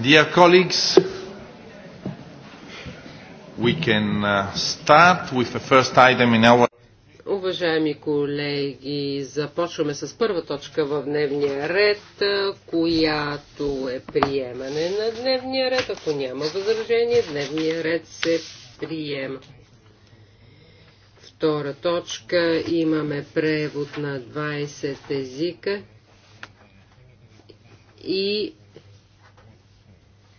Dear colleagues, we can uh, start with the first item in our... Уважаеми колеги, започваме с първа точка в дневния ред, която е приемане на дневния ред. Ако няма възражение, дневния ред се приема. Втора точка имаме превод на 20 езика и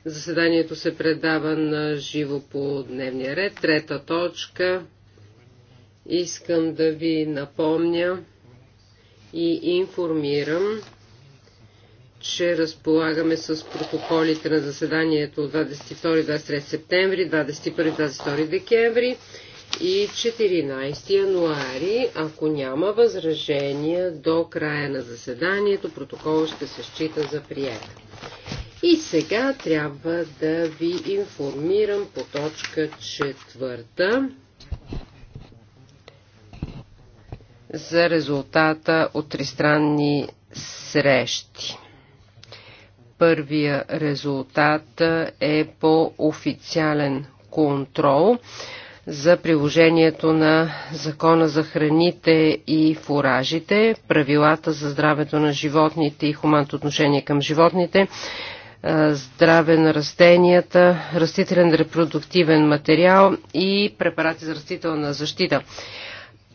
Заседанието се предава на живо по дневния ред. Трета точка. Искам да ви напомня и информирам, че разполагаме с протоколите на заседанието от 22-23 септември, 21-22 декември и 14 януари. Ако няма възражения до края на заседанието, протокол ще се счита за приятел. И сега трябва да ви информирам по точка четвърта за резултата от тристранни срещи. Първия резултат е по официален контрол за приложението на Закона за храните и фуражите, правилата за здравето на животните и хуманто отношение към животните, е, здраве на растенията, растителен репродуктивен материал и препарати за растителна защита.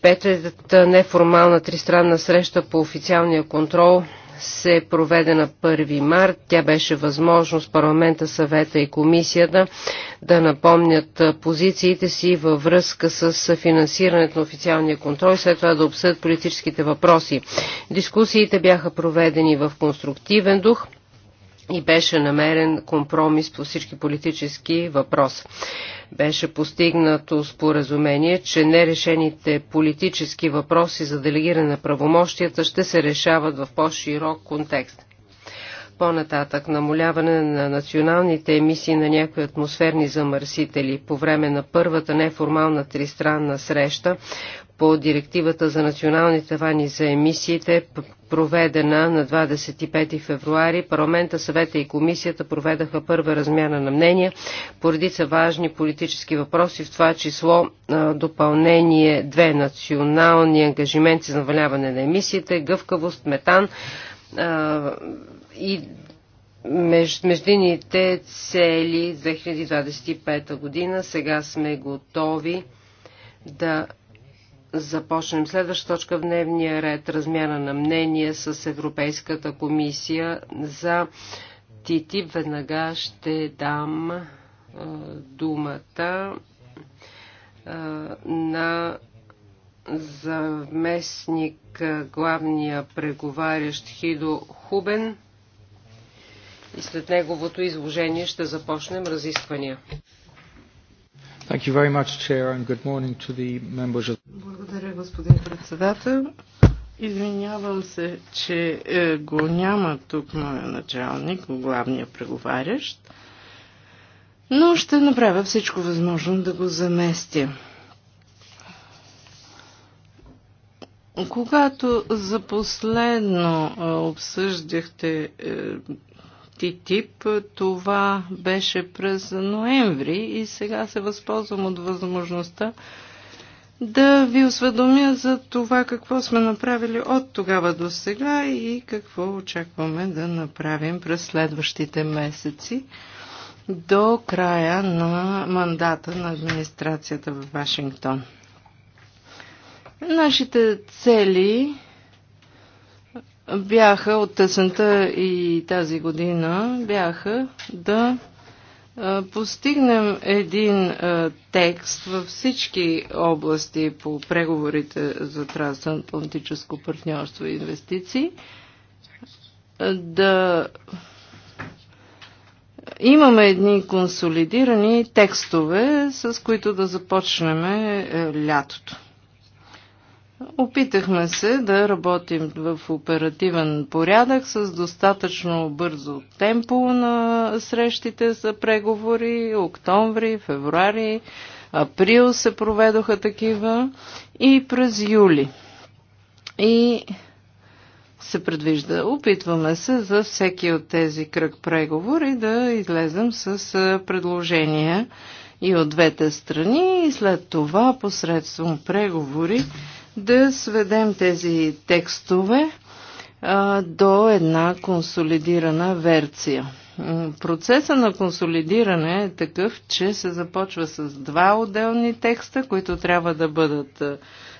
Петата неформална тристранна среща по официалния контрол се проведе на 1 март. Тя беше възможност парламента, съвета и комисията да напомнят позициите си във връзка с финансирането на официалния контрол и след това да обсъдят политическите въпроси. Дискусиите бяха проведени в конструктивен дух и беше намерен компромис по всички политически въпроси. Беше постигнато споразумение, че нерешените политически въпроси за делегиране на правомощията ще се решават в по-широк контекст. По-нататък намоляване на националните емисии на някои атмосферни замърсители по време на първата неформална тристранна среща по директивата за национални тавани за емисиите, проведена на 25 февруари, парламента, съвета и комисията проведаха първа размяна на мнения по редица важни политически въпроси, в това число допълнение две национални ангажименти за наваляване на емисиите, гъвкавост, метан, и междинните цели 2025 година. Сега сме готови да започнем следваща точка в дневния ред размяна на мнение с Европейската комисия за ТИТИП. Веднага ще дам а, думата а, на заместник главния преговарящ Хидо Хубен и след неговото изложение ще започнем разисквания. Thank you very much, Chair, and good morning to the members of... Благодаря, господин председател. Извинявам се, че е, го няма тук моя началник, главния преговарящ, но ще направя всичко възможно да го заместя. Когато за последно е, обсъждахте е, ТИТИП. Това беше през ноември и сега се възползвам от възможността да ви осведомя за това какво сме направили от тогава до сега и какво очакваме да направим през следващите месеци до края на мандата на администрацията в Вашингтон. Нашите цели бяха от тесента и тази година бяха да постигнем един текст във всички области по преговорите за трансатлантическо партньорство и инвестиции, да имаме едни консолидирани текстове, с които да започнем е, лятото. Опитахме се да работим в оперативен порядък с достатъчно бързо темпо на срещите за преговори. Октомври, февруари, април се проведоха такива и през юли. И се предвижда. Опитваме се за всеки от тези кръг преговори да излезем с предложения и от двете страни и след това посредством преговори да сведем тези текстове а, до една консолидирана версия. Процеса на консолидиране е такъв, че се започва с два отделни текста, които трябва да бъдат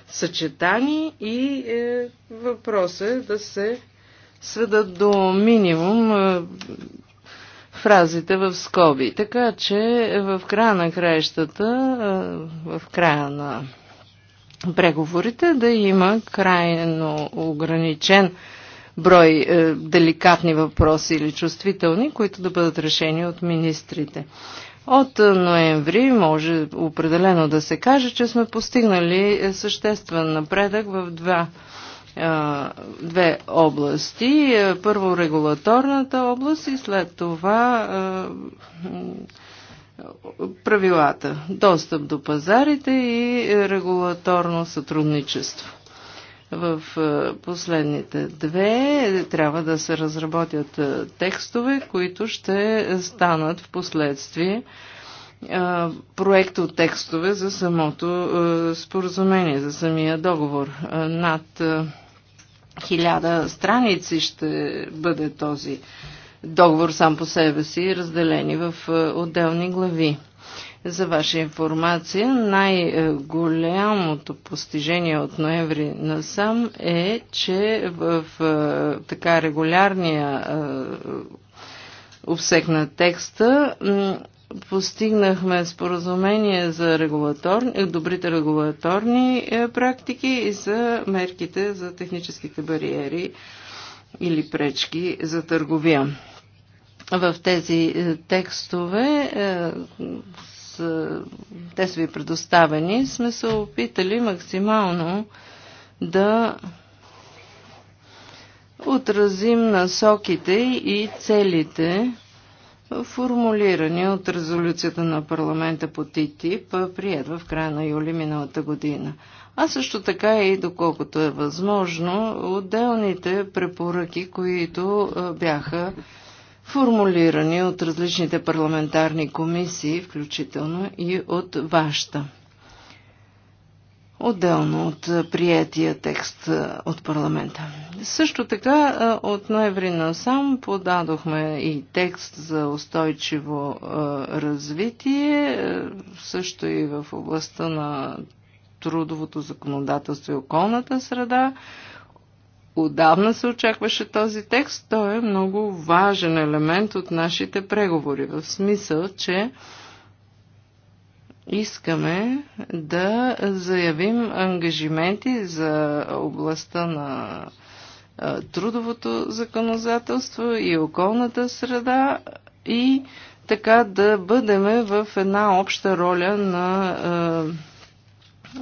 съчетани и е, въпросът е да се сведат до минимум е, фразите в скоби. Така че е, в края на краищата, е, в края на преговорите, да има крайно ограничен брой е, деликатни въпроси или чувствителни, които да бъдат решени от министрите. От е, ноември може определено да се каже, че сме постигнали е, съществен напредък в два, е, две области. Първо регулаторната област и след това правилата, достъп до пазарите и регулаторно сътрудничество. В е, последните две трябва да се разработят е, текстове, които ще станат в последствие е, Проекто от текстове за самото споразумение, за самия договор. Над хиляда страници ще бъде този договор сам по себе си, разделени в е, отделни глави. За ваша информация, най-голямото постижение от ноември насам е, че в е, така регулярния е, обсек на текста постигнахме споразумение за регулаторни, добрите регулаторни практики и за мерките за техническите бариери или пречки за търговия в тези е, текстове, е, с, те са ви предоставени, сме се опитали максимално да отразим насоките и целите, формулирани от резолюцията на парламента по ТИТИП, е, прият в края на юли миналата година. А също така и доколкото е възможно, отделните препоръки, които бяха формулирани от различните парламентарни комисии, включително и от вашата. Отделно от приятия текст от парламента. Също така от ноември насам подадохме и текст за устойчиво развитие, също и в областта на трудовото законодателство и околната среда. Отдавна се очакваше този текст. Той е много важен елемент от нашите преговори, в смисъл, че искаме да заявим ангажименти за областта на трудовото законодателство и околната среда и така да бъдеме в една обща роля на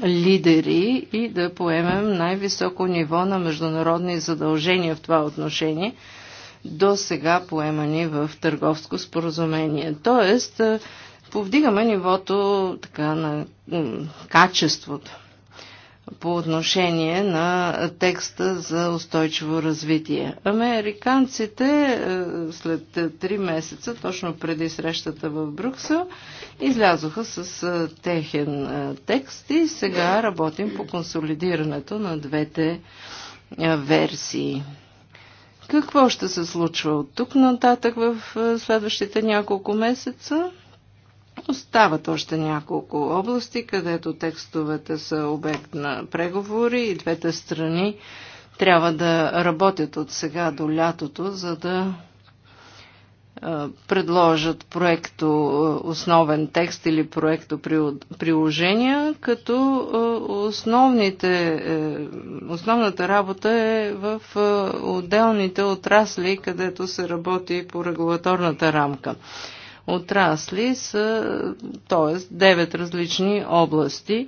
лидери и да поемем най-високо ниво на международни задължения в това отношение до сега поемани в търговско споразумение. Тоест, повдигаме нивото така, на качеството по отношение на текста за устойчиво развитие. Американците е, след три месеца, точно преди срещата в Брюксел, излязоха с е, техен е, текст и сега работим по консолидирането на двете версии. Какво ще се случва от тук нататък в следващите няколко месеца? Остават още няколко области, където текстовете са обект на преговори и двете страни трябва да работят от сега до лятото, за да е, предложат проекто е, основен текст или проекто приложения, като е, основните, основната работа е в отделните отрасли, където се работи по регулаторната рамка отрасли са, т.е. 9 различни области е,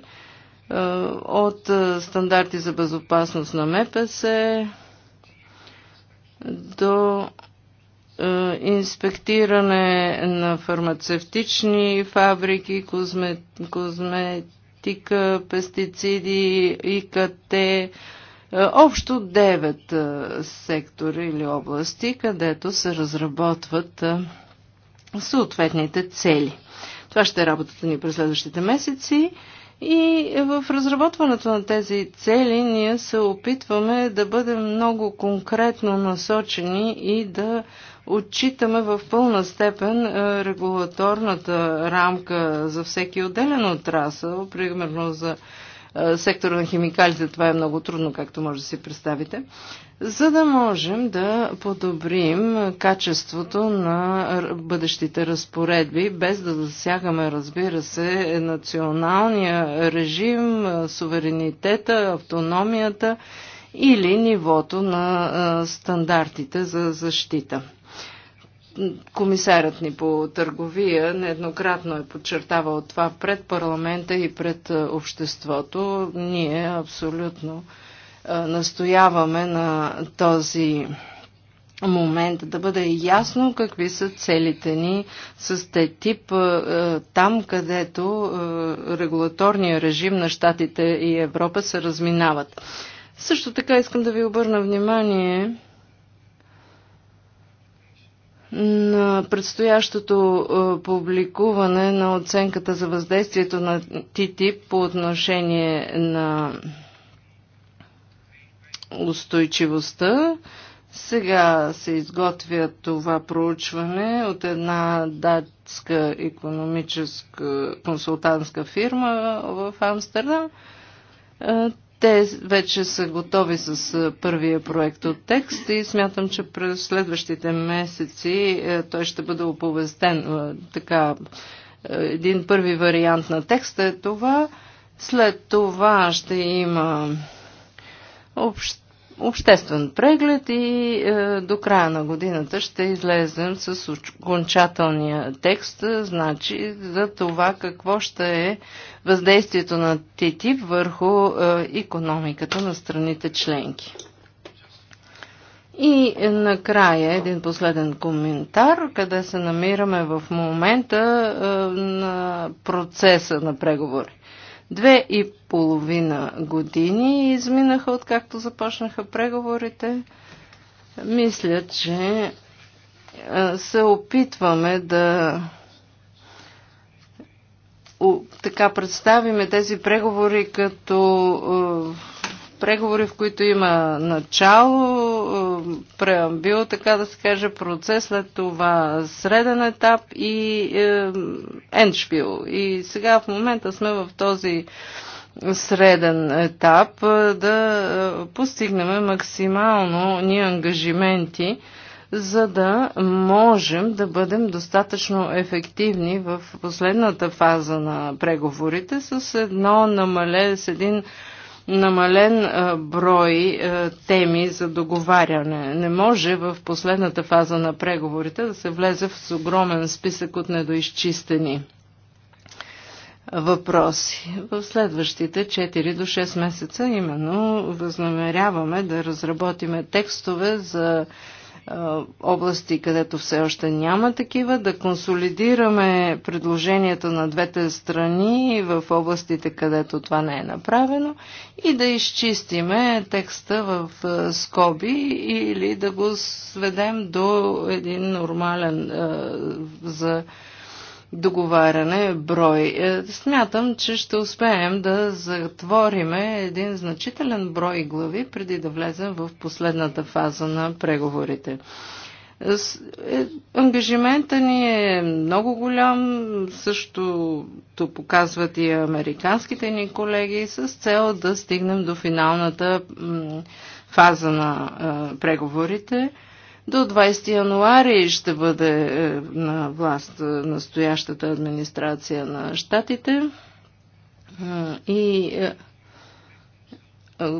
от е, стандарти за безопасност на МПС до е, инспектиране на фармацевтични фабрики, козметика, пестициди, ИКТ, общо 9 сектора или области, където се разработват съответните цели. Това ще е работата ни през следващите месеци. И в разработването на тези цели ние се опитваме да бъдем много конкретно насочени и да отчитаме в пълна степен е, регулаторната рамка за всеки отделен отрасъл, примерно за сектора на химикалите това е много трудно, както може да си представите, за да можем да подобрим качеството на бъдещите разпоредби, без да засягаме, разбира се, националния режим, суверенитета, автономията или нивото на стандартите за защита. Комисарят ни по търговия нееднократно е подчертавал това пред парламента и пред е, обществото. Ние абсолютно е, настояваме на този момент да бъде ясно какви са целите ни с те тип е, там, където регулаторния режим на Штатите и Европа се разминават. Също така искам да ви обърна внимание, на предстоящото е, публикуване на оценката за въздействието на ТТИП по отношение на устойчивостта. Сега се изготвя това проучване от една датска економическа консултантска фирма в Амстердам. Е, те вече са готови с първия проект от текст и смятам, че през следващите месеци той ще бъде оповестен. Така, един първи вариант на текста е това. След това ще има общ обществен преглед и е, до края на годината ще излезем с окончателния текст, е, значи за това какво ще е въздействието на ТТИП върху е, економиката на страните членки. И е, накрая един последен коментар, къде се намираме в момента е, на процеса на преговори. Две и половина години изминаха, откакто започнаха преговорите. Мисля, че се опитваме да така представиме тези преговори като преговори, в които има начало, е, преамбил, така да се каже, процес, след това среден етап и е, еншпил. И сега в момента сме в този среден етап е, да е, постигнем максимално ни ангажименти, за да можем да бъдем достатъчно ефективни в последната фаза на преговорите с едно намале, с един намален брой теми за договаряне. Не може в последната фаза на преговорите да се влезе в огромен списък от недоизчистени въпроси. В следващите 4 до 6 месеца именно възнамеряваме да разработиме текстове за области, където все още няма такива, да консолидираме предложенията на двете страни в областите, където това не е направено и да изчистиме текста в скоби или да го сведем до един нормален за договаряне брой. Е, смятам, че ще успеем да затвориме един значителен брой глави преди да влезем в последната фаза на преговорите. Е, ангажимента ни е много голям, същото показват и американските ни колеги, с цел да стигнем до финалната фаза на е, преговорите до 20 януари ще бъде е, на власт е, настоящата администрация на щатите е, и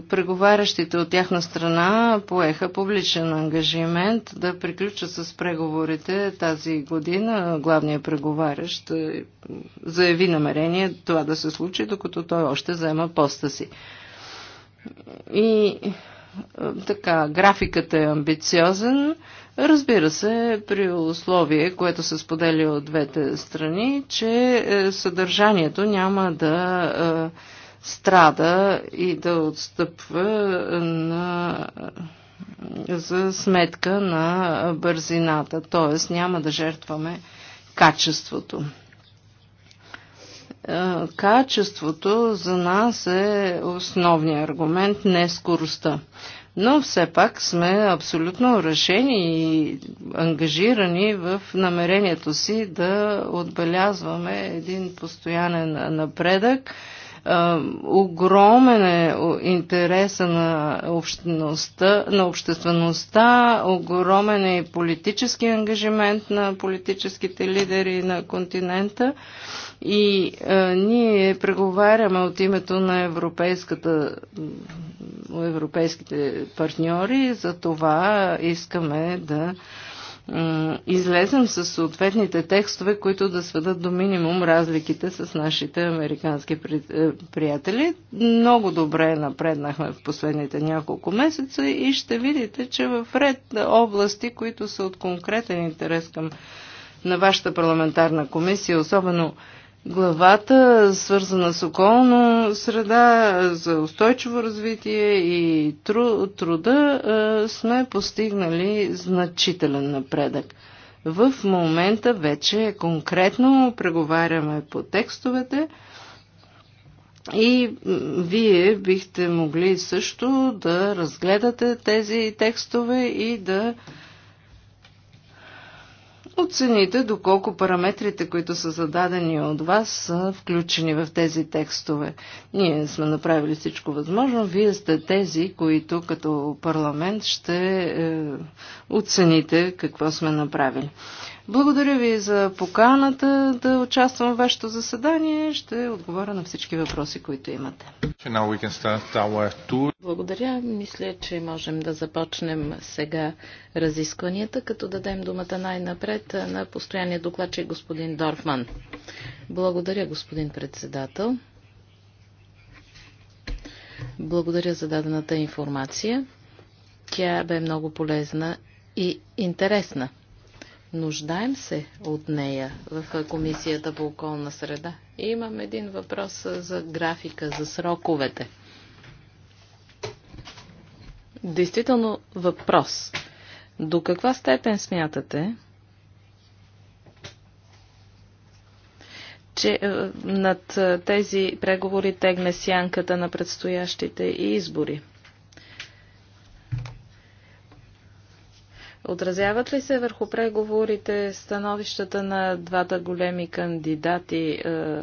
преговарящите от тяхна страна поеха публичен ангажимент да приключат с преговорите тази година. Главният преговарящ заяви намерение това да се случи, докато той още заема поста си. И така, графикът е амбициозен, разбира се, при условие, което се споделя от двете страни, че е, съдържанието няма да е, страда и да отстъпва на, за сметка на бързината, т.е. няма да жертваме качеството. Е, качеството за нас е основният аргумент, не скоростта. Но все пак сме абсолютно решени и ангажирани в намерението си да отбелязваме един постоянен напредък. Е, огромен е интереса на, на обществеността, огромен е и политически ангажимент на политическите лидери на континента. И а, е, ние преговаряме от името на европейската, европейските партньори, за това искаме да излезем с съответните текстове, които да сведат до минимум разликите с нашите американски е, приятели. Много добре напреднахме в последните няколко месеца и ще видите, че в ред области, които са от конкретен интерес към на вашата парламентарна комисия, особено главата, свързана с околно среда, за устойчиво развитие и тру, труда, сме постигнали значителен напредък. В момента вече конкретно преговаряме по текстовете и вие бихте могли също да разгледате тези текстове и да оцените доколко параметрите, които са зададени от вас, са включени в тези текстове. Ние сме направили всичко възможно. Вие сте тези, които като парламент ще е, оцените какво сме направили. Благодаря ви за поканата да участвам в вашето заседание. Ще отговоря на всички въпроси, които имате. Благодаря. Мисля, че можем да започнем сега разискванията, като дадем думата най-напред на постоянния докладчик господин Дорфман. Благодаря, господин председател. Благодаря за дадената информация. Тя бе много полезна и интересна. Нуждаем се от нея в Комисията по околна среда. И имам един въпрос за графика, за сроковете. Действително въпрос. До каква степен смятате, че е, над тези преговори тегне сянката на предстоящите избори? Отразяват ли се върху преговорите становищата на двата големи кандидати е,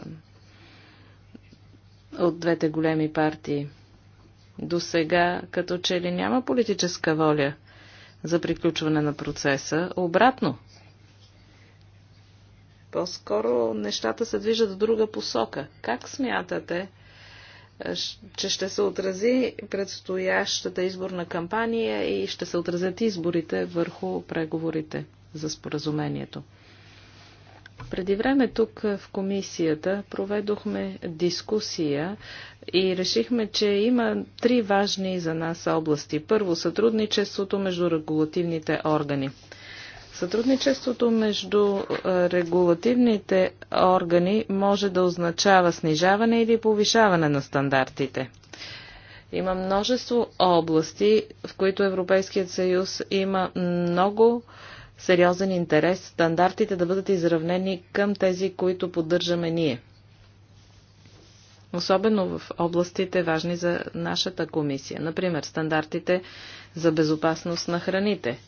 от двете големи партии? До сега, като че ли няма политическа воля за приключване на процеса, обратно. По-скоро нещата се движат в друга посока. Как смятате, че ще се отрази предстоящата изборна кампания и ще се отразят изборите върху преговорите за споразумението. Преди време тук в комисията проведохме дискусия и решихме, че има три важни за нас области. Първо, сътрудничеството между регулативните органи. Сътрудничеството между регулативните органи може да означава снижаване или повишаване на стандартите. Има множество области, в които Европейският съюз има много сериозен интерес стандартите да бъдат изравнени към тези, които поддържаме ние. Особено в областите важни за нашата комисия. Например, стандартите за безопасност на храните –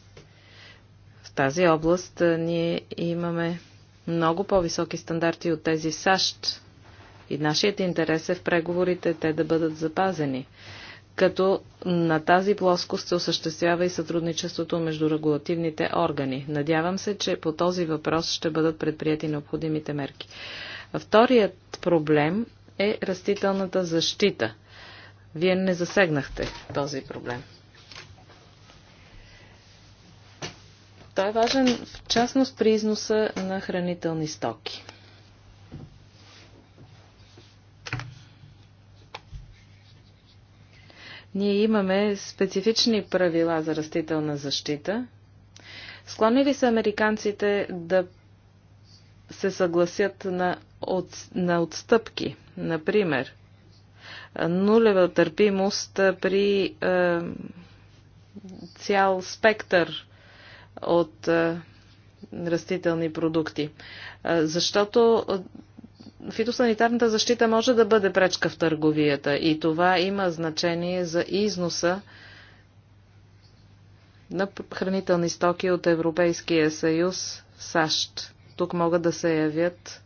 тази област ние имаме много по-високи стандарти от тези САЩ. И нашият интерес е в преговорите те да бъдат запазени. Като на тази плоскост се осъществява и сътрудничеството между регулативните органи. Надявам се, че по този въпрос ще бъдат предприяти необходимите мерки. Вторият проблем е растителната защита. Вие не засегнахте този проблем. Той е важен в частност при износа на хранителни стоки. Ние имаме специфични правила за растителна защита. Склонни ли са американците да се съгласят на, от, на отстъпки? Например, нулева търпимост при е, цял спектър от е, растителни продукти. Е, защото е, фитосанитарната защита може да бъде пречка в търговията и това има значение за износа на хранителни стоки от Европейския съюз в САЩ. Тук могат да се явят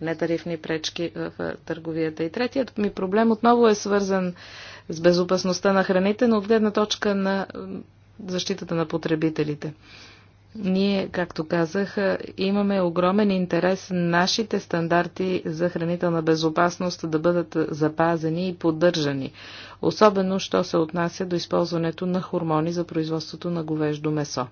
нетарифни пречки в търговията. И третият ми проблем отново е свързан с безопасността на храните, но от гледна точка на защитата на потребителите. Ние, както казах, имаме огромен интерес нашите стандарти за хранителна безопасност да бъдат запазени и поддържани, особено що се отнася до използването на хормони за производството на говеждо месо.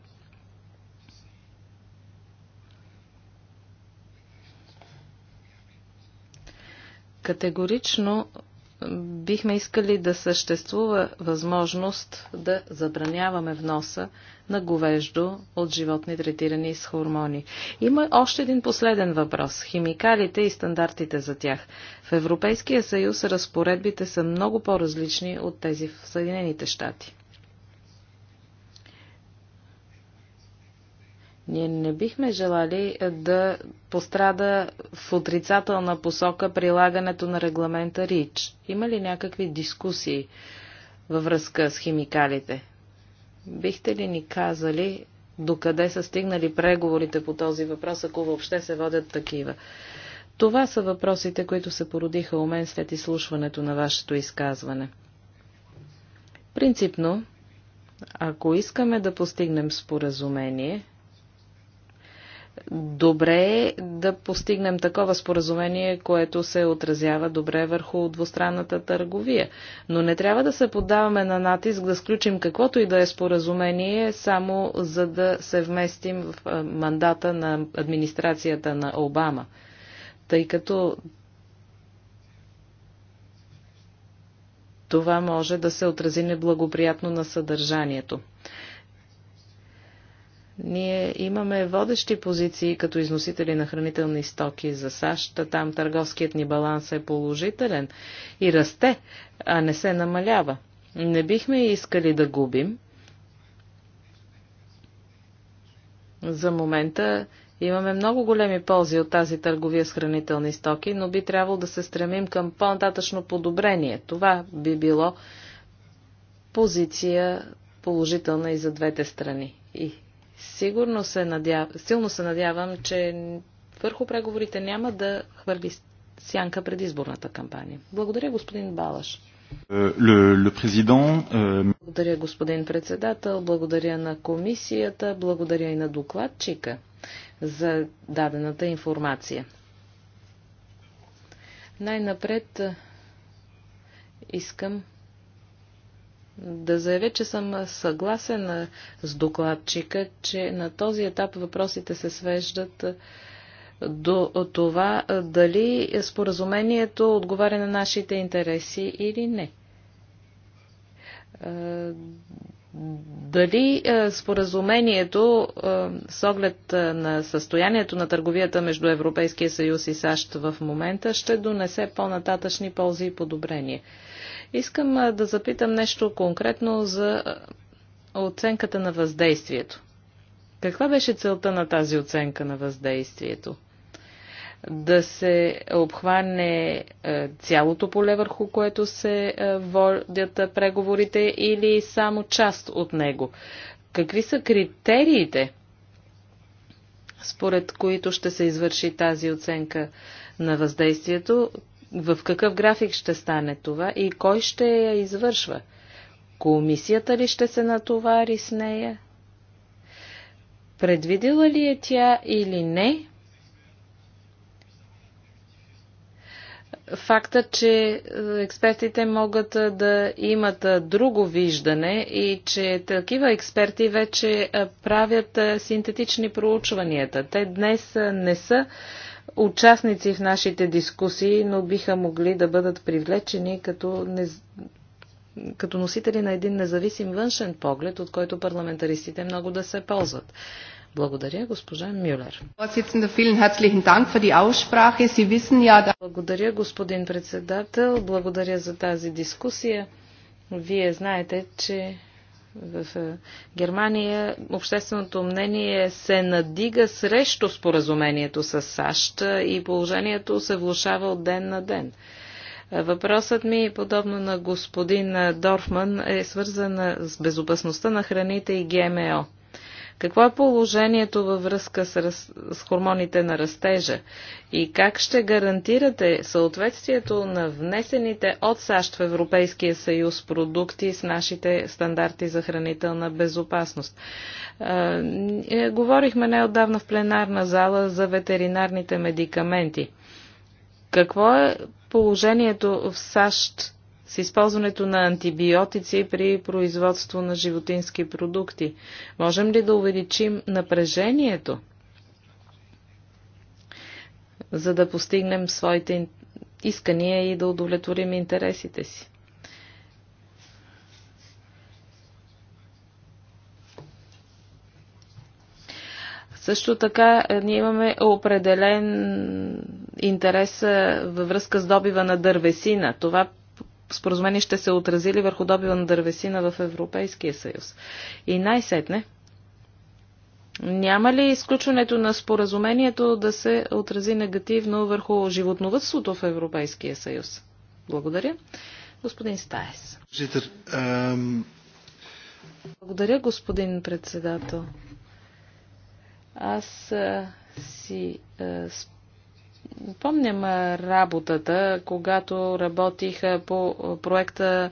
Категорично бихме искали да съществува възможност да забраняваме вноса на говеждо от животни третирани с хормони. Има още един последен въпрос – химикалите и стандартите за тях. В Европейския съюз разпоредбите са много по-различни от тези в Съединените щати. Ние не бихме желали е, да пострада в отрицателна посока прилагането на регламента РИЧ. Има ли някакви дискусии във връзка с химикалите? Бихте ли ни казали докъде са стигнали преговорите по този въпрос, ако въобще се водят такива? Това са въпросите, които се породиха у мен след изслушването на вашето изказване. Принципно, ако искаме да постигнем споразумение, добре е да постигнем такова споразумение, което се отразява добре върху двустранната търговия. Но не трябва да се поддаваме на натиск да сключим каквото и да е споразумение, само за да се вместим в мандата на администрацията на Обама. Тъй като това може да се отрази неблагоприятно на съдържанието. Ние имаме водещи позиции като износители на хранителни стоки за САЩ. Там търговският ни баланс е положителен и расте, а не се намалява. Не бихме искали да губим. За момента Имаме много големи ползи от тази търговия с хранителни стоки, но би трябвало да се стремим към по-нататъчно подобрение. Това би било позиция положителна и за двете страни. И Сигурно се надявам, Силно се надявам, че върху преговорите няма да хвърли сянка предизборната кампания. Благодаря, господин Балаш. Е, е, благодаря, господин председател, благодаря на комисията, благодаря и на докладчика за дадената информация. Най-напред е, искам да заявя, че съм съгласен с докладчика, че на този етап въпросите се свеждат до това дали споразумението отговаря на нашите интереси или не. Дали споразумението с оглед на състоянието на търговията между Европейския съюз и САЩ в момента ще донесе по-нататъчни ползи и подобрения? Искам да запитам нещо конкретно за оценката на въздействието. Каква беше целта на тази оценка на въздействието? Да се обхване цялото поле върху което се водят преговорите или само част от него? Какви са критериите, според които ще се извърши тази оценка на въздействието? в какъв график ще стане това и кой ще я извършва? Комисията ли ще се натовари с нея? Предвидела ли е тя или не? Факта, че е, експертите могат е, да имат е, друго виждане и че такива експерти вече правят синтетични проучванията. Те днес не са участници в нашите дискусии, но биха могли да бъдат привлечени като, не... като носители на един независим външен поглед, от който парламентаристите много да се ползват. Благодаря, госпожа Мюлер. Благодаря, господин председател. Благодаря за тази дискусия. Вие знаете, че в Германия общественото мнение се надига срещу споразумението с САЩ и положението се влушава от ден на ден. Въпросът ми, подобно на господин Дорфман, е свързан с безопасността на храните и ГМО. Какво е положението във връзка с, раз... с хормоните на растежа и как ще гарантирате съответствието на внесените от САЩ в Европейския съюз продукти с нашите стандарти за хранителна безопасност? Е, говорихме неодавна в пленарна зала за ветеринарните медикаменти. Какво е положението в САЩ с използването на антибиотици при производство на животински продукти? Можем ли да увеличим напрежението, за да постигнем своите искания и да удовлетворим интересите си? Също така е, ние имаме определен интерес е, във връзка с добива на дървесина. Това споразумение ще се отразили върху добива на дървесина в Европейския съюз. И най-сетне, няма ли изключването на споразумението да се отрази негативно върху животновътството в Европейския съюз? Благодаря. Господин Стаес. Благодаря, господин председател. Аз си е, Помням работата, когато работих по проекта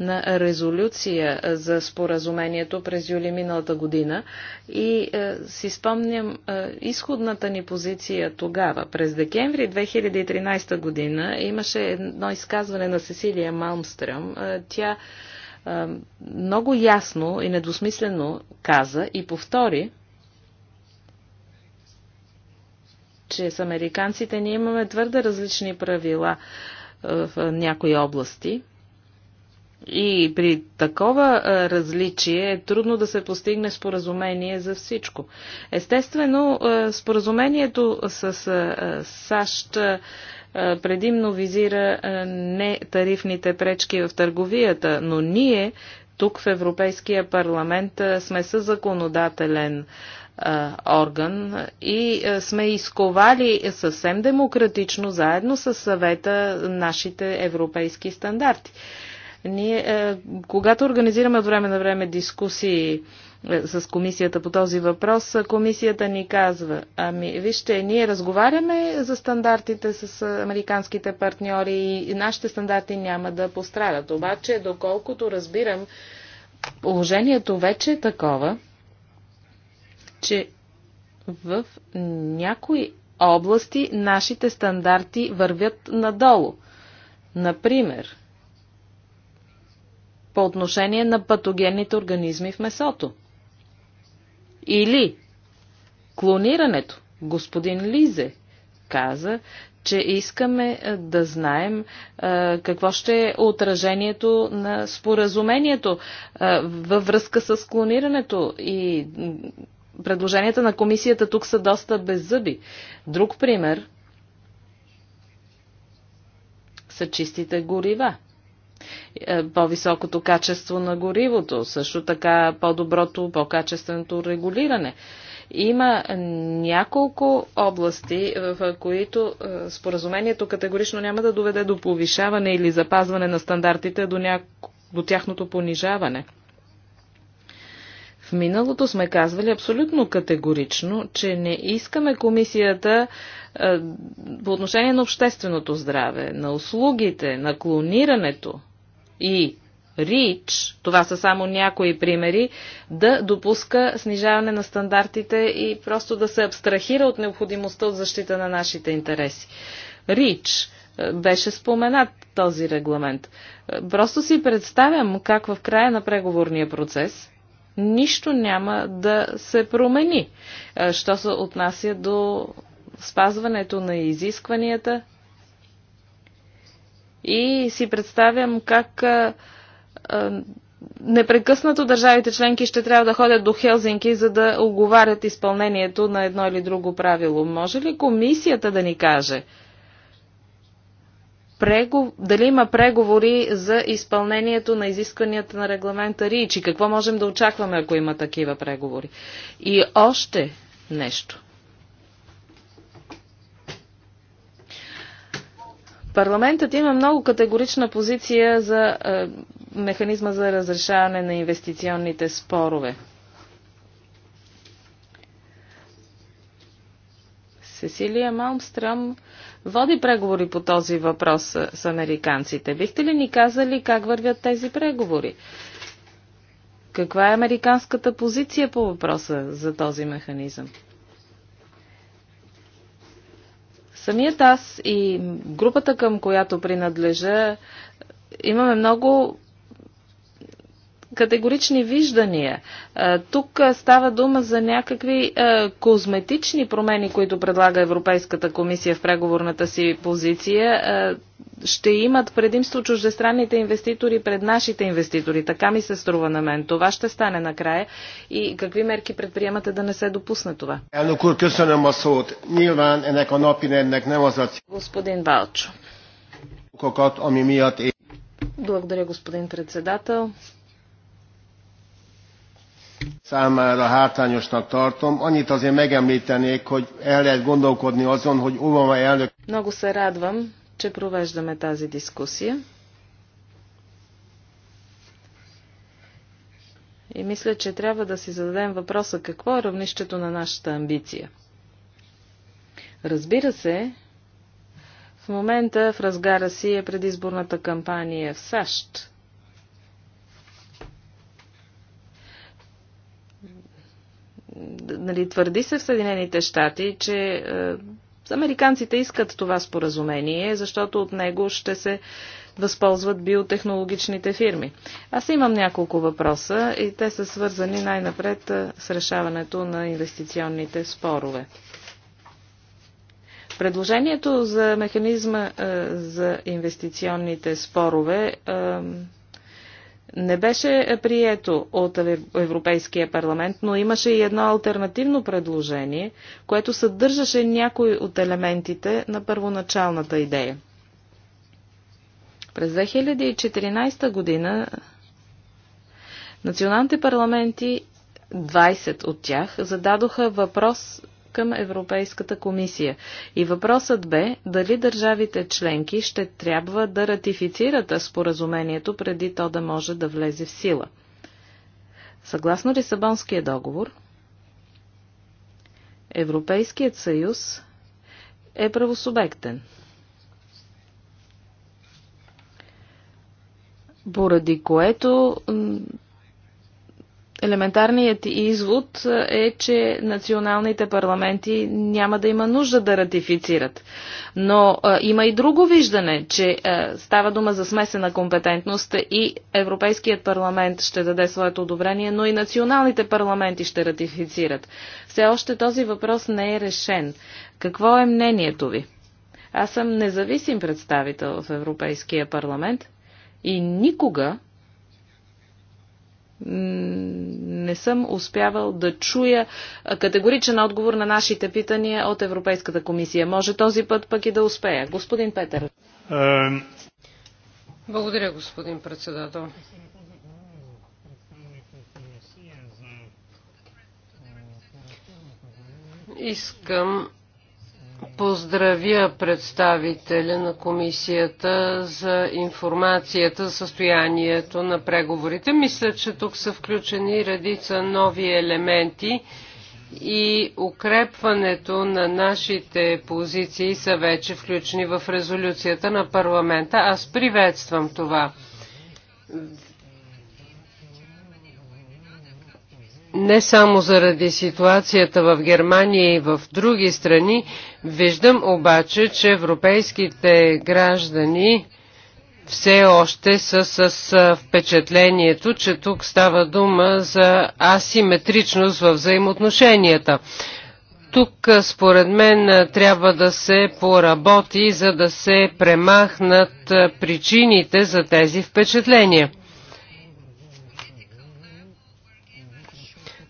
на резолюция за споразумението през юли миналата година и е, си спомням е, изходната ни позиция тогава. През декември 2013 година имаше едно изказване на Сесилия Малмстрем. Е, тя е, много ясно и недосмислено каза и повтори, че с американците ние имаме твърде различни правила е, в някои области. И при такова е, различие е трудно да се постигне споразумение за всичко. Естествено, е, споразумението с САЩ предимно визира не тарифните пречки в търговията, но ние тук в Европейския парламент сме със законодателен орган и сме изковали съвсем демократично, заедно с съвета, нашите европейски стандарти. Ние, когато организираме от време на време дискусии с комисията по този въпрос, комисията ни казва, ами вижте, ние разговаряме за стандартите с американските партньори и нашите стандарти няма да пострадат. Обаче, доколкото разбирам, положението вече е такова, че в някои области нашите стандарти вървят надолу. Например, по отношение на патогенните организми в месото. Или клонирането. Господин Лизе каза, че искаме е, да знаем е, какво ще е отражението на споразумението е, във връзка с клонирането и предложенията на комисията тук са доста беззъби. Друг пример са чистите горива. Е, по-високото качество на горивото, също така по-доброто, по-качественото регулиране. Има няколко области, в които е, споразумението категорично няма да доведе до повишаване или запазване на стандартите, до, ня... до тяхното понижаване. В миналото сме казвали абсолютно категорично, че не искаме комисията е, по отношение на общественото здраве, на услугите, на клонирането и РИЧ, това са само някои примери, да допуска снижаване на стандартите и просто да се абстрахира от необходимостта от защита на нашите интереси. РИЧ е, беше споменат този регламент. Е, просто си представям как в края на преговорния процес нищо няма да се промени, е, що се отнася до спазването на изискванията. И си представям как е, е, непрекъснато държавите членки ще трябва да ходят до Хелзинки, за да оговарят изпълнението на едно или друго правило. Може ли комисията да ни каже – прегов... дали има преговори за изпълнението на изискванията на регламента РИЧ и какво можем да очакваме, ако има такива преговори. И още нещо. Парламентът има много категорична позиция за е, механизма за разрешаване на инвестиционните спорове. Сесилия Малмстрам води преговори по този въпрос с американците. Бихте ли ни казали как вървят тези преговори? Каква е американската позиция по въпроса за този механизъм? Самият аз и групата, към която принадлежа, имаме много категорични виждания. Тук става дума за някакви козметични промени, които предлага Европейската комисия в преговорната си позиция. Ще имат предимство чуждестранните инвеститори пред нашите инвеститори. Така ми се струва на мен. Това ще стане накрая. И какви мерки предприемате да не се допусне това? Господин Балчо. Благодаря, господин председател számára hátrányosnak tartom. Annyit azért megemlítenék, hogy el lehet gondolkodni azon, hogy Obama elnök... Много се радвам, че провеждаме тази дискусия. И мисля, че трябва да си зададем въпроса какво е равнището на нашата амбиция. Разбира се, в момента в разгара си е предизборната кампания в САЩ. нали, твърди се в Съединените щати, че е, американците искат това споразумение, защото от него ще се възползват биотехнологичните фирми. Аз имам няколко въпроса и те са свързани най-напред е, с решаването на инвестиционните спорове. Предложението за механизма е, за инвестиционните спорове е, не беше е, прието от Европейския парламент, но имаше и едно альтернативно предложение, което съдържаше някои от елементите на първоначалната идея. През 2014 година националните парламенти, 20 от тях, зададоха въпрос към Европейската комисия. И въпросът бе дали държавите членки ще трябва да ратифицират споразумението преди то да може да влезе в сила. Съгласно Лисабонския договор, Европейският съюз е правосубектен. Поради което елементарният извод е, че националните парламенти няма да има нужда да ратифицират. Но а, има и друго виждане, че а, става дума за смесена компетентност и Европейският парламент ще даде своето одобрение, но и националните парламенти ще ратифицират. Все още този въпрос не е решен. Какво е мнението ви? Аз съм независим представител в Европейския парламент и никога не съм успявал да чуя категоричен отговор на нашите питания от Европейската комисия. Може този път пък и да успея. Господин Петър. Благодаря, господин председател. Искам поздравя представителя на комисията за информацията за състоянието на преговорите. Мисля, че тук са включени редица нови елементи и укрепването на нашите позиции са вече включени в резолюцията на парламента. Аз приветствам това. не само заради ситуацията в Германия и в други страни, виждам обаче, че европейските граждани все още са с впечатлението, че тук става дума за асиметричност в взаимоотношенията. Тук, според мен, трябва да се поработи, за да се премахнат причините за тези впечатления.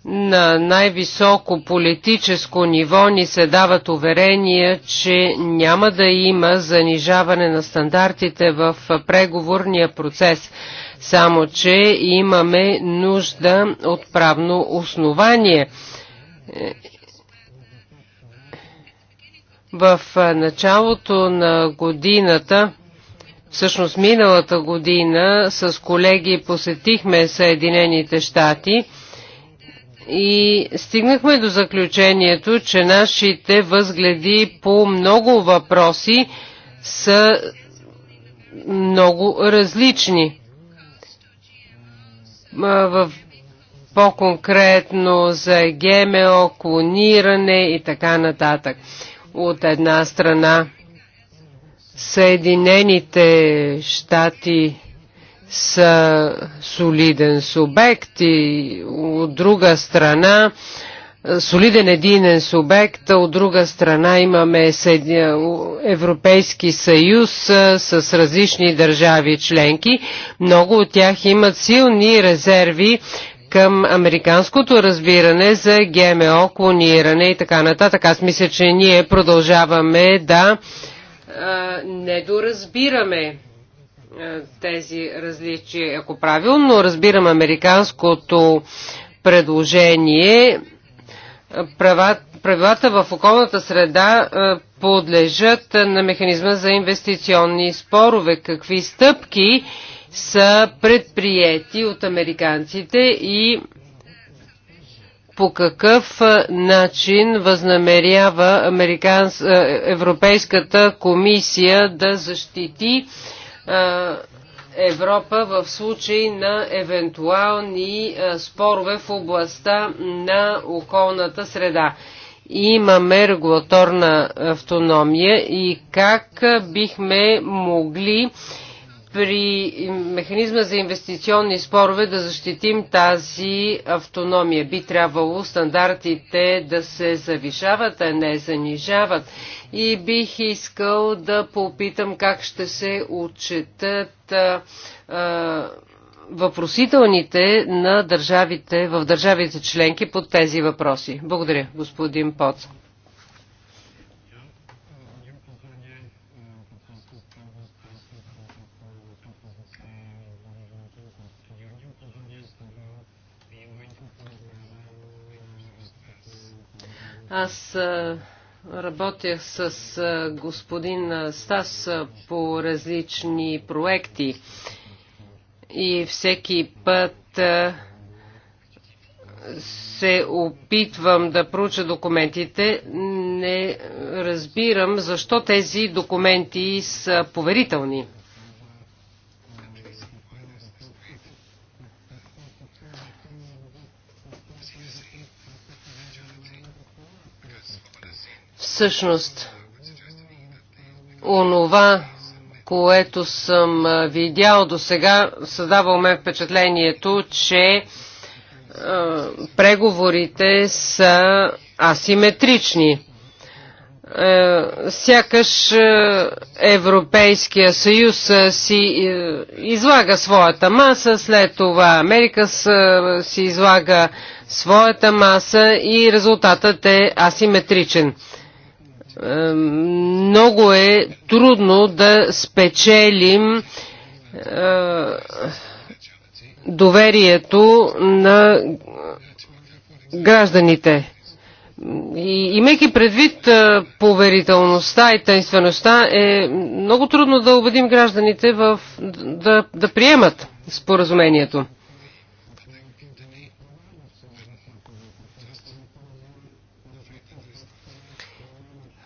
на най-високо политическо ниво ни се дават уверения, че няма да има занижаване на стандартите в преговорния процес, само че имаме нужда от правно основание. В началото на годината Всъщност миналата година с колеги посетихме Съединените щати – и стигнахме до заключението, че нашите възгледи по много въпроси са много различни. В по-конкретно за ГМО, клониране и така нататък. От една страна Съединените щати са солиден субект и от друга страна солиден единен субект, от друга страна имаме Европейски съюз с различни държави членки. Много от тях имат силни резерви към американското разбиране за ГМО, клониране и така нататък. Аз мисля, че ние продължаваме да недоразбираме е, тези различия. Ако правилно разбирам американското предложение, е, правилата в околната среда е, подлежат на механизма за инвестиционни спорове. Какви стъпки са предприяти от американците и по какъв начин възнамерява Европейската комисия да защити е, Европа в случай на евентуални е, спорове в областта на околната среда. Имаме регулаторна автономия и как бихме могли при механизма за инвестиционни спорове да защитим тази автономия. Би трябвало стандартите да се завишават, а не занижават и бих искал да попитам как ще се отчетат а, а, въпросителните на държавите, в държавите членки под тези въпроси. Благодаря, господин Поц. Аз а, Работех с господин Стас по различни проекти и всеки път се опитвам да проуча документите, не разбирам защо тези документи са поверителни. Всъщност, онова, което съм видял до сега, създава ме впечатлението, че преговорите са асиметрични. Сякаш Европейския съюз си излага своята маса, след това Америка си излага своята маса и резултатът е асиметричен много е трудно да спечелим е, доверието на гражданите. И, имайки предвид е, поверителността и тайнствеността, е много трудно да убедим гражданите в, да, да приемат споразумението.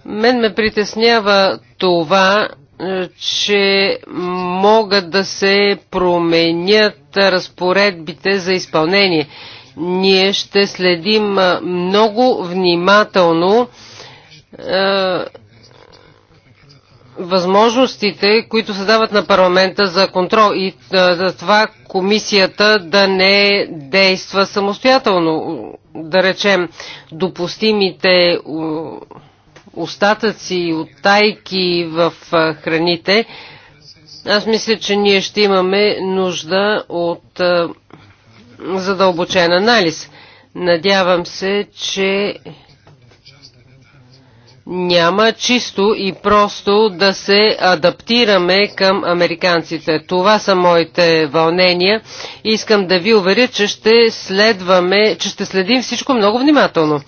Мен ме притеснява това, е, че могат да се променят разпоредбите за изпълнение. Ние ще следим е, много внимателно е, възможностите, които се дават на парламента за контрол и е, за това комисията да не действа самостоятелно. Да речем, допустимите остатъци от тайки в храните, аз мисля, че ние ще имаме нужда от задълбочен анализ. Надявам се, че няма чисто и просто да се адаптираме към американците. Това са моите вълнения. Искам да ви уверя, че ще следваме, че ще следим всичко много внимателно.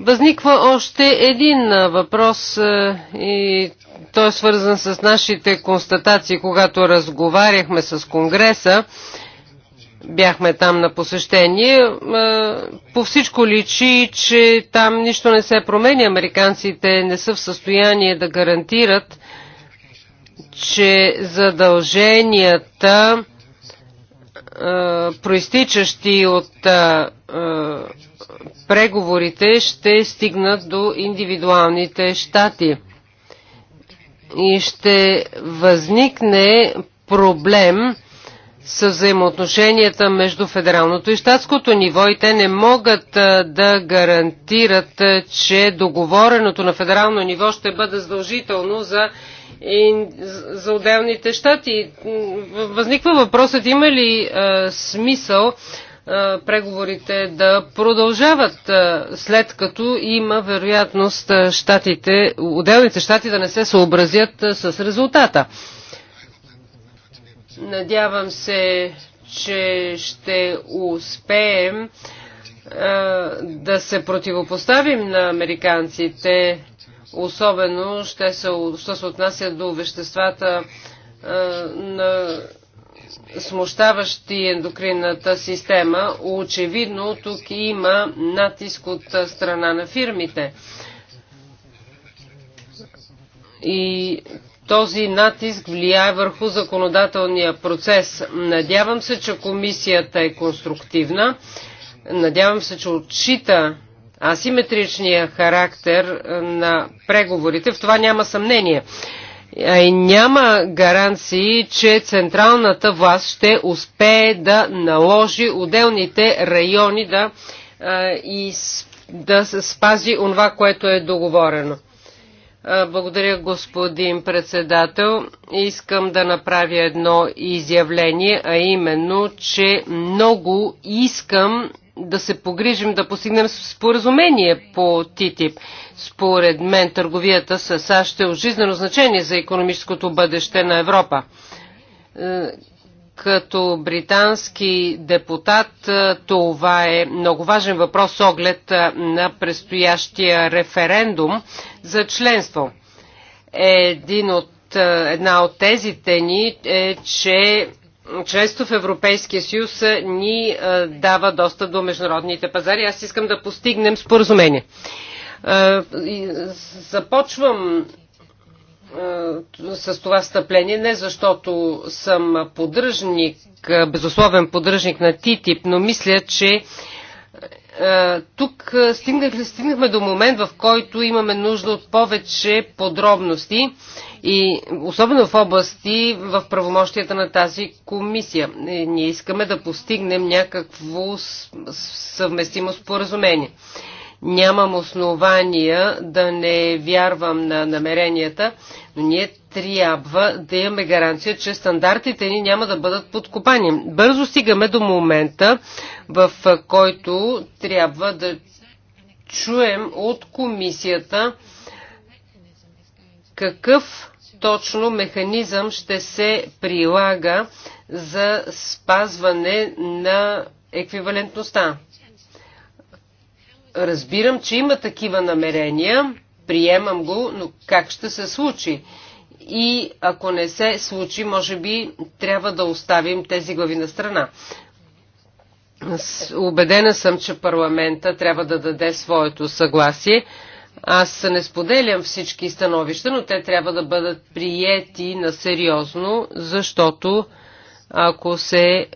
Възниква още един въпрос и той е свързан с нашите констатации, когато разговаряхме с Конгреса. Бяхме там на посещение. По всичко личи, че там нищо не се променя. Американците не са в състояние да гарантират, че задълженията, проистичащи от преговорите ще стигнат до индивидуалните щати и ще възникне проблем с взаимоотношенията между федералното и щатското ниво и те не могат да гарантират, че договореното на федерално ниво ще бъде задължително за, за отделните щати. Възниква въпросът има ли а, смисъл преговорите да продължават след като има вероятност щатите, отделните щати да не се съобразят с резултата. Надявам се, че ще успеем да се противопоставим на американците, особено ще се, се отнася до веществата на смущаващи ендокринната система. Очевидно тук има натиск от страна на фирмите. И този натиск влияе върху законодателния процес. Надявам се, че комисията е конструктивна. Надявам се, че отчита асиметричния характер на преговорите. В това няма съмнение няма гаранции, че централната власт ще успее да наложи отделните райони да, и да спази онова, което е договорено. Благодаря, господин председател. Искам да направя едно изявление, а именно, че много искам да се погрижим да постигнем споразумение по ТИТИП. Според мен търговията с САЩ ще е ожизнено значение за економическото бъдеще на Европа. Е, като британски депутат е, това е много важен въпрос с оглед е, на предстоящия референдум за членство. Един от, една от тезите ни е, че членство в Европейския съюз ни дава доста до международните пазари. Аз искам да постигнем споразумение. Е, започвам е, с това стъпление, не защото съм поддръжник, е, безусловен поддръжник на ТИТИП, но мисля, че тук стигнахме до момент, в който имаме нужда от повече подробности и особено в области в правомощията на тази комисия. Ние искаме да постигнем някакво съвместимо споразумение. Нямам основания да не вярвам на намеренията, но ние трябва да имаме гаранция, че стандартите ни няма да бъдат подкопани. Бързо стигаме до момента, в който трябва да чуем от комисията какъв точно механизъм ще се прилага за спазване на еквивалентността. Разбирам, че има такива намерения, приемам го, но как ще се случи? И ако не се случи, може би трябва да оставим тези глави на страна. Обедена съм, че парламента трябва да даде своето съгласие. Аз не споделям всички становища, но те трябва да бъдат приети на сериозно, защото ако се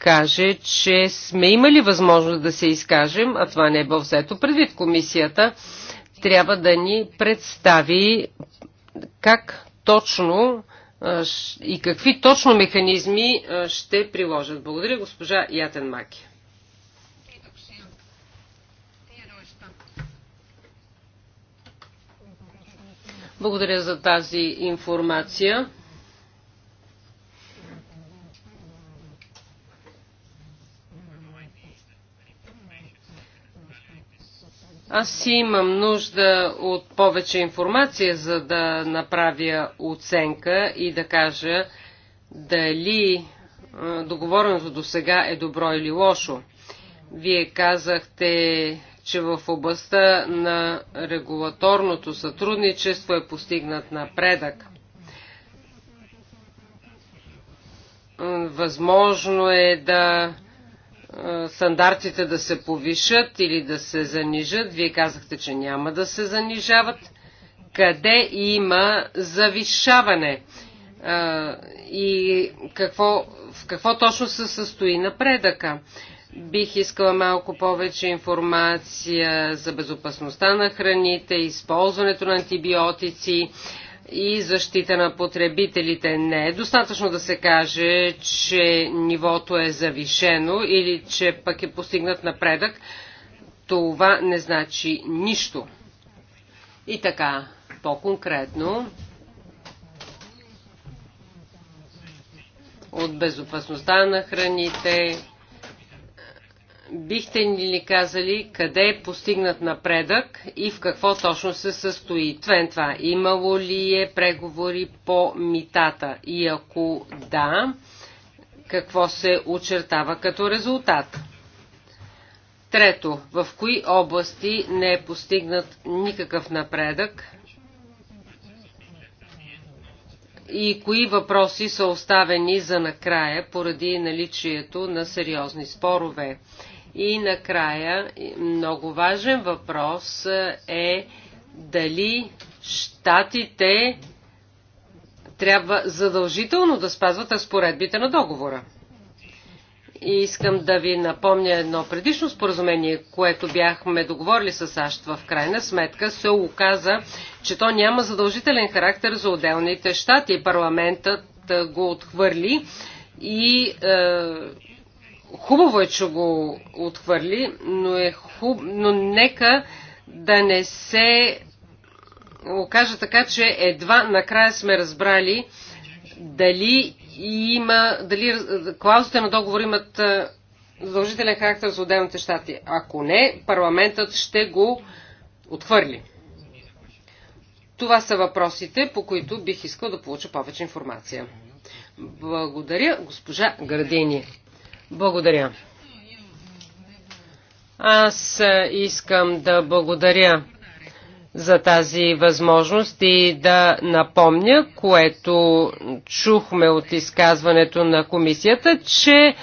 каже, че сме имали възможност да се изкажем, а това не е бъл взето предвид. Комисията трябва да ни представи как точно и какви точно механизми ще приложат. Благодаря, госпожа Ятен Маки. Благодаря за тази информация. Аз имам нужда от повече информация, за да направя оценка и да кажа дали договореното до сега е добро или лошо. Вие казахте, че в областта на регулаторното сътрудничество е постигнат напредък. Възможно е да стандартите да се повишат или да се занижат. Вие казахте, че няма да се занижават. Къде има завишаване? И какво, в какво точно се състои напредъка? Бих искала малко повече информация за безопасността на храните, използването на антибиотици, и защита на потребителите. Не е достатъчно да се каже, че нивото е завишено или че пък е постигнат напредък. Това не значи нищо. И така, по-конкретно, от безопасността на храните, бихте ни ли казали къде е постигнат напредък и в какво точно се състои? Твен това, имало ли е преговори по митата? И ако да, какво се очертава като резултат? Трето, в кои области не е постигнат никакъв напредък и кои въпроси са оставени за накрая поради наличието на сериозни спорове? И накрая, много важен въпрос е дали щатите трябва задължително да спазват разпоредбите на договора. И искам да ви напомня едно предишно споразумение, което бяхме договорили с САЩ в крайна сметка, се оказа, че то няма задължителен характер за отделните щати. Парламентът го отхвърли и е, Хубаво е, че го отхвърли, но, е хуб... но нека да не се окаже така, че едва накрая сме разбрали дали има, дали клаузите на договор имат задължителен характер за отделните щати. Ако не, парламентът ще го отхвърли. Това са въпросите, по които бих искал да получа повече информация. Благодаря, госпожа Градини. Благодаря. Аз е, искам да благодаря за тази възможност и да напомня, което чухме от изказването на комисията, че е,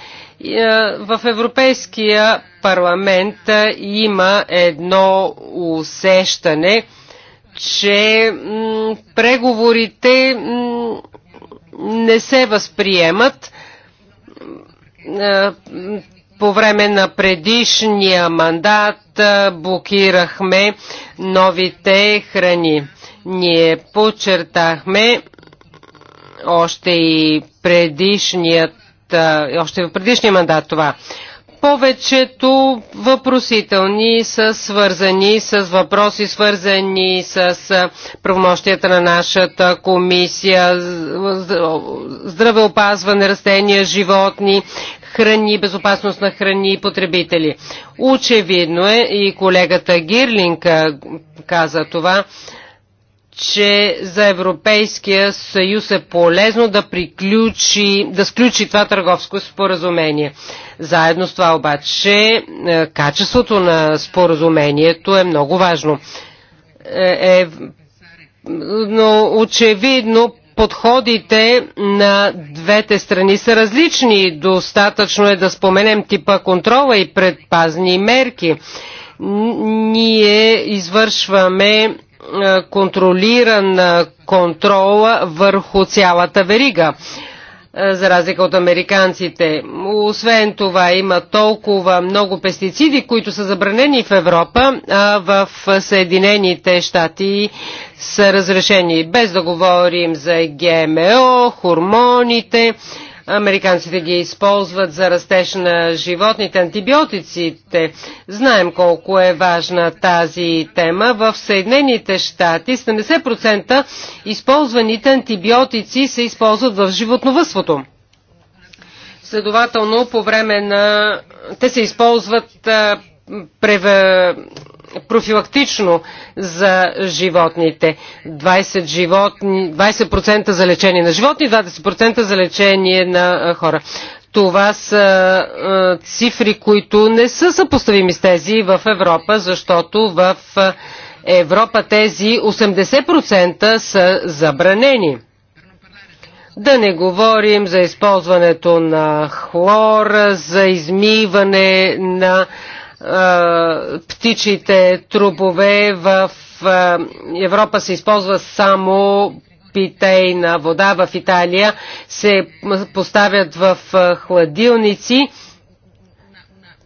в Европейския парламент е, има едно усещане, че преговорите не се възприемат е, по време на предишния мандат е, блокирахме новите храни. Ние подчертахме още и предишният, е, още в предишния мандат това. Повечето въпросителни са свързани с въпроси, свързани с правомощията на нашата комисия, здравеопазване, растения, животни, храни, безопасност на храни и потребители. Очевидно е, и колегата Гирлинг каза това, че за Европейския съюз е полезно да приключи, да сключи това търговско споразумение. Заедно с това обаче е, качеството на споразумението е много важно. Е, е но очевидно подходите на двете страни са различни. Достатъчно е да споменем типа контрола и предпазни мерки. Ние извършваме контролиран контрол върху цялата верига. Е, за разлика от американците. Освен това има толкова много пестициди, които са забранени в Европа, а в Съединените щати са разрешени. Без да говорим за ГМО, хормоните Американците ги използват за растеж на животните, антибиотиците. Знаем колко е важна тази тема. В Съединените щати 70% използваните антибиотици се използват в животновътството. Следователно, по време на... Те се използват преве профилактично за животните. 20%, животни, 20 за лечение на животни, 20% за лечение на хора. Това са цифри, които не са съпоставими с тези в Европа, защото в Европа тези 80% са забранени. Да не говорим за използването на хлор, за измиване на е, птичите трупове в е, Европа се използва само питейна вода. В Италия се поставят в е, хладилници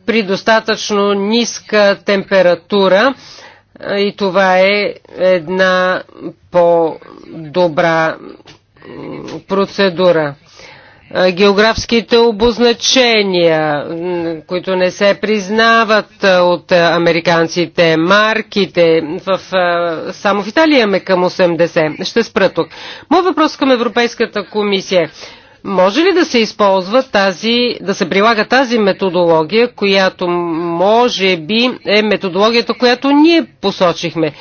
при достатъчно ниска температура и това е една по-добра процедура. Е, географските обозначения, които не се признават е, от е, американците, марките. В, само в Италия ме към 80. Ще спра тук. Моят въпрос към Европейската комисия. Може ли да се използва тази, да се прилага тази методология, която може би е методологията, която ние посочихме?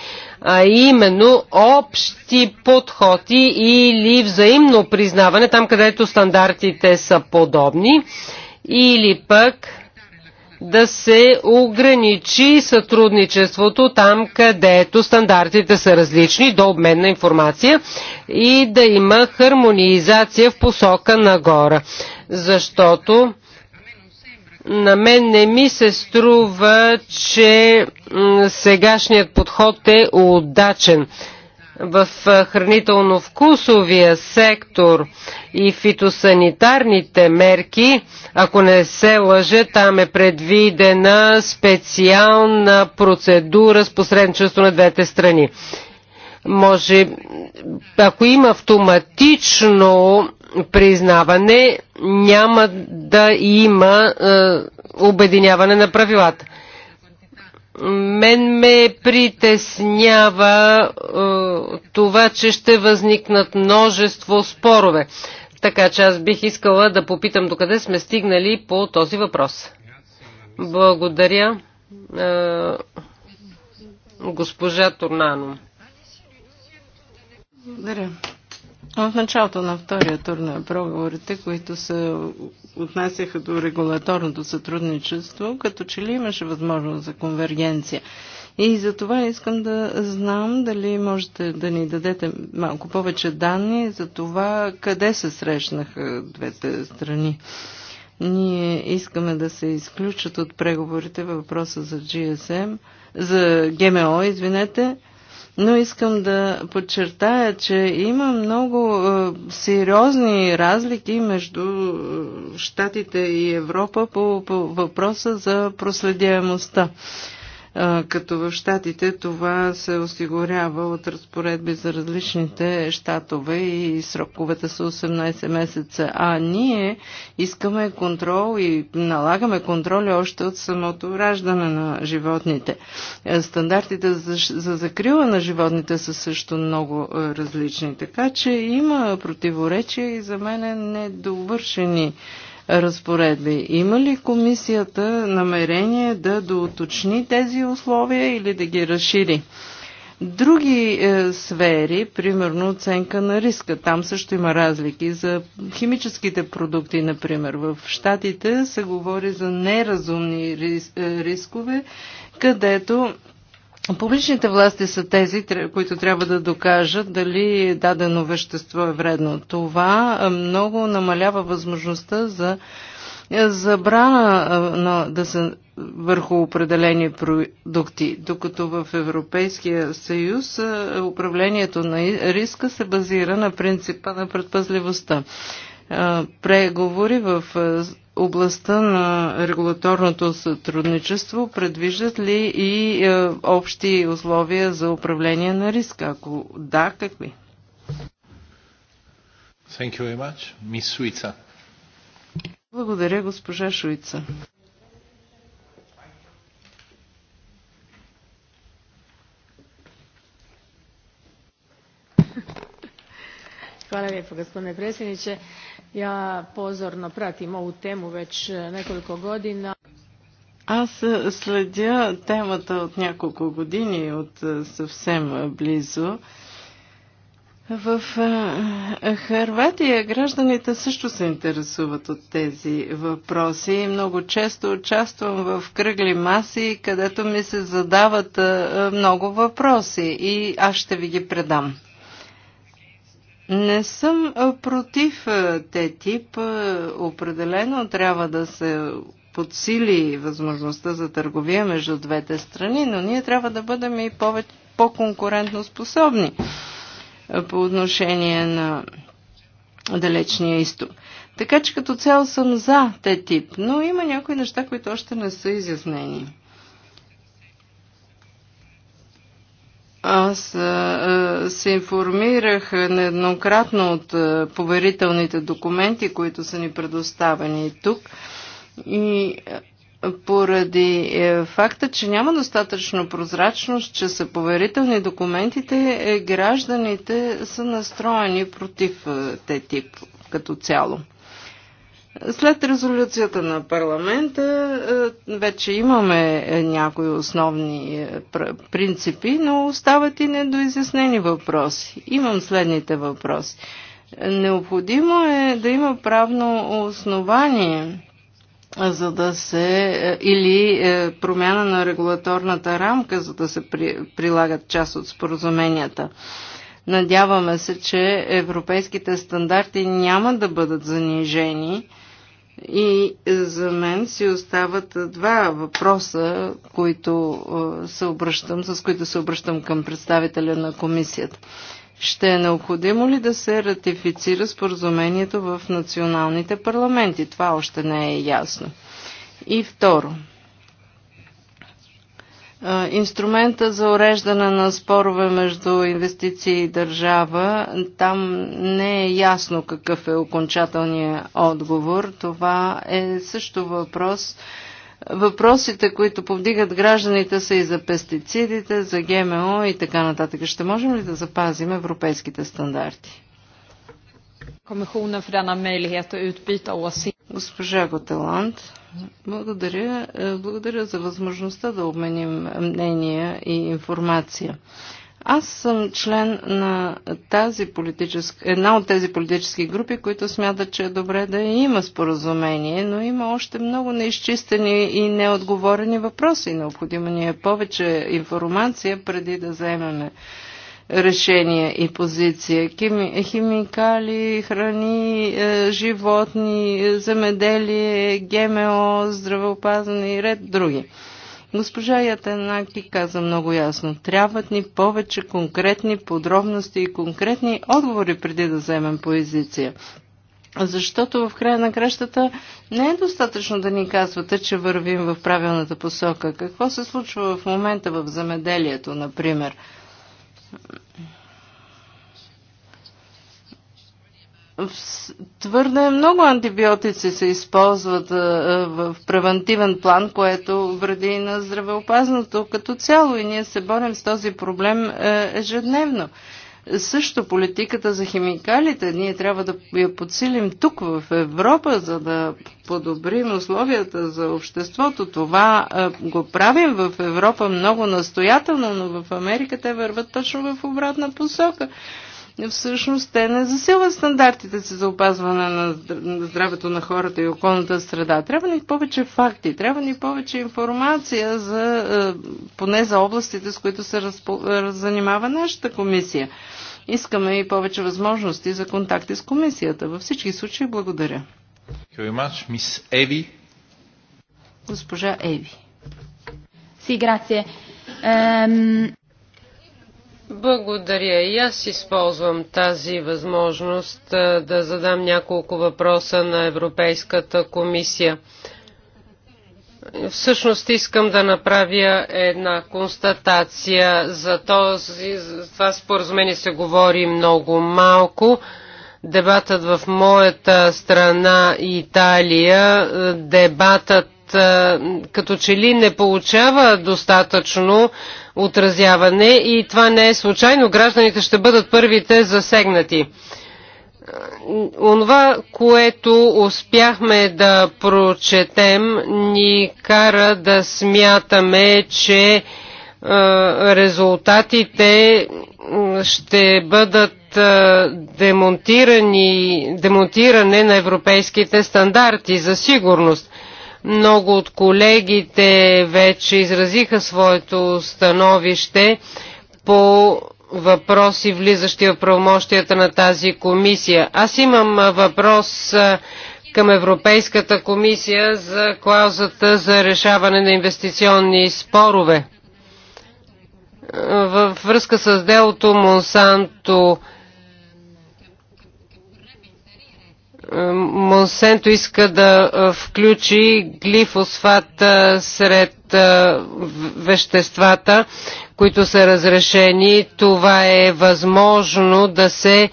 а именно общи подходи или взаимно признаване, там където стандартите са подобни, или пък да се ограничи сътрудничеството там, където стандартите са различни до обмен на информация и да има хармонизация в посока нагоре. Защото на мен не ми се струва, че сегашният подход е удачен. В хранително-вкусовия сектор и фитосанитарните мерки, ако не се лъже, там е предвидена специална процедура с посредничество на двете страни може, ако има автоматично признаване, няма да има е, обединяване на правилата. Мен ме притеснява е, това, че ще възникнат множество спорове. Така че аз бих искала да попитам докъде сме стигнали по този въпрос. Благодаря. Е, госпожа Турнано. Благодаря. В началото на втория тур на проговорите, които се отнасяха до регулаторното сътрудничество, като че ли имаше възможност за конвергенция. И за това искам да знам дали можете да ни дадете малко повече данни за това къде се срещнаха двете страни. Ние искаме да се изключат от преговорите въпроса за GSM, за ГМО, извинете, но искам да подчертая, че има много е, сериозни разлики между е, Штатите и Европа по, по въпроса за проследяемостта като в щатите това се осигурява от разпоредби за различните щатове и сроковете са 18 месеца. А ние искаме контрол и налагаме контроли още от самото раждане на животните. Стандартите за, за закрила на животните са също много различни. Така че има противоречия и за мен е недовършени разпоредби. Има ли комисията намерение да доуточни тези условия или да ги разшири? Други е, сфери, примерно оценка на риска, там също има разлики. За химическите продукти, например, в Штатите се говори за неразумни рис, е, рискове, където Публичните власти са тези, които трябва да докажат дали дадено вещество е вредно. Това много намалява възможността за забрана на, да се върху определени продукти, докато в Европейския съюз управлението на риска се базира на принципа на предпазливостта. Преговори в областта на регулаторното сътрудничество предвиждат ли и е, общи условия за управление на риска? Ако да, какви? Thank you very much. Miss Suica. Благодаря, госпожа Шуица. Hvala lijepo gospodine predsjedniče. Ja pozorno pratim ovu temu već e, nekoliko godina. Аз е, следя темата от няколко години, от е, съвсем е, близо. В Харватия гражданите също се интересуват от тези въпроси много често участвам в кръгли маси, където ми се задават много въпроси и аз ще ви ги предам. Не съм против те тип. Определено трябва да се подсили възможността за търговия между двете страни, но ние трябва да бъдем и повече, по-конкурентно способни по отношение на далечния изток. Така че като цяло съм за те тип, но има някои неща, които още не са изяснени. Аз а, се информирах нееднократно от а, поверителните документи, които са ни предоставени тук. И поради е, факта, че няма достатъчно прозрачност, че са поверителни документите, е, гражданите са настроени против е, те тип като цяло. След резолюцията на парламента е, вече имаме някои основни е, принципи, но остават и недоизяснени въпроси. Имам следните въпроси. Необходимо е да има правно основание за да се е, или промяна на регулаторната рамка, за да се при, прилагат част от споразуменията. Надяваме се, че европейските стандарти няма да бъдат занижени и за мен си остават два въпроса, които се обръщам, с които се обръщам към представителя на комисията. Ще е необходимо ли да се ратифицира споразумението в националните парламенти? Това още не е ясно. И второ, Инструмента за уреждане на спорове между инвестиции и държава, там не е ясно какъв е окончателният отговор. Това е също въпрос. Въпросите, които повдигат гражданите са и за пестицидите, за ГМО и така нататък. Ще можем ли да запазим европейските стандарти? Kommissionen för denna möjlighet att Госпожа Готеланд, благодаря. Е, благодаря за възможността да обменим мнения и информация. Аз съм член на тази политическа, една от тези политически групи, които смятат, че е добре да има споразумение, но има още много неизчистени и неотговорени въпроси. Необходимо ни е повече информация преди да заемеме решения и позиция. химикали, храни, е, животни, земеделие, ГМО, здравеопазване и ред други. Госпожа Ятенаки каза много ясно. Трябват ни повече конкретни подробности и конкретни отговори преди да вземем позиция. Защото в края на кращата не е достатъчно да ни казвате, че вървим в правилната посока. Какво се случва в момента в замеделието, например? Твърде много антибиотици се използват в превентивен план, което вреди и на здравеопазното като цяло и ние се борим с този проблем ежедневно. Също политиката за химикалите, ние трябва да я подсилим тук в Европа, за да подобрим условията за обществото. Това е, го правим в Европа много настоятелно, но в Америка те върват точно в обратна посока всъщност те не засилват стандартите си за опазване на здравето на хората и околната среда. Трябва ни повече факти, трябва ни повече информация за, е, поне за областите, с които се разпо... Е, занимава нашата комисия. Искаме и повече възможности за контакти с комисията. Във всички случаи благодаря. Мис Еви. Госпожа Еви. Си, грация. Благодаря. И аз използвам тази възможност да задам няколко въпроса на Европейската комисия. Всъщност искам да направя една констатация. За, този, за това споразумение се говори много малко. Дебатът в моята страна Италия, дебатът като че ли не получава достатъчно отразяване и това не е случайно. Гражданите ще бъдат първите засегнати. Онова, което успяхме да прочетем, ни кара да смятаме, че е, резултатите ще бъдат е, демонтирани, демонтиране на европейските стандарти за сигурност – много от колегите вече изразиха своето становище по въпроси, влизащи в правомощията на тази комисия. Аз имам въпрос към Европейската комисия за клаузата за решаване на инвестиционни спорове. Във връзка с делото Монсанто Монсенто иска да включи глифосфат сред веществата, които са разрешени. Това е възможно да се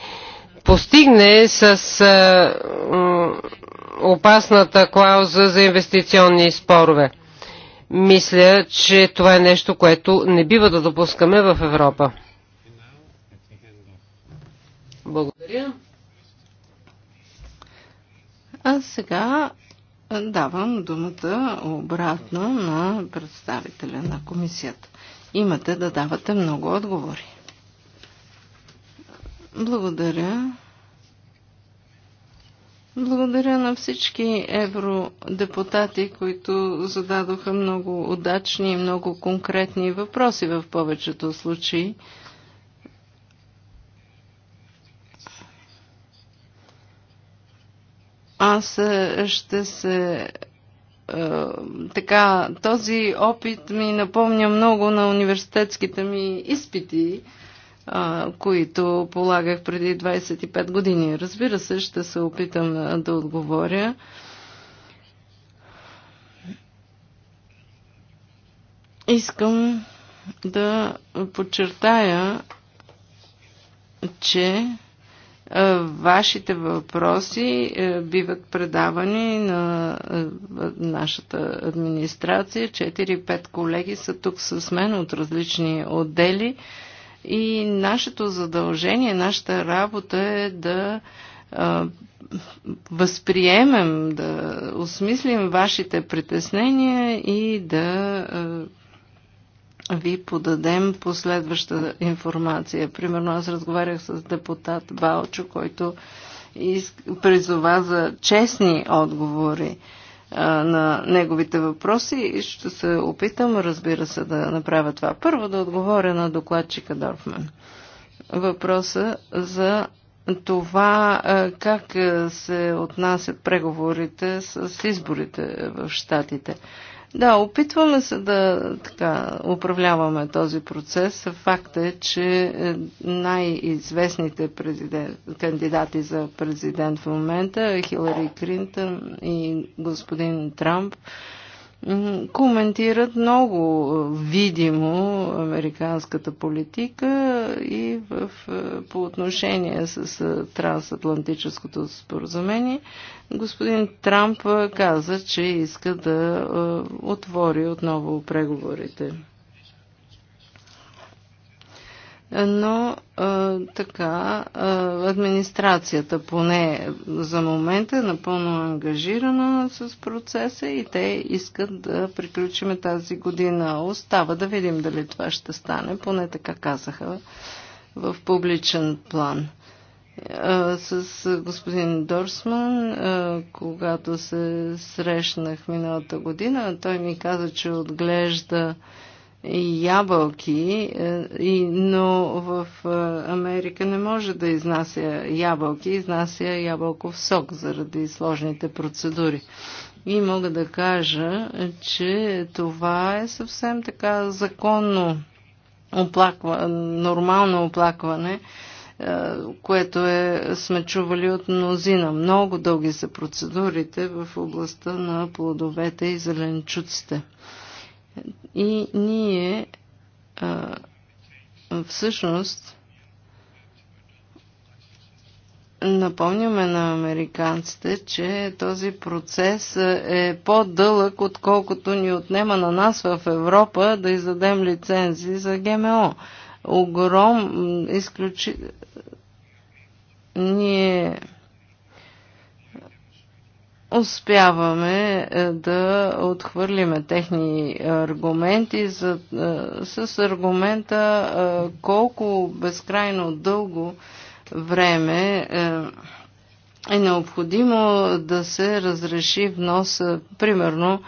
постигне с опасната клауза за инвестиционни спорове. Мисля, че това е нещо, което не бива да допускаме в Европа. Благодаря. А сега е, давам думата обратно на представителя на комисията. Имате да давате много отговори. Благодаря. Благодаря на всички евродепутати, които зададоха много удачни и много конкретни въпроси в повечето случаи. Аз е, ще се е, така, този опит ми напомня много на университетските ми изпити, е, които полагах преди 25 години. Разбира се, ще се опитам да отговоря. Искам да подчертая, че е, вашите въпроси е, биват предавани на е, нашата администрация. 4-5 колеги са тук с мен от различни отдели и нашето задължение, нашата работа е да възприемем, да осмислим вашите притеснения и да ви подадем последваща информация. Примерно аз разговарях с депутат Балчо, който призова за честни отговори на неговите въпроси и ще се опитам, разбира се, да направя това. Първо да отговоря на докладчика Дорфман. Въпроса за това как се отнасят преговорите с изборите в Штатите. Да, опитваме се да така, управляваме този процес. Факт е, че е, най-известните кандидати за президент в момента, е Хилари Клинтън и господин Трамп, коментират много е, видимо американската политика и в, е, по отношение с, с е, трансатлантическото споразумение. Господин Трамп каза, че иска да отвори отново преговорите но а, така а, администрацията поне за момента е напълно ангажирана с процеса и те искат да приключиме тази година. Остава да видим дали това ще стане, поне така казаха в публичен план. А, с господин Дорсман, а, когато се срещнах миналата година, той ми каза, че отглежда а, ябълки, е, но в е, Америка не може да изнася ябълки, изнася ябълков сок заради сложните процедури. И мога да кажа, че това е съвсем така законно оплаква, нормално оплакване, е, което е, сме чували от мнозина. Много дълги са процедурите в областта на плодовете и зеленчуците. И ние а, всъщност напомняме на американците, че този процес е по-дълъг, отколкото ни отнема на нас в Европа да издадем лицензии за ГМО. Огром, изключи... Ние успяваме е, да отхвърлиме техни аргументи за, е, с аргумента е, колко безкрайно дълго време е необходимо да се разреши внос, примерно,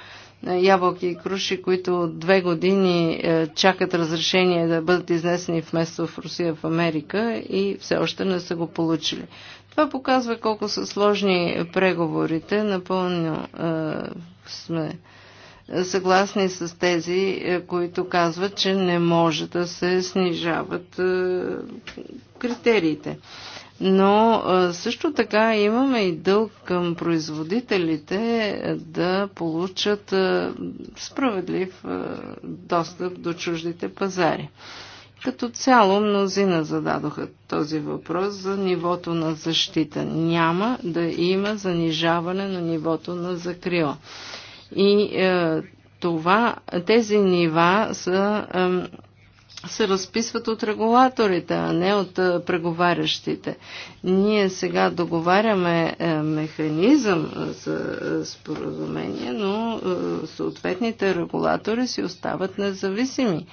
ябълки и круши, които от две години чакат разрешение да бъдат изнесени вместо в Русия в Америка и все още не са го получили. Това показва колко са сложни преговорите. Напълно е, сме съгласни с тези, е, които казват, че не може да се снижават е, критериите. Но е, също така имаме и дълг към производителите е, да получат е, справедлив е, достъп до чуждите пазари. Като цяло мнозина зададоха този въпрос за нивото на защита. Няма да има занижаване на нивото на закрила. И е, това, тези нива са, е, се разписват от регулаторите, а не от е, преговарящите. Ние сега договаряме е, механизъм е, за е, споразумение, но е, съответните регулатори си остават независими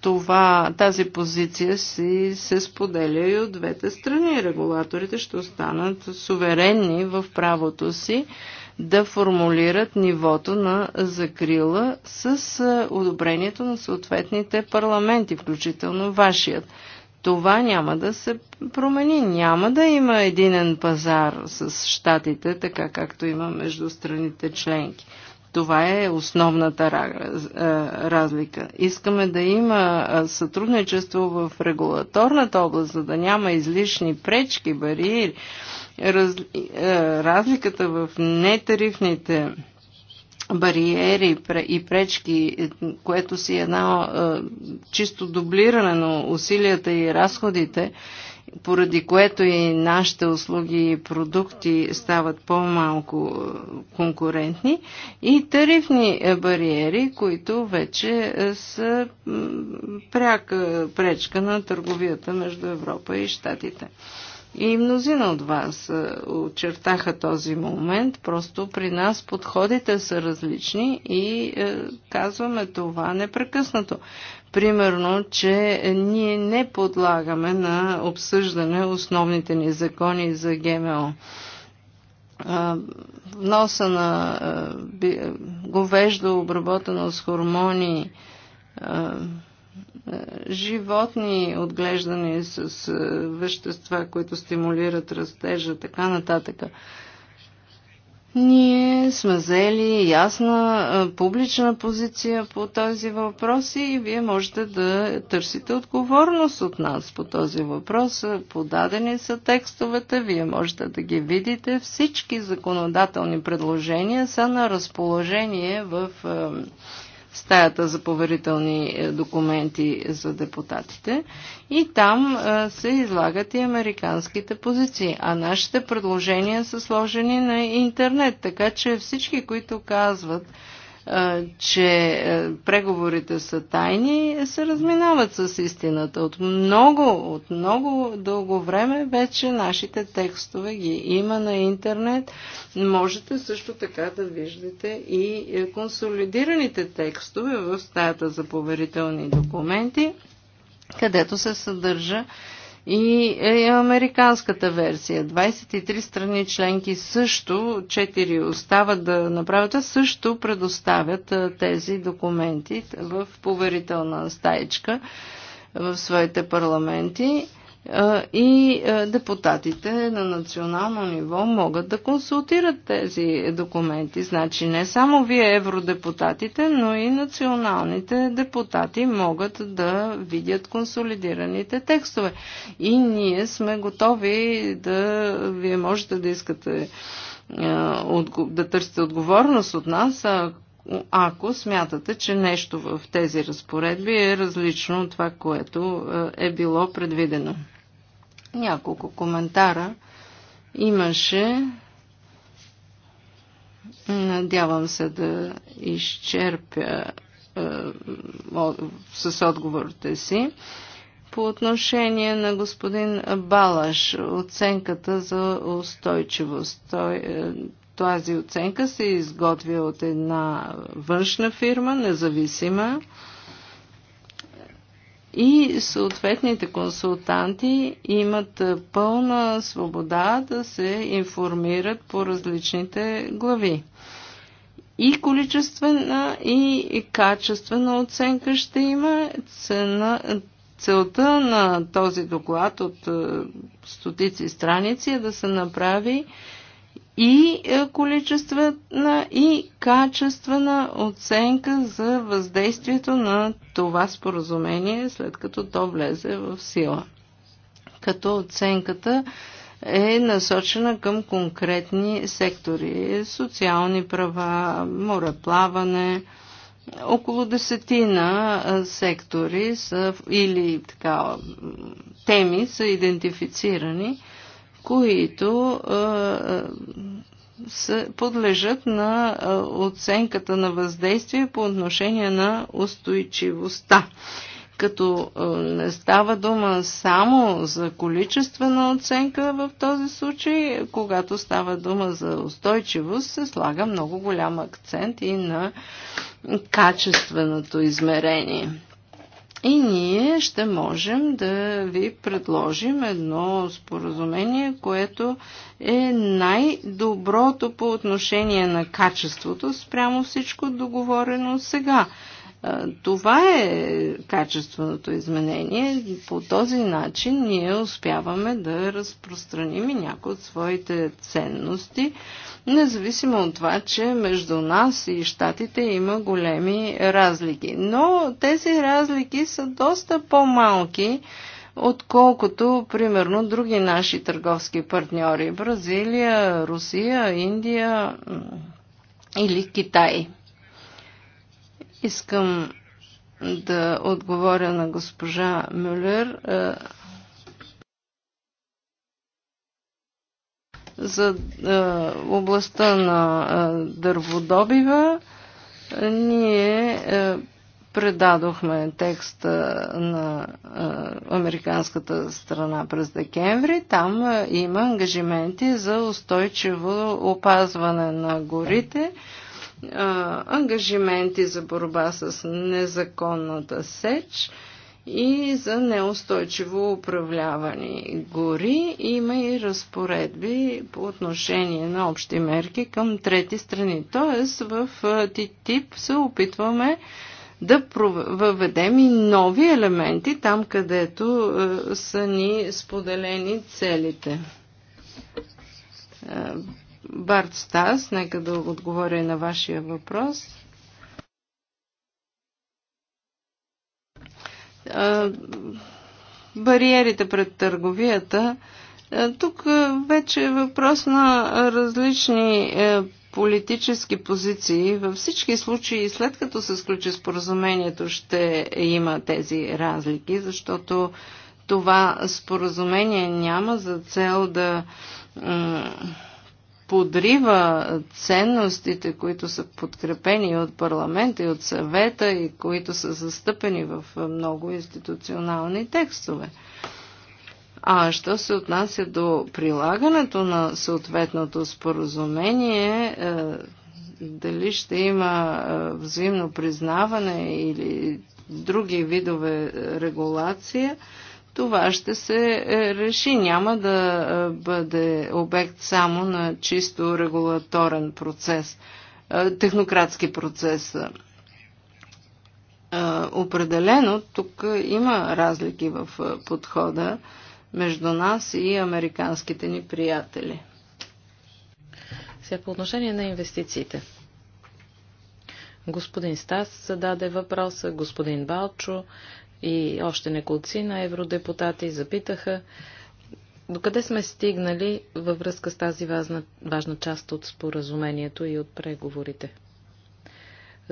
това, тази позиция си се споделя и от двете страни. Регулаторите ще останат суверенни в правото си да формулират нивото на закрила с одобрението на съответните парламенти, включително вашият. Това няма да се промени. Няма да има единен пазар с щатите, така както има между страните членки. Това е основната разлика. Искаме да има сътрудничество в регулаторната област, за да няма излишни пречки, бариери. Раз, разликата в нетарифните бариери и пречки, е, което си е една чисто дублиране на усилията и разходите, поради което и нашите услуги и продукти стават по-малко е, конкурентни и тарифни е, бариери, които вече е, са пряка пречка на търговията между Европа и Штатите. И мнозина от вас очертаха този момент, просто при нас подходите са различни и казваме това непрекъснато. Примерно, че ние не подлагаме на обсъждане основните ни закони за ГМО. Вноса на говеждо, обработено с хормони, животни, отглеждани с вещества, които стимулират растежа, така нататък. Ние сме взели ясна публична позиция по този въпрос и вие можете да търсите отговорност от нас по този въпрос. Подадени са текстовете, вие можете да ги видите. Всички законодателни предложения са на разположение в стаята за поверителни е, документи за депутатите. И там е, се излагат и американските позиции. А нашите предложения са сложени на интернет, така че всички, които казват, че преговорите са тайни, се разминават с истината. От много, от много дълго време вече нашите текстове ги има на интернет. Можете също така да виждате и е, консолидираните текстове в стаята за поверителни документи, където се съдържа е, и американската версия. 23 страни членки също, 4 остават да направят, а също предоставят е, тези документи в поверителна стаечка в своите парламенти и депутатите на национално ниво могат да консултират тези документи. Значи не само вие евродепутатите, но и националните депутати могат да видят консолидираните текстове. И ние сме готови да вие можете да искате да търсите отговорност от нас, ако смятате, че нещо в тези разпоредби е различно от това, което е, е било предвидено. Няколко коментара имаше. Надявам се да изчерпя е, с отговорите си. По отношение на господин Балаш, оценката за устойчивост. Той, е, тази оценка се изготвя от една външна фирма, независима, и съответните консултанти имат пълна свобода да се информират по различните глави. И количествена, и качествена оценка ще има. Цена, целта на този доклад от е, стотици страници е да се направи и е, количествена и качествена оценка за въздействието на това споразумение, след като то влезе в сила. Като оценката е насочена към конкретни сектори социални права, мореплаване. Около десетина е, сектори са, или така, теми са идентифицирани които се подлежат на оценката на въздействие по отношение на устойчивостта. Като не става дума само за количествена оценка в този случай, когато става дума за устойчивост, се слага много голям акцент и на качественото измерение. И ние ще можем да ви предложим едно споразумение, което е най-доброто по отношение на качеството спрямо всичко договорено сега. Това е качественото изменение. По този начин ние успяваме да разпространим и някои от своите ценности, независимо от това, че между нас и щатите има големи разлики. Но тези разлики са доста по-малки, отколкото, примерно, други наши търговски партньори Бразилия, Русия, Индия или Китай. Искам да отговоря на госпожа Мюллер. Е, за е, областта на е, дърводобива, ние предадохме текста на американската страна през декември. Там има ангажименти за устойчиво опазване на горите ангажименти за борба с незаконната сеч и за неустойчиво управлявани гори. Има и разпоредби по отношение на общи мерки към трети страни. Тоест в ТИТИП се опитваме да въведем и нови елементи там, където са ни споделени целите Барт Стас, нека да отговоря на вашия въпрос. Бариерите пред търговията. Тук вече е въпрос на различни политически позиции. Във всички случаи, след като се сключи споразумението, ще има тези разлики, защото това споразумение няма за цел да подрива ценностите, които са подкрепени от парламента и от съвета и които са застъпени в много институционални текстове. А що се отнася до прилагането на съответното споразумение, е, дали ще има е, взаимно признаване или други видове регулация, това ще се е, реши. Няма да е, бъде обект само на чисто регулаторен процес, е, технократски процес. Определено тук има разлики в подхода между нас и американските ни приятели. Сега по отношение на инвестициите. Господин Стас зададе въпроса, господин Балчо, и още неколци на евродепутати запитаха докъде сме стигнали във връзка с тази важна, важна част от споразумението и от преговорите.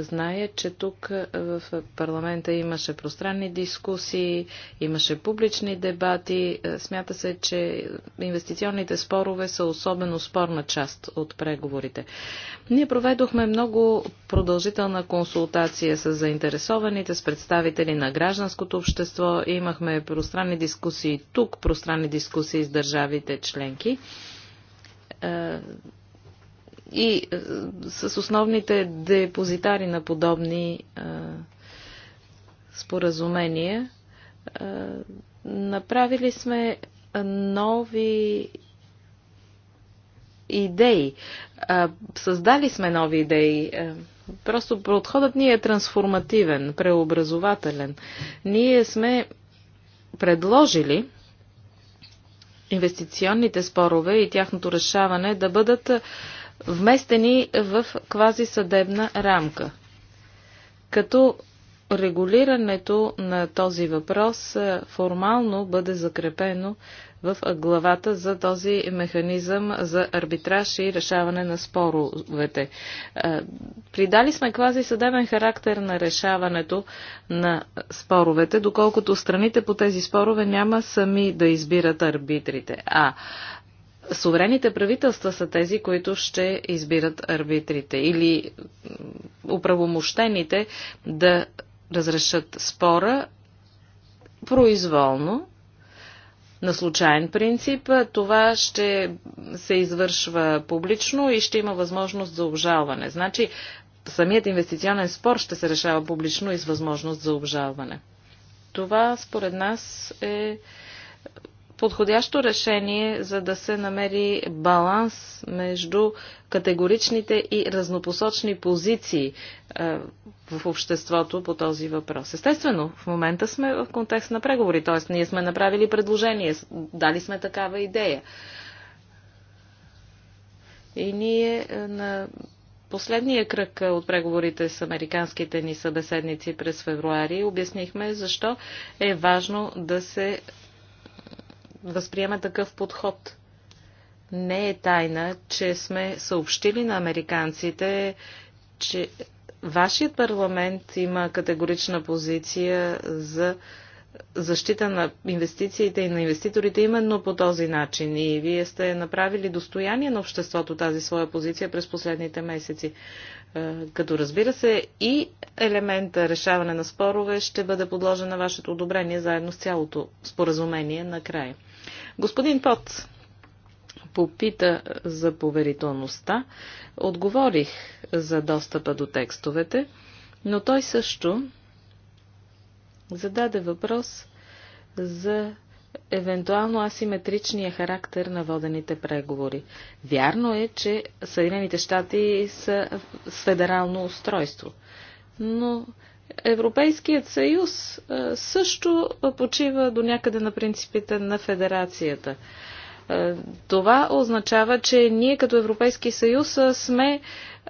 Зная, че тук е, в парламента имаше пространни дискусии, имаше публични дебати. Е, смята се, че инвестиционните спорове са особено спорна част от преговорите. Ние проведохме много продължителна консултация с заинтересованите, с представители на гражданското общество. Имахме пространни дискусии тук, пространни дискусии с държавите членки е, и е, с основните депозитари на подобни е, споразумения. Е, направили сме нови идеи. Създали сме нови идеи. Просто подходът ни е трансформативен, преобразователен. Ние сме предложили инвестиционните спорове и тяхното решаване да бъдат вместени в квазисъдебна рамка. Като регулирането на този въпрос е, формално бъде закрепено в главата за този механизъм за арбитраж и решаване на споровете. Е, придали сме квази съдебен характер на решаването на споровете, доколкото страните по тези спорове няма сами да избират арбитрите. А суверените правителства са тези, които ще избират арбитрите или управомощените да разрешат спора произволно, на случайен принцип. Това ще се извършва публично и ще има възможност за обжалване. Значи, самият инвестиционен спор ще се решава публично и с възможност за обжалване. Това, според нас, е подходящо решение, за да се намери баланс между категоричните и разнопосочни позиции е, в обществото по този въпрос. Естествено, в момента сме в контекст на преговори, т.е. ние сме направили предложение, дали сме такава идея. И ние е, на последния кръг от преговорите с американските ни събеседници през февруари обяснихме защо е важно да се възприема такъв подход. Не е тайна, че сме съобщили на американците, че вашият парламент има категорична позиция за защита на инвестициите и на инвеститорите именно по този начин. И вие сте направили достояние на обществото тази своя позиция през последните месеци. Е, като разбира се и елемента решаване на спорове ще бъде подложен на вашето одобрение заедно с цялото споразумение накрая. Господин Пот попита за поверителността. Отговорих за достъпа до текстовете, но той също зададе въпрос за евентуално асиметричния характер на водените преговори. Вярно е, че Съединените щати са с федерално устройство, но Европейският съюз също почива до някъде на принципите на федерацията. Това означава, че ние като Европейски съюз сме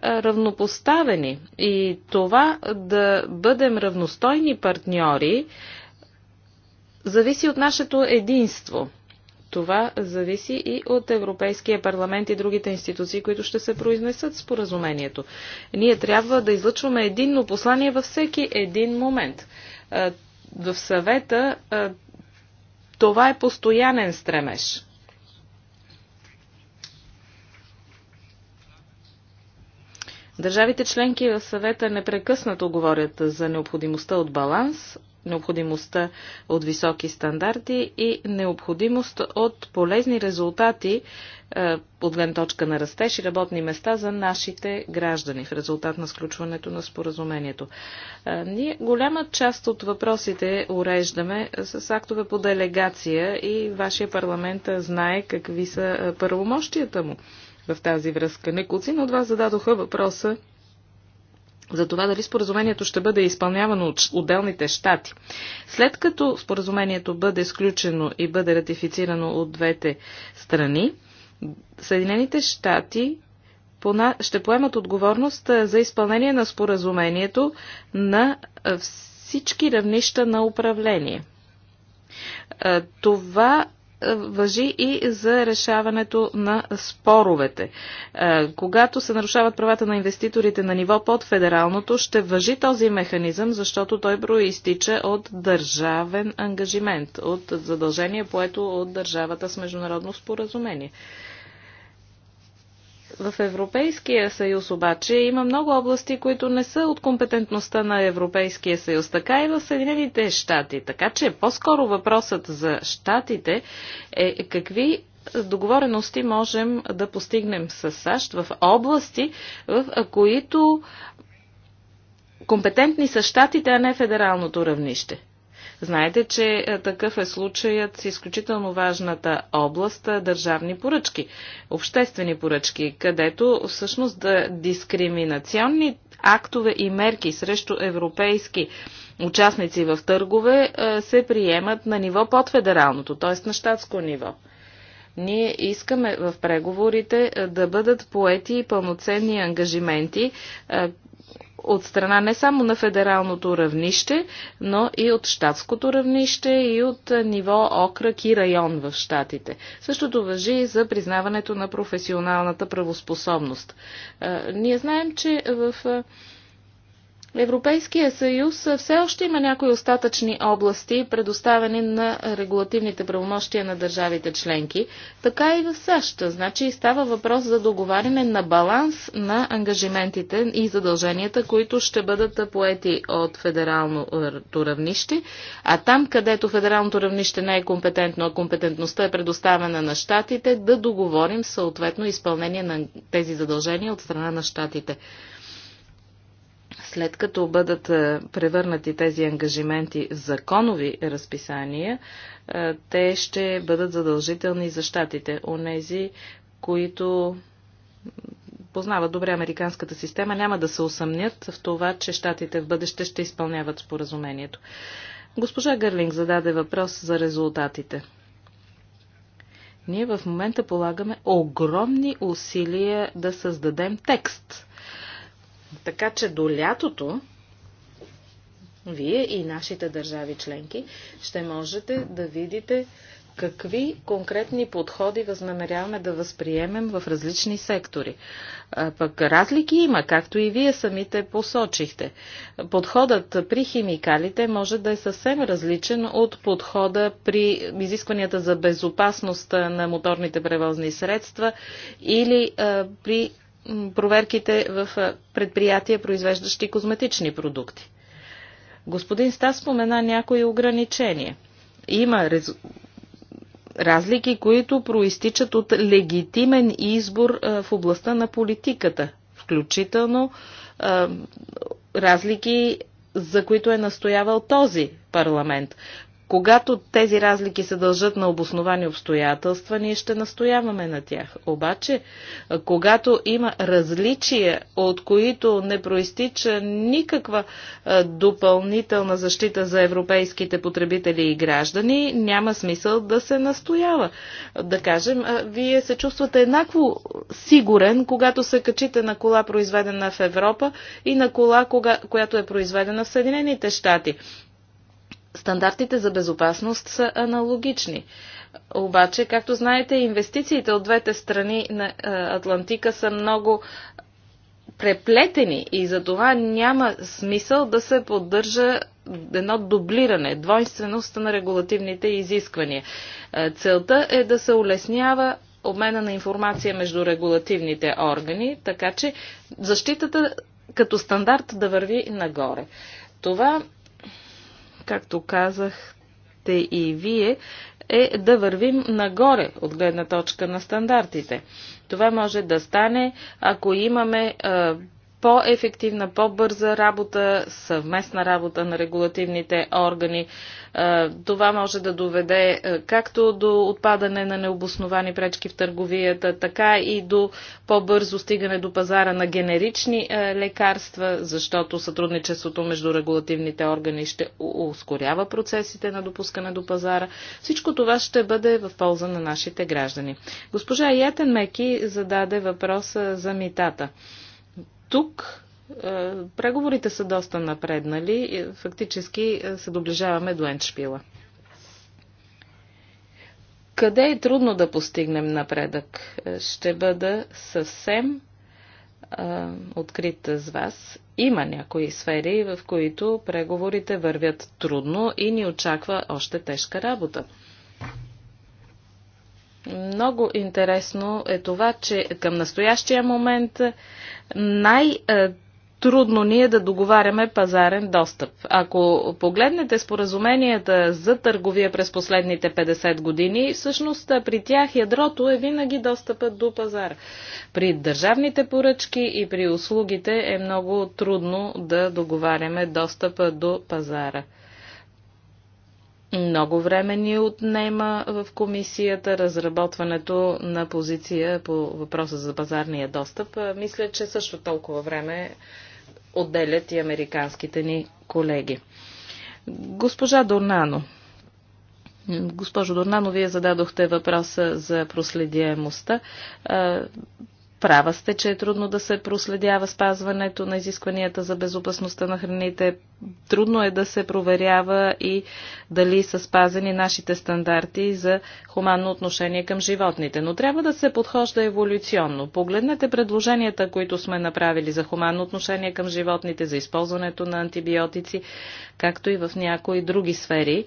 равнопоставени и това да бъдем равностойни партньори зависи от нашето единство това зависи и от Европейския парламент и другите институции, които ще се произнесат споразумението. Ние трябва да излъчваме единно послание във всеки един момент. В съвета това е постоянен стремеж. Държавите членки в съвета непрекъснато говорят за необходимостта от баланс, необходимостта от високи стандарти и необходимост от полезни резултати е, от гледна точка на растеж и работни места за нашите граждани в резултат на сключването на споразумението. Е, ние голяма част от въпросите уреждаме с актове по делегация и вашия парламент знае какви са е, първомощията му в тази връзка. Неколцина от вас зададоха въпроса за това дали споразумението ще бъде изпълнявано от отделните щати. След като споразумението бъде сключено и бъде ратифицирано от двете страни, Съединените щати ще поемат отговорност за изпълнение на споразумението на всички равнища на управление. Това е, въжи и за решаването на споровете. Е, когато се нарушават правата на инвеститорите на ниво под федералното, ще въжи този механизъм, защото той проистича от държавен ангажимент, от задължение поето от държавата с международно споразумение. В Европейския съюз обаче има много области, които не са от компетентността на Европейския съюз, така и в Съединените щати. Така че по-скоро въпросът за щатите е какви договорености можем да постигнем с САЩ в области, в които компетентни са щатите, а не федералното равнище. Знаете, че е, такъв е случаят с изключително важната област е, държавни поръчки, обществени поръчки, където всъщност дискриминационни актове и мерки срещу европейски участници в търгове е, се приемат на ниво под федералното, т.е. на щатско ниво. Ние искаме в преговорите да бъдат поети пълноценни ангажименти от страна не само на федералното равнище, но и от щатското равнище и от ниво окръг и район в щатите. Същото въжи и за признаването на професионалната правоспособност. Ние знаем, че в Европейския съюз все още има някои остатъчни области, предоставени на регулативните правомощия на държавите членки, така и в САЩ. Значи става въпрос за договаряне на баланс на ангажиментите и задълженията, които ще бъдат поети от федералното равнище, а там, където федералното равнище не е компетентно, а компетентността е предоставена на щатите, да договорим съответно изпълнение на тези задължения от страна на щатите. След като бъдат е, превърнати тези ангажименти в законови разписания, е, те ще бъдат задължителни за щатите. Онези, които познават добре американската система, няма да се усъмнят в това, че щатите в бъдеще ще изпълняват споразумението. Госпожа Гърлинг зададе въпрос за резултатите. Ние в момента полагаме огромни усилия да създадем текст така че до лятото вие и нашите държави членки ще можете да видите какви конкретни подходи възнамеряваме да възприемем в различни сектори. А, пък разлики има, както и вие самите посочихте. Подходът при химикалите може да е съвсем различен от подхода при изискванията за безопасност на моторните превозни средства или а, при проверките в предприятия, произвеждащи козметични продукти. Господин Стас спомена някои ограничения. Има рез... разлики, които проистичат от легитимен избор в областта на политиката, включително разлики, за които е настоявал този парламент. Когато тези разлики се дължат на обосновани обстоятелства, ние ще настояваме на тях. Обаче, когато има различия, от които не проистича никаква допълнителна защита за европейските потребители и граждани, няма смисъл да се настоява. Да кажем, вие се чувствате еднакво сигурен, когато се качите на кола, произведена в Европа и на кола, която е произведена в Съединените щати. Стандартите за безопасност са аналогични. Обаче, както знаете, инвестициите от двете страни на е, Атлантика са много преплетени и за това няма смисъл да се поддържа едно дублиране, двойственост на регулативните изисквания. Е, целта е да се улеснява обмена на информация между регулативните органи, така че защитата като стандарт да върви нагоре. Това както казахте и вие, е да вървим нагоре от гледна точка на стандартите. Това може да стане, ако имаме по-ефективна, по-бърза работа, съвместна работа на регулативните органи. Това може да доведе както до отпадане на необосновани пречки в търговията, така и до по-бързо стигане до пазара на генерични лекарства, защото сътрудничеството между регулативните органи ще ускорява процесите на допускане до пазара. Всичко това ще бъде в полза на нашите граждани. Госпожа Ятен Меки зададе въпроса за митата. Тук е, преговорите са доста напреднали. Фактически е, се доближаваме до Еншпила. Къде е трудно да постигнем напредък? Е, ще бъда съвсем а, открит с вас. Има някои сфери, в които преговорите вървят трудно и ни очаква още тежка работа. Много интересно е това, че към настоящия момент най- трудно ние да договаряме пазарен достъп. Ако погледнете споразуменията за търговия през последните 50 години, всъщност при тях ядрото е винаги достъпът до пазар. При държавните поръчки и при услугите е много трудно да договаряме достъпа до пазара. Много време ни отнема в комисията разработването на позиция по въпроса за пазарния достъп. Мисля, че също толкова време отделят и американските ни колеги. Госпожа Дорнано. Госпожо Дорнано, вие зададохте въпроса за проследяемостта. Права сте, че е трудно да се проследява спазването на изискванията за безопасността на храните. Трудно е да се проверява и дали са спазени нашите стандарти за хуманно отношение към животните. Но трябва да се подхожда еволюционно. Погледнете предложенията, които сме направили за хуманно отношение към животните, за използването на антибиотици, както и в някои други сфери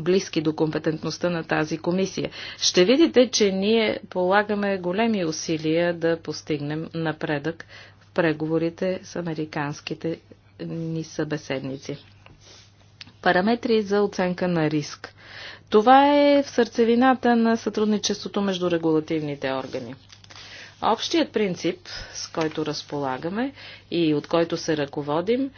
близки до компетентността на тази комисия. Ще видите, че ние полагаме големи усилия да постигнем напредък в преговорите с американските ни събеседници. Параметри за оценка на риск. Това е в сърцевината на сътрудничеството между регулативните органи. Общият принцип, с който разполагаме и от който се ръководим,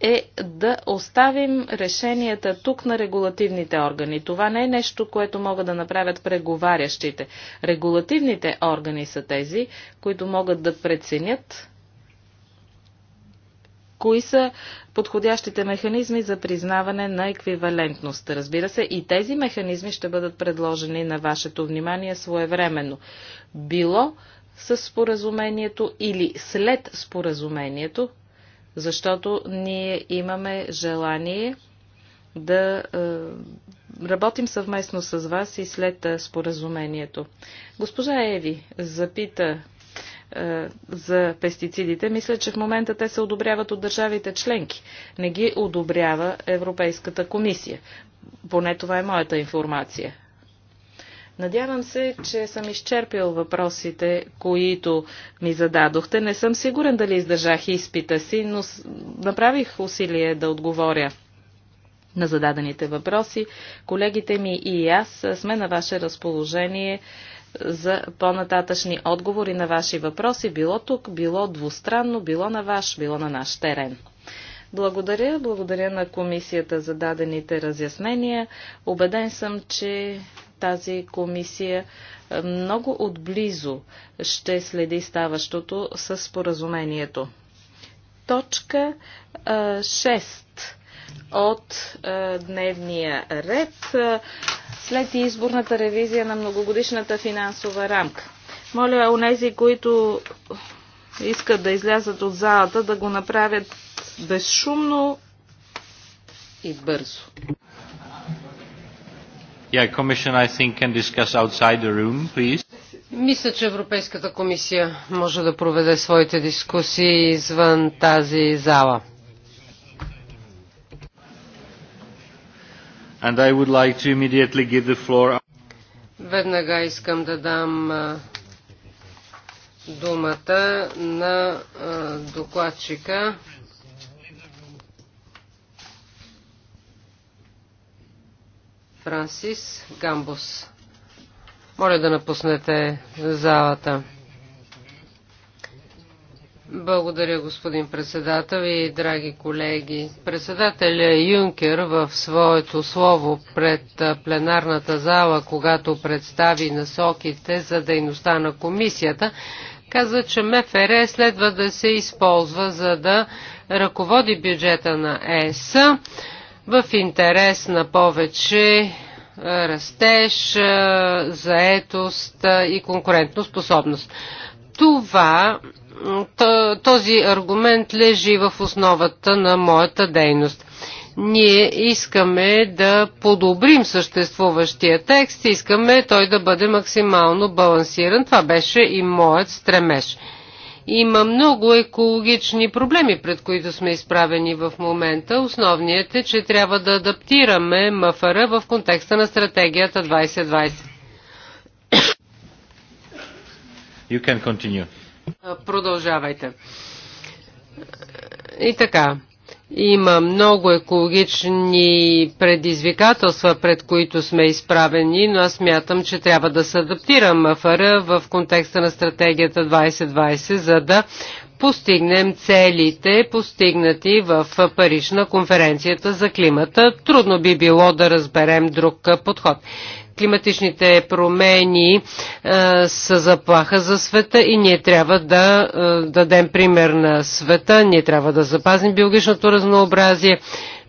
е да оставим решенията тук на регулативните органи. Това не е нещо, което могат да направят преговарящите. Регулативните органи са тези, които могат да преценят кои са подходящите механизми за признаване на еквивалентност. Разбира се, и тези механизми ще бъдат предложени на вашето внимание своевременно. Било с споразумението или след споразумението, защото ние имаме желание да е, работим съвместно с вас и след е, споразумението. Госпожа Еви запита е, за пестицидите. Мисля, че в момента те се одобряват от държавите членки. Не ги одобрява Европейската комисия. Поне това е моята информация. Надявам се, че съм изчерпил въпросите, които ми зададохте. Не съм сигурен дали издържах изпита си, но направих усилие да отговоря на зададените въпроси. Колегите ми и аз сме на ваше разположение за по-нататъчни отговори на ваши въпроси, било тук, било двустранно, било на ваш, било на наш терен. Благодаря, благодаря на комисията за дадените разяснения. Обеден съм, че тази комисия е, много отблизо ще следи ставащото с споразумението. Точка 6 е, от е, дневния ред след изборната ревизия на многогодишната финансова рамка. Моля онези, които искат да излязат от залата, да го направят безшумно и бързо. Мисля, че Европейската комисия може да проведе своите дискусии извън тази зала. And I would like to immediately give the floor. Веднага искам да дам думата на докладчика Франсис Гамбус. Моля да напуснете залата. Благодаря, господин председател и драги колеги. Председателя Юнкер в своето слово пред пленарната зала, когато представи насоките за дейността на комисията, каза, че МФР е следва да се използва за да ръководи бюджета на ЕС в интерес на повече е, растеж, е, заетост е, и способност. Това, този аргумент лежи в основата на моята дейност. Ние искаме да подобрим съществуващия текст, искаме той да бъде максимално балансиран. Това беше и моят стремеж. Има много екологични проблеми, пред които сме изправени в момента. Основният е, че трябва да адаптираме МФР в контекста на стратегията 2020. You can continue. Продължавайте. И така, има много екологични предизвикателства, пред които сме изправени, но аз мятам, че трябва да се адаптирам МФР в контекста на стратегията 2020, за да постигнем целите, постигнати в Париж на конференцията за климата. Трудно би било да разберем друг подход климатичните промени е, са заплаха за света и ние трябва да е, дадем пример на света, ние трябва да запазим биологичното разнообразие,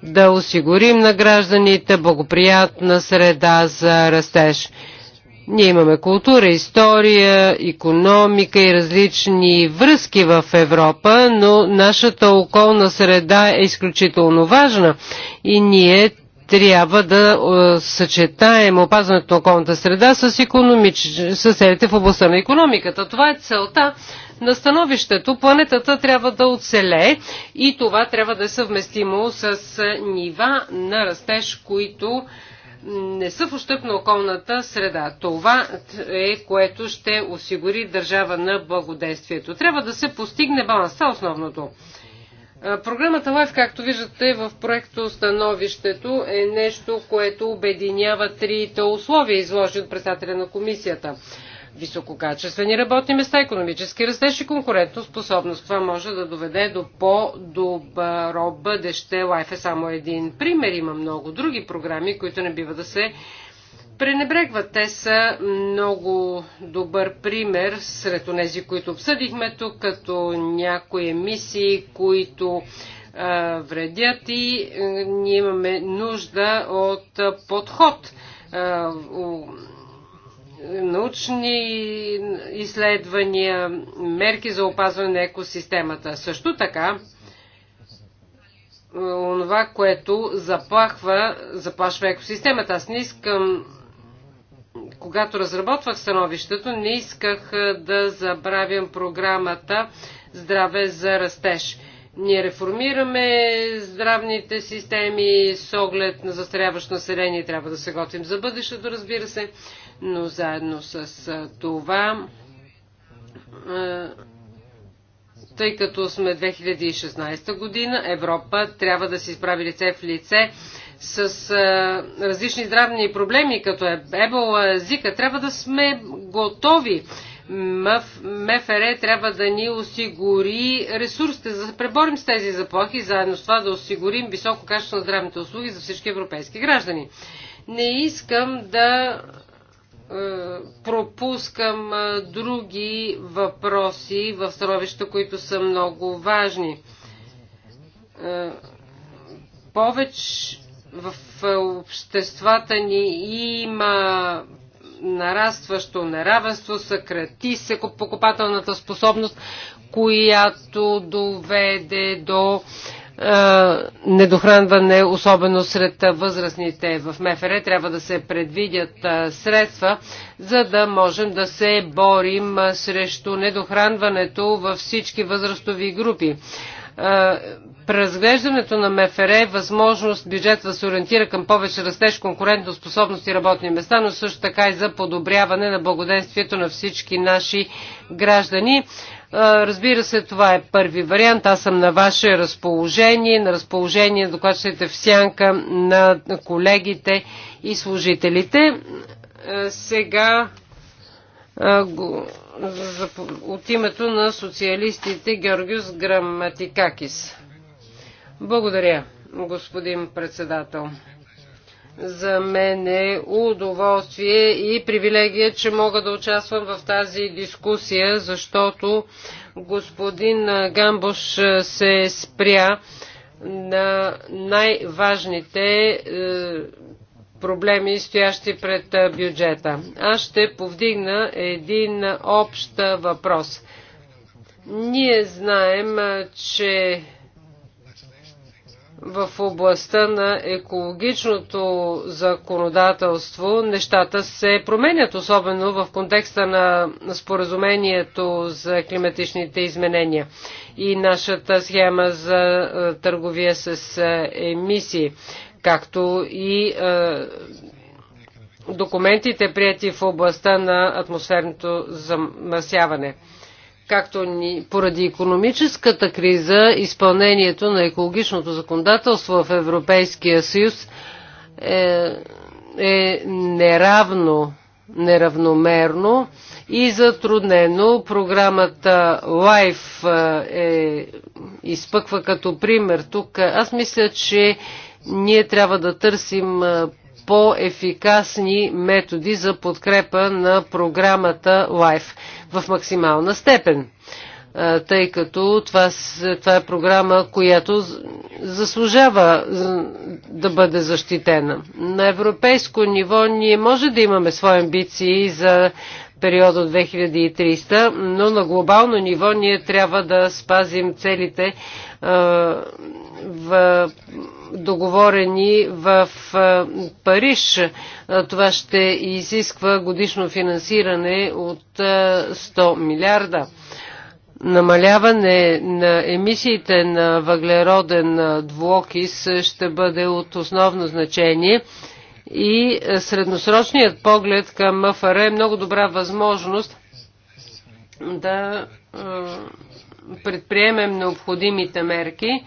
да осигурим на гражданите благоприятна среда за растеж. Ние имаме култура, история, економика и различни връзки в Европа, но нашата околна среда е изключително важна и ние трябва да е, съчетаем опазването на околната среда с, економич... с целите в областта на економиката. Това е целта на становището. Планетата трябва да оцелее и това трябва да е съвместимо с е, нива на растеж, които не са в ощъп на околната среда. Това е което ще осигури държава на благодействието. Трябва да се постигне баланс. Това основното. Е, програмата Лайф, както виждате в проекто становището, е нещо, което обединява трите условия, изложени от председателя на комисията. Висококачествени работни места, економически растеж и конкурентоспособност. Това може да доведе до по-добро бъдеще. Лайф е само един пример. Има много други програми, които не бива да се пренебрегват. Те са много добър пример сред тези, които обсъдихме тук, като някои емисии, които а, вредят и а, е, ние имаме нужда от а, подход. А, у, научни изследвания, мерки за опазване на екосистемата. Също така, онова, което заплахва, заплашва екосистемата. Аз не искам когато разработвах становището, не исках да забравям програмата Здраве за растеж. Ние реформираме здравните системи с оглед на застаряващо население. Трябва да се готвим за бъдещето, разбира се, но заедно с това, тъй като сме 2016 година, Европа трябва да се изправи лице в лице с а, различни здравни проблеми, като е ебола, зика, трябва да сме готови. МФ, МФР трябва да ни осигури ресурсите, за да преборим с тези заплахи, заедно с това да осигурим високо качество на здравните услуги за всички европейски граждани. Не искам да е, пропускам е, други въпроси в становища, които са много важни. Е, повече в е, обществата ни има нарастващо неравенство, съкрати се покупателната способност, която доведе до е, недохранване, особено сред възрастните в МФР. Трябва да се предвидят е, средства, за да можем да се борим е, срещу недохранването във всички възрастови групи Преразглеждането на МФР е възможност бюджет да се ориентира към повече растеж, способност и работни места, но също така и за подобряване на благоденствието на всички наши граждани. Разбира се, това е първи вариант. Аз съм на ваше разположение, на разположение на докладчите в сянка на колегите и служителите. Сега от името на социалистите Георгиус Граматикакис. Благодаря, господин председател. За мен е удоволствие и привилегия, че мога да участвам в тази дискусия, защото господин Гамбош се спря на най-важните е, проблеми, стоящи пред е, бюджета. Аз ще повдигна един общ е, въпрос. Ние знаем, че в областта на екологичното законодателство нещата се променят, особено в контекста на споразумението за климатичните изменения и нашата схема за е, търговия с е, емисии, както и е, документите, прияти в областта на атмосферното замърсяване както ни, поради економическата криза, изпълнението на екологичното законодателство в Европейския съюз е, е неравно, неравномерно и затруднено. Програмата LIFE е, е изпъква като пример тук. Аз мисля, че ние трябва да търсим е, по-ефикасни методи за подкрепа на програмата LIFE в максимална степен тъй като това, това е програма, която заслужава да бъде защитена. На европейско ниво ние може да имаме свои амбиции за периода от 2300, но на глобално ниво ние трябва да спазим целите в договорени в Париж. Това ще изисква годишно финансиране от 100 милиарда. Намаляване на емисиите на въглероден двуокис ще бъде от основно значение и средносрочният поглед към МФР е много добра възможност да предприемем необходимите мерки.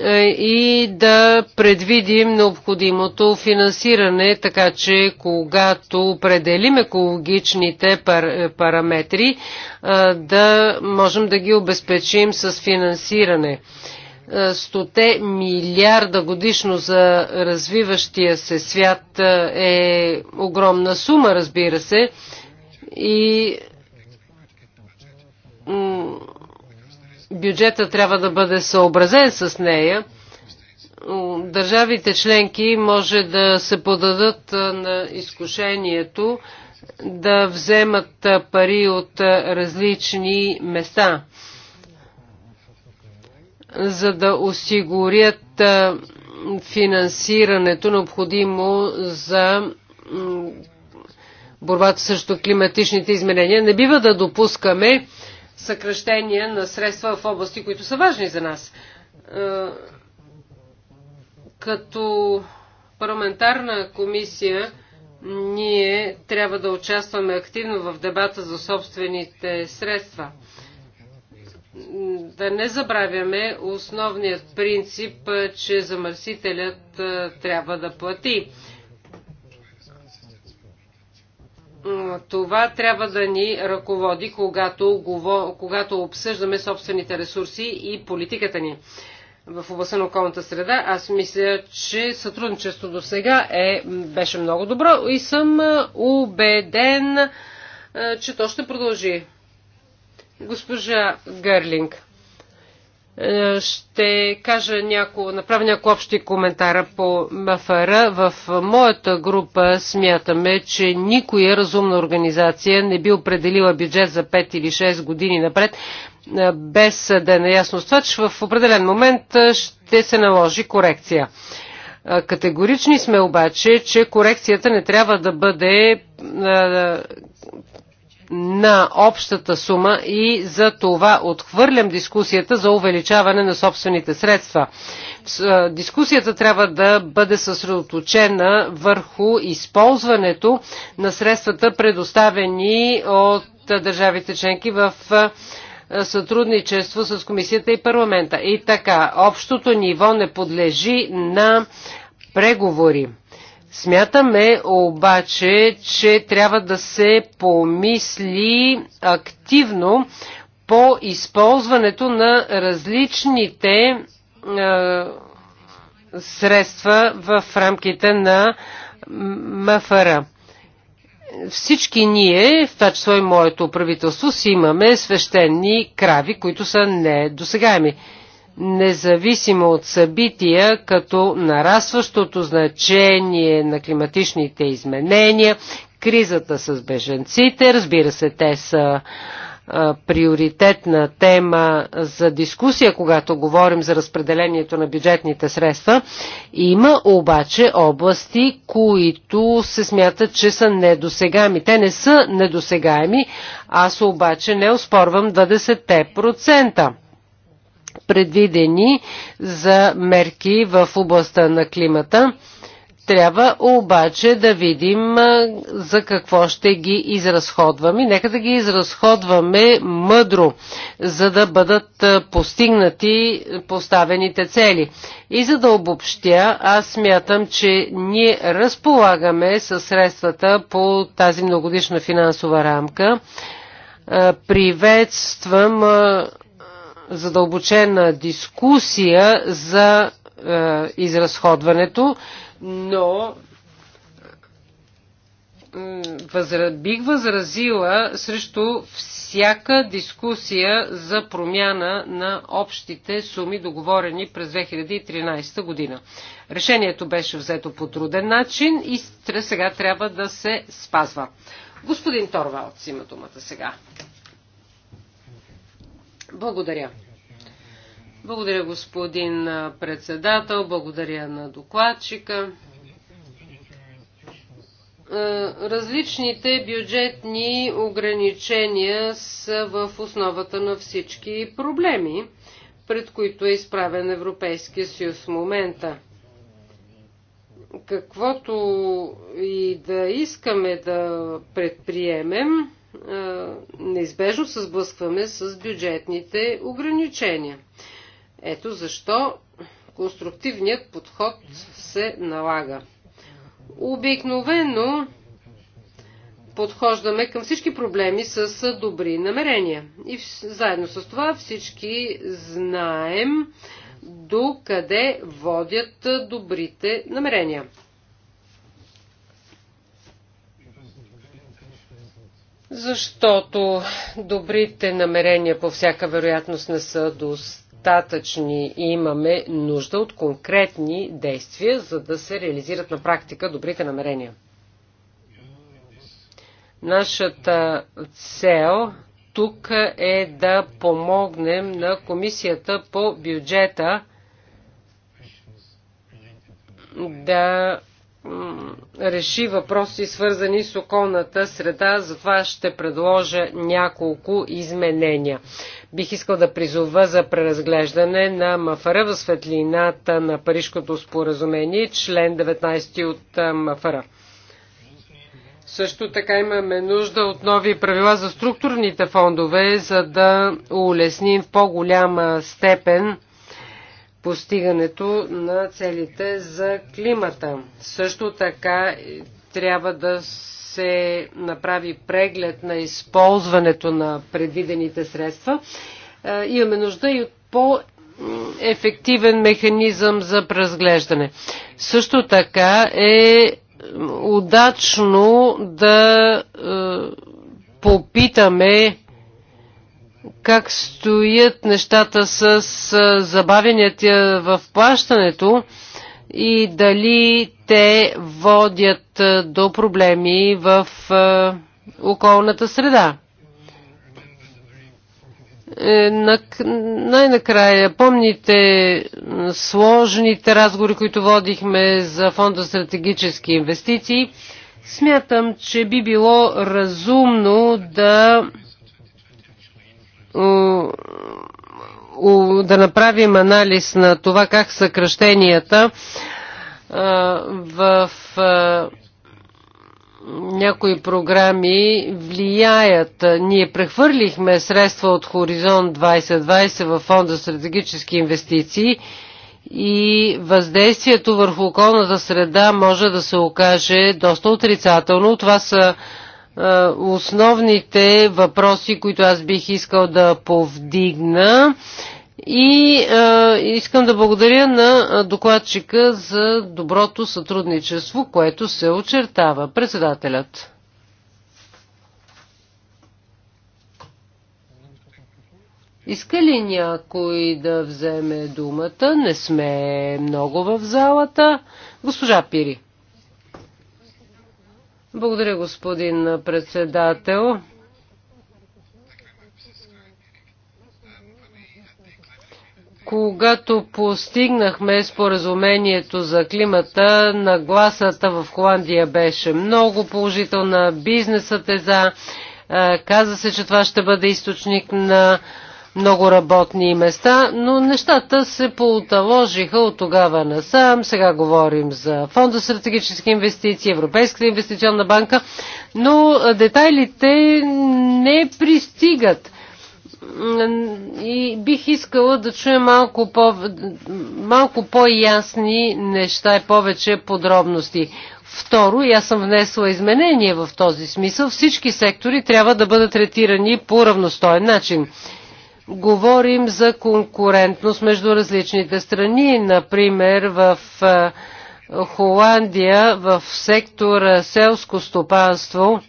Е, и да предвидим необходимото финансиране, така че когато определим екологичните пар- е, параметри, е, да можем да ги обезпечим с финансиране. Стоте милиарда годишно за развиващия се свят е огромна сума, разбира се, и бюджета трябва да бъде съобразен с нея. Държавите членки може да се подадат на изкушението да вземат пари от различни места, за да осигурят финансирането необходимо за борбата срещу климатичните изменения. Не бива да допускаме съкръщения на средства в области, които са важни за нас. Е, като парламентарна комисия ние трябва да участваме активно в дебата за собствените средства. Да не забравяме основният принцип, че замърсителят е, трябва да плати. това трябва да ни ръководи, когато, когато обсъждаме собствените ресурси и политиката ни в областта на околната среда. Аз мисля, че сътрудничеството до сега е, беше много добро и съм е, убеден, е, че то ще продължи. Госпожа Гърлинг. Е, ще кажа няко, направя някои общи коментара по МФР. В моята група смятаме, че никоя разумна организация не би определила бюджет за 5 или 6 години напред, е, без да е наясно с това, че в определен момент е, ще се наложи корекция. Категорични сме обаче, че корекцията не трябва да бъде на общата сума и за това отхвърлям дискусията за увеличаване на собствените средства. Дискусията трябва да бъде съсредоточена върху използването на средствата, предоставени от държавите членки в сътрудничество с комисията и парламента. И така, общото ниво не подлежи на преговори. Смятаме обаче, че трябва да се помисли активно по използването на различните е, средства в рамките на МФР. Всички ние, в това число и моето правителство, си имаме свещени крави, които са недосегаеми независимо от събития, като нарастващото значение на климатичните изменения, кризата с беженците, разбира се, те са приоритетна тема за дискусия, когато говорим за разпределението на бюджетните средства. Има обаче области, които се смятат, че са недосегаеми. Те не са недосегаеми, аз обаче не оспорвам 20% предвидени за мерки в областта на климата. Трябва обаче да видим за какво ще ги изразходваме. Нека да ги изразходваме мъдро, за да бъдат постигнати поставените цели. И за да обобщя, аз смятам, че ние разполагаме със средствата по тази многодишна финансова рамка. Приветствам задълбочена дискусия за е, изразходването, но бих възразила срещу всяка дискусия за промяна на общите суми, договорени през 2013 година. Решението беше взето по труден начин и сега трябва да се спазва. Господин Торвалц има думата сега. Благодаря. Благодаря, господин председател. Благодаря на докладчика. Различните бюджетни ограничения са в основата на всички проблеми, пред които е изправен Европейския съюз в момента. Каквото и да искаме да предприемем, неизбежно се сблъскваме с бюджетните ограничения. Ето защо конструктивният подход се налага. Обикновено подхождаме към всички проблеми с добри намерения. И заедно с това всички знаем до къде водят добрите намерения. Защото добрите намерения по всяка вероятност не са достатъчни достатъчни. И имаме нужда от конкретни действия, за да се реализират на практика добрите намерения. Нашата цел тук е да помогнем на комисията по бюджета да реши въпроси, свързани с околната среда, затова ще предложа няколко изменения. Бих искал да призова за преразглеждане на МАФР в светлината на Парижкото споразумение, член 19 от МАФАРа. Също така имаме нужда от нови правила за структурните фондове, за да улесним в по-голяма степен постигането на целите за климата. Също така трябва да се направи преглед на използването на предвидените средства. Имаме нужда и от по ефективен механизъм за преразглеждане. Също така е удачно да попитаме как стоят нещата с забавянията в плащането и дали те водят до проблеми в околната среда. Е, най-накрая, помните сложните разговори, които водихме за фонда стратегически инвестиции. Смятам, че би било разумно да да направим анализ на това как съкръщенията в някои програми влияят. Ние прехвърлихме средства от Хоризонт 2020 в фонда стратегически инвестиции и въздействието върху околната среда може да се окаже доста отрицателно. Това са е, основните въпроси, които аз бих искал да повдигна. И е, искам да благодаря на докладчика за доброто сътрудничество, което се очертава. Председателят. Иска ли някой да вземе думата? Не сме много в залата. Госпожа Пири. Благодаря, господин председател. Когато постигнахме споразумението за климата, нагласата в Холандия беше много положителна. Бизнесът е за. Е, каза се, че това ще бъде източник на много работни места, но нещата се поуталожиха от тогава насам. Сега говорим за Фонда стратегически инвестиции, Европейската инвестиционна банка, но детайлите не пристигат. И бих искала да чуя малко, по, малко по-ясни неща и повече подробности. Второ, и аз съм внесла изменение в този смисъл, всички сектори трябва да бъдат третирани по равностоен начин говорим за конкурентност между различните страни. Например, в Холандия в сектора селско стопанство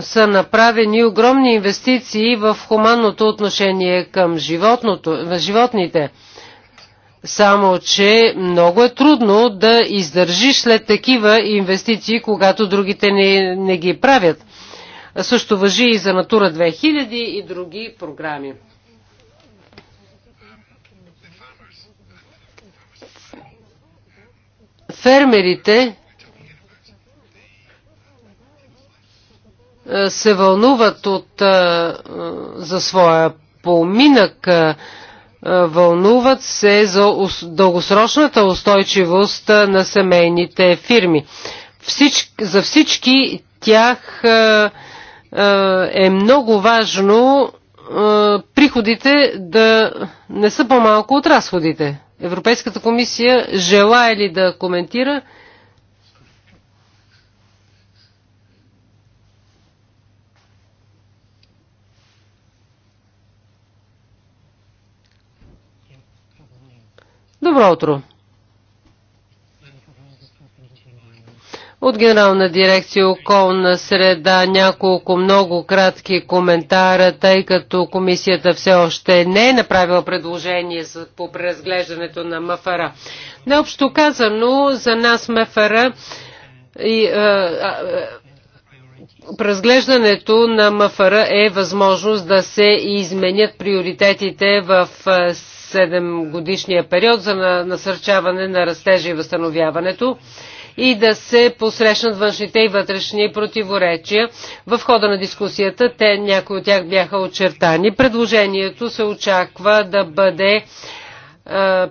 са направени огромни инвестиции в хуманното отношение към животното, животните. Само, че много е трудно да издържиш след такива инвестиции, когато другите не, не ги правят. Също въжи и за Натура 2000 и други програми. Фермерите е, се вълнуват от, е, е, за своя поминък, вълнуват се за дългосрочната устойчивост на семейните фирми. Всич, за всички тях е, е много важно е, приходите да не са по-малко от разходите. Европейската комисия желая ли да коментира? Добро утро! От Генерална дирекция околна среда няколко много кратки коментара, тъй като комисията все още не е направила предложение по преразглеждането на МФРА. Необщо казано, за нас МФРА и, е, е, е, Разглеждането на МФР е възможност да се изменят приоритетите в 7 годишния период за насърчаване на растежа и възстановяването и да се посрещнат външните и вътрешни противоречия. В хода на дискусията те, някои от тях бяха очертани. Предложението се очаква да бъде е,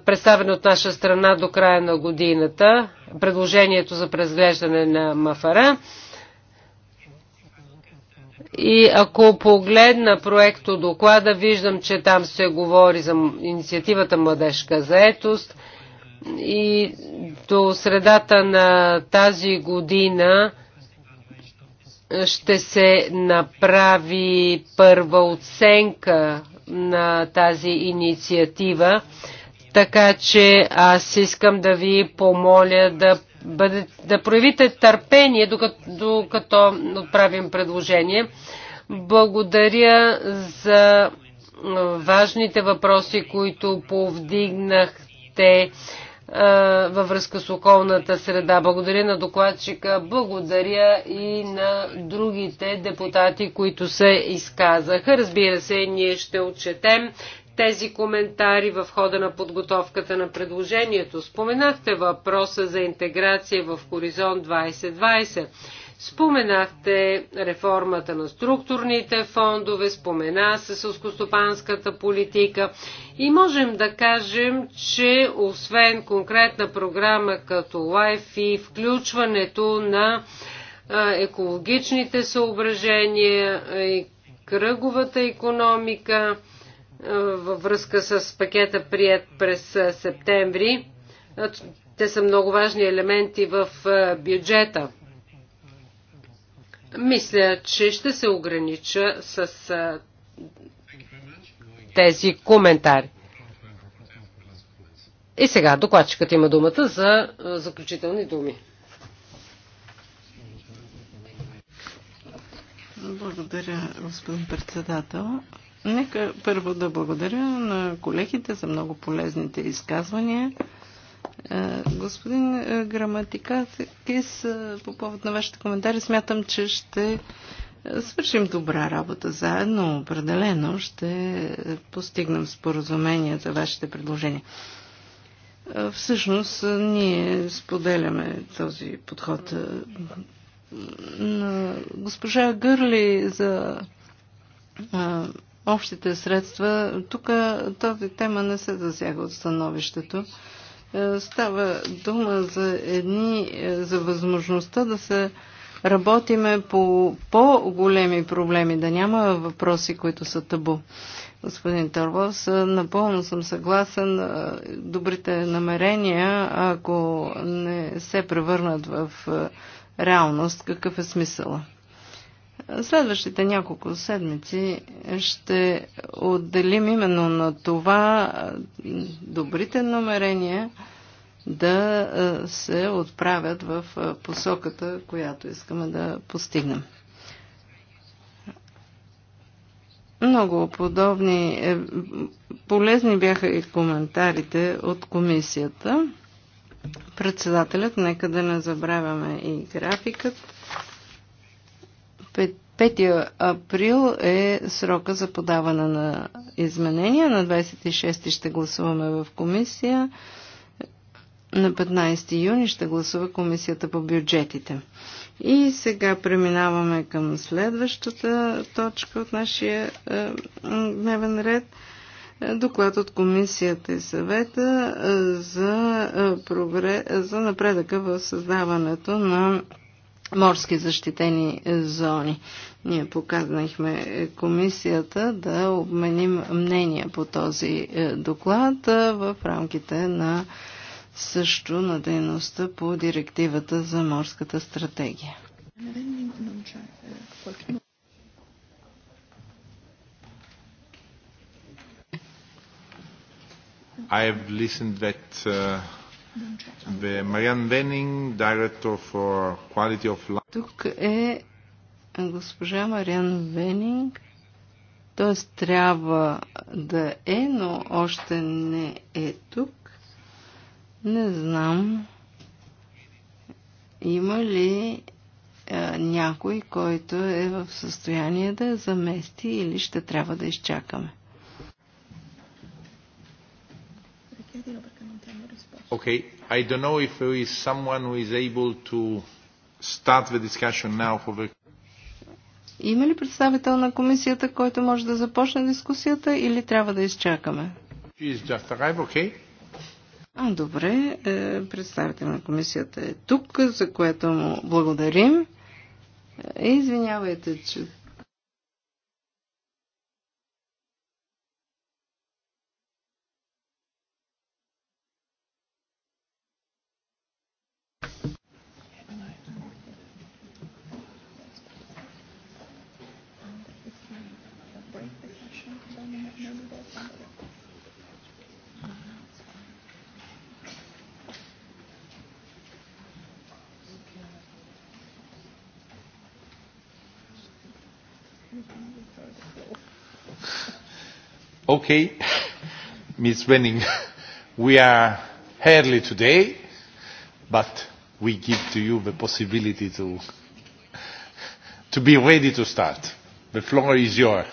представено от наша страна до края на годината предложението за презглеждане на мафара. И ако погледна проекто доклада, виждам, че там се говори за инициативата Младежка заетост – и до средата на тази година ще се направи първа оценка на тази инициатива. Така че аз искам да ви помоля да, бъде, да проявите търпение, докато, докато отправим предложение. Благодаря за важните въпроси, които повдигнахте във връзка с околната среда. Благодаря на докладчика, благодаря и на другите депутати, които се изказаха. Разбира се, ние ще отчетем тези коментари в хода на подготовката на предложението. Споменахте въпроса за интеграция в Хоризонт 2020. Споменахте реформата на структурните фондове, спомена се сълскостопанската политика и можем да кажем, че освен конкретна програма като LIFE и включването на екологичните съображения и кръговата економика във връзка с пакета прият през септември. Те са много важни елементи в бюджета. Мисля, че ще се огранича с тези коментари. И сега докладчикът има думата за заключителни думи. Благодаря, господин председател. Нека първо да благодаря на колегите за много полезните изказвания. Е, господин е, кис, е, по повод на вашите коментари, смятам, че ще свършим добра работа заедно. Определено ще постигнем споразумение за вашите предложения. Всъщност, ние споделяме този подход на госпожа Гърли за общите средства. Тук тази тема не се засяга от становището. Е, става дума за едни, е, за възможността да се работиме по по-големи проблеми, да няма въпроси, които са табу. Господин Тървос, е, напълно съм съгласен. Добрите намерения, ако не се превърнат в реалност, какъв е смисъла? Следващите няколко седмици ще отделим именно на това добрите намерения да се отправят в посоката, която искаме да постигнем. Много подобни, е, полезни бяха и коментарите от комисията. Председателят, нека да не забравяме и графикът 5 април е срока за подаване на изменения. На 26 ще гласуваме в комисия. На 15 юни ще гласува комисията по бюджетите. И сега преминаваме към следващата точка от нашия е, дневен ред. Е, доклад от комисията и съвета е, за, за напредъка в създаването на морски защитени е, зони. Ние показнахме е, комисията да обменим мнение по този е, доклад в рамките на също на дейността по директивата за морската стратегия. I have listened that uh, тук е госпожа Мариан Венинг, т.е. трябва да е, но още не е тук. Не знам има ли някой, който е в състояние да я замести или ще трябва да изчакаме. Okay, I don't know if there is someone who is able to start the discussion now for the... Има ли представител на комисията, който може да започне дискусията или трябва да изчакаме? Arrived, okay. А, добре, е, представител на комисията е тук, за което му благодарим. Е, извинявайте, че Okay, Ms. Wenning, we are early today, but we give to you the possibility to, to be ready to start. The floor is yours.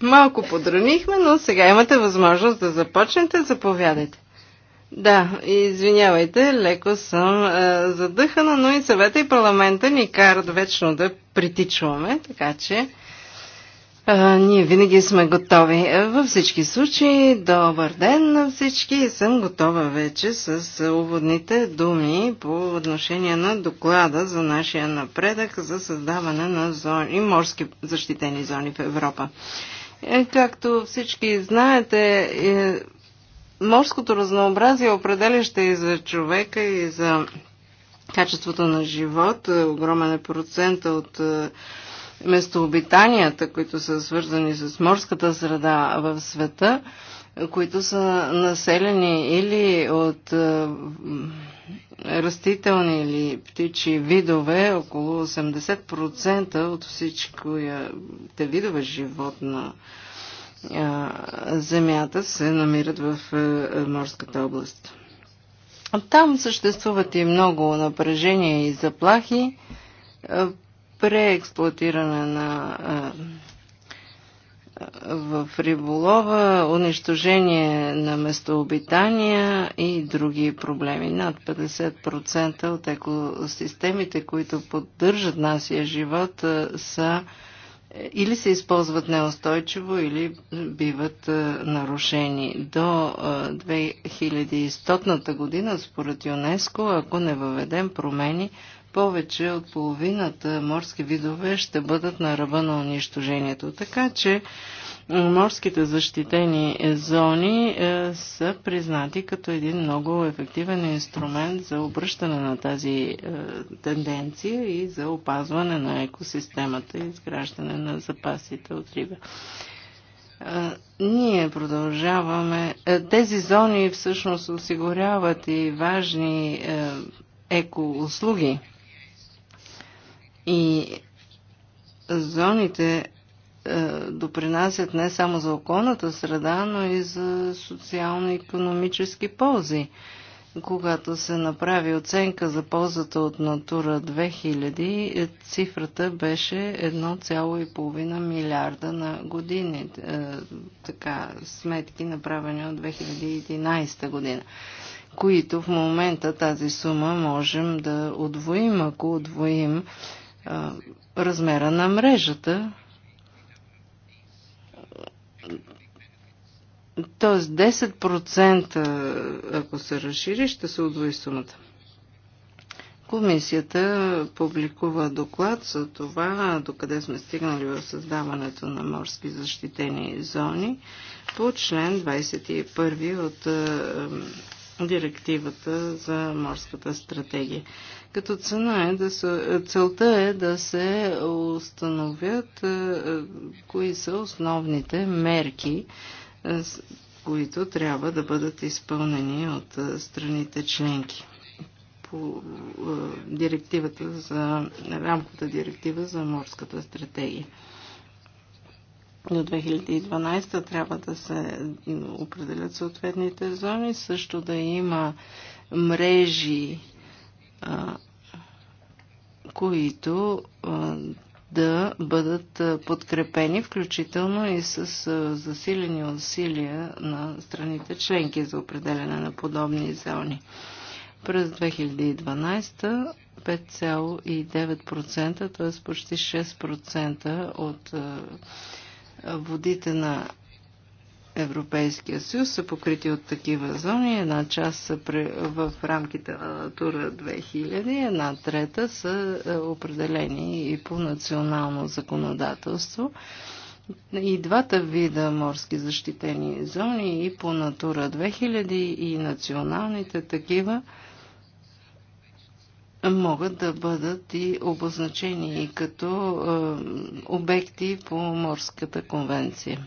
Малко подранихме, но сега имате възможност да започнете. Заповядайте. Да, извинявайте, леко съм е, задъхана, но и съвета и парламента ни карат вечно да притичваме, така че а, ние винаги сме готови. Във всички случаи, добър ден на всички. Съм готова вече с уводните думи по отношение на доклада за нашия напредък за създаване на зони, морски защитени зони в Европа. Е, както всички знаете, е, морското разнообразие е определяще и за човека, и за качеството на живот. Огромен е процента от местообитанията, които са свързани с морската среда в света, които са населени или от е, растителни или птичи видове, около 80% от всичките видове живот на е, Земята се намират в е, морската област. Там съществуват и много напрежения и заплахи преексплуатиране на в риболова, унищожение на местообитания и други проблеми. Над 50% от екосистемите, които поддържат нашия живот, са е, или се използват неустойчиво, или биват нарушени. До 2100 година, според ЮНЕСКО, ако не въведем промени, повече от половината морски видове ще бъдат на ръба на унищожението. Така че морските защитени зони е, са признати като един много ефективен инструмент за обръщане на тази е, тенденция и за опазване на екосистемата и изграждане на запасите от риба. Е, ние продължаваме. Тези зони всъщност осигуряват и важни екоуслуги. И зоните е, допринасят не само за околната среда, но и за социално-економически ползи. Когато се направи оценка за ползата от Натура 2000, е, цифрата беше 1,5 милиарда на години, е, така сметки направени от 2011 година, които в момента тази сума можем да отвоим, ако отвоим размера на мрежата. Т.е. 10%, ако се разшири, ще се удвои сумата. Комисията публикува доклад за това, докъде сме стигнали в създаването на морски защитени зони по член 21 от директивата за морската стратегия като цена е да се, целта е да се установят е, е, кои са основните мерки, е, които трябва да бъдат изпълнени от страните членки по директивата за рамката директива за морската стратегия. До 2012 трябва да се определят съответните зони, също да има мрежи които да бъдат подкрепени, включително и с засилени усилия на страните членки за определене на подобни зони. През 2012 5,9%, т.е. почти 6% от водите на Европейския съюз са покрити от такива зони. Една част са в рамките на Натура 2000, една трета са е, определени и по национално законодателство. И двата вида морски защитени зони, и по Натура 2000, и националните такива, могат да бъдат и обозначени като е, обекти по Морската конвенция.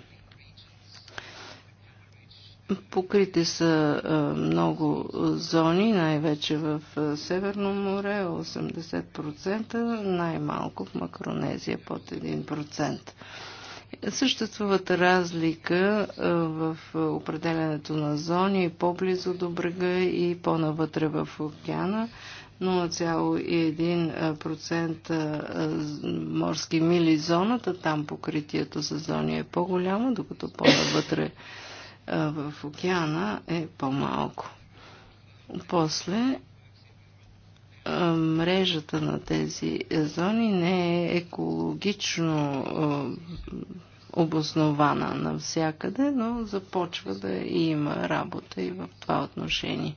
Покрити са много зони, най-вече в Северно море 80%, най-малко в Макронезия под 1%. Съществуват разлика в определенето на зони по-близо до брега и по-навътре в океана. 0,1% морски мили зоната, там покритието за зони е по-голямо, докато по-навътре в океана е по-малко. После мрежата на тези зони не е екологично обоснована навсякъде, но започва да има работа и в това отношение.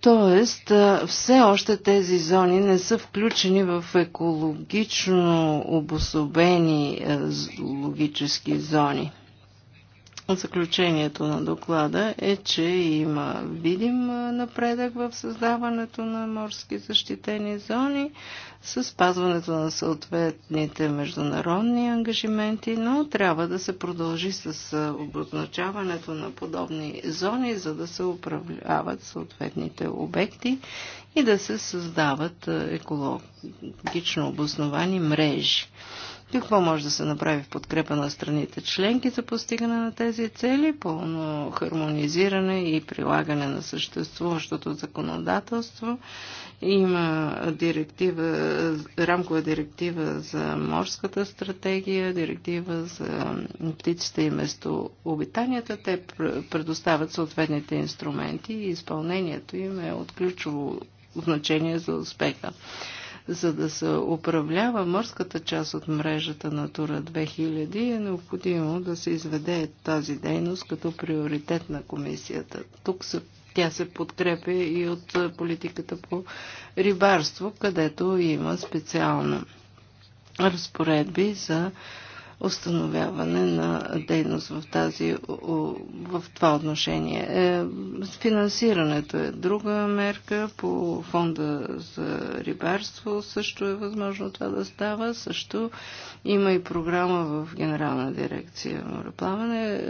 Тоест, все още тези зони не са включени в екологично обособени логически зони – Заключението на доклада е, че има видим напредък в създаването на морски защитени зони с спазването на съответните международни ангажименти, но трябва да се продължи с обозначаването на подобни зони, за да се управляват съответните обекти и да се създават екологично обосновани мрежи. Какво може да се направи в подкрепа на страните членки за постигане на тези цели, пълно хармонизиране и прилагане на съществуващото законодателство? Има директива, рамкова директива за морската стратегия, директива за птиците и местообитанията. Те предоставят съответните инструменти и изпълнението им е от ключово значение за успеха. За да се управлява морската част от мрежата Натура 2000 е необходимо да се изведе тази дейност като приоритет на комисията. Тук се, тя се подкрепя и от е, политиката по рибарство, където има специално разпоредби за установяване на дейност в, тази, в това отношение. Е, финансирането е друга мерка по фонда за рибарство. Също е възможно това да става. Също има и програма в Генерална дирекция мореплаване.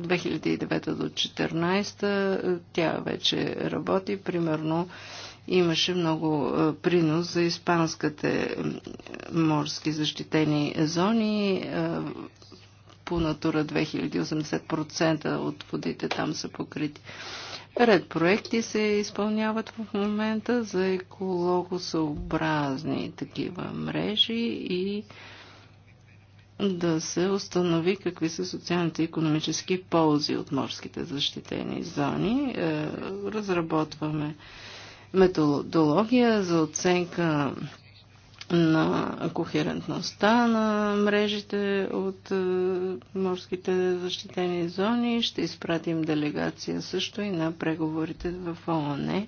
2009 е, до 2014 е, тя вече работи. Примерно имаше много е, принос за испанските морски защитени зони. Е, по натура 2080% от водите там са покрити. Ред проекти се изпълняват в момента за екологосъобразни такива мрежи и да се установи какви са социалните и економически ползи от морските защитени зони. Е, разработваме методология за оценка на кохерентността на мрежите от е, морските защитени зони. Ще изпратим делегация също и на преговорите в ООН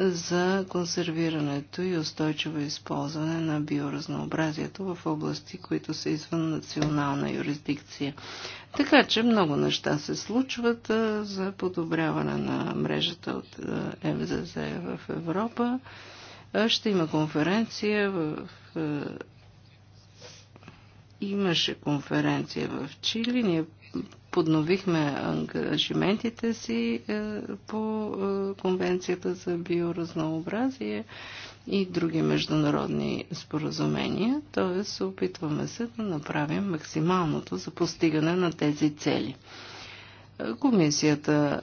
за консервирането и устойчиво използване на биоразнообразието в области, които са извън национална юрисдикция. Така че много неща се случват за подобряване на мрежата от МЗЗ в Европа. Ще има конференция в Имаше конференция в Чили. Ние подновихме ангажиментите си е, по е, Конвенцията за биоразнообразие и други международни споразумения, т.е. опитваме се да направим максималното за постигане на тези цели. Е, Комисията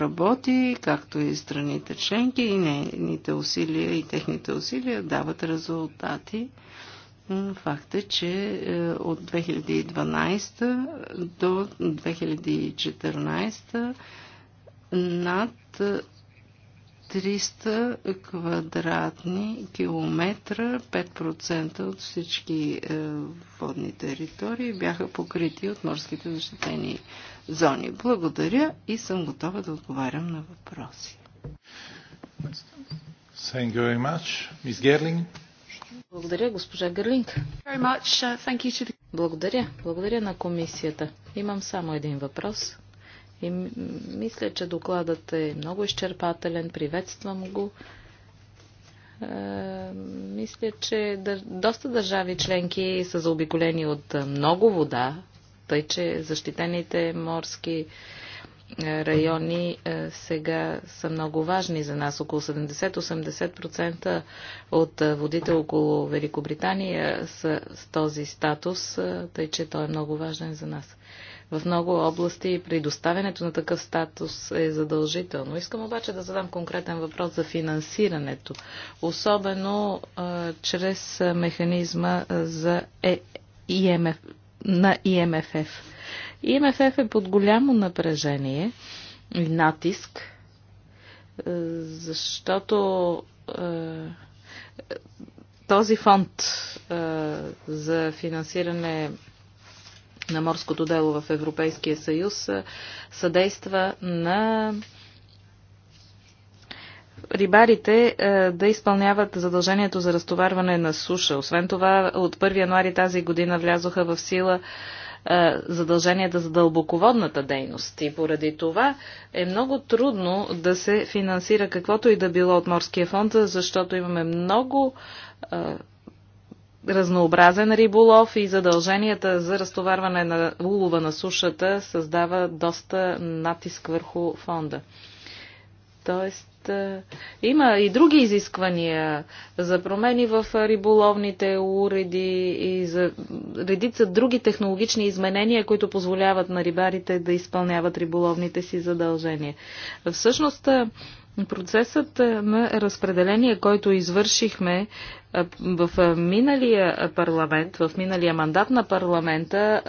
работи, както и страните членки, и нейните усилия и техните усилия дават резултати. Факт е, че е, от 2012 до 2014 над 300 квадратни километра, 5% от всички е, водни територии бяха покрити от морските защитени зони. Благодаря и съм готова да отговарям на въпроси. Thank you very much. Ms. Gerling? Благодаря, госпожа Гърлинг. Uh, Благодаря. Благодаря на комисията. Имам само един въпрос. И мисля, че докладът е много изчерпателен. Приветствам го. Е, мисля, че доста държави членки са заобиколени от много вода, тъй че защитените морски райони е, сега са много важни за нас. Около 70-80% от е, водите около Великобритания са с този статус, е, тъй че той е много важен за нас. В много области предоставянето на такъв статус е задължително. Искам обаче да задам конкретен въпрос за финансирането, особено а, чрез механизма за е, ИМФ, на ИМФФ. МФФ е под голямо напрежение и натиск, е, защото е, този фонд е, за финансиране на морското дело в Европейския съюз съдейства на рибарите да изпълняват задължението за разтоварване на суша. Освен това, от 1 януари тази година влязоха в сила е, задълженията за дълбоководната дейност. И поради това е много трудно да се финансира каквото и да било от Морския фонд, защото имаме много е, разнообразен риболов и задълженията за разтоварване на улова на сушата създава доста натиск върху фонда. Тоест, е, има и други изисквания за промени в риболовните уреди и за редица други технологични изменения, които позволяват на рибарите да изпълняват риболовните си задължения. Всъщност, е, Процесът е, на разпределение, който извършихме в миналия парламент, в миналия мандат на парламента,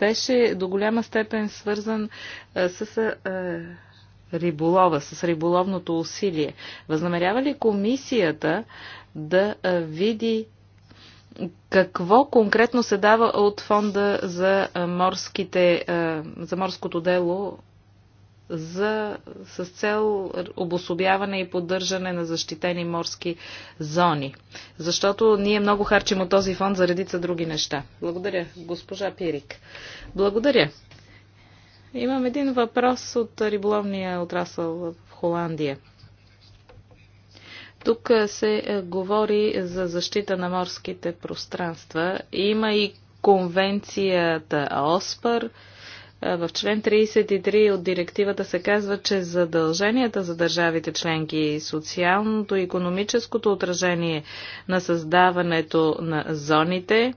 беше до голяма степен свързан с риболова, с риболовното усилие. Възнамерява ли комисията да види какво конкретно се дава от фонда за, морските, за морското дело за, с цел обособяване и поддържане на защитени морски зони. Защото ние много харчим от този фонд за редица други неща. Благодаря, госпожа Пирик. Благодаря. Имам един въпрос от риболовния отрасъл в Холандия. Тук се е, говори за защита на морските пространства. Има и конвенцията ОСПАР. Е, в член 33 от директивата се казва, че задълженията за държавите членки и социалното и економическото отражение на създаването на зоните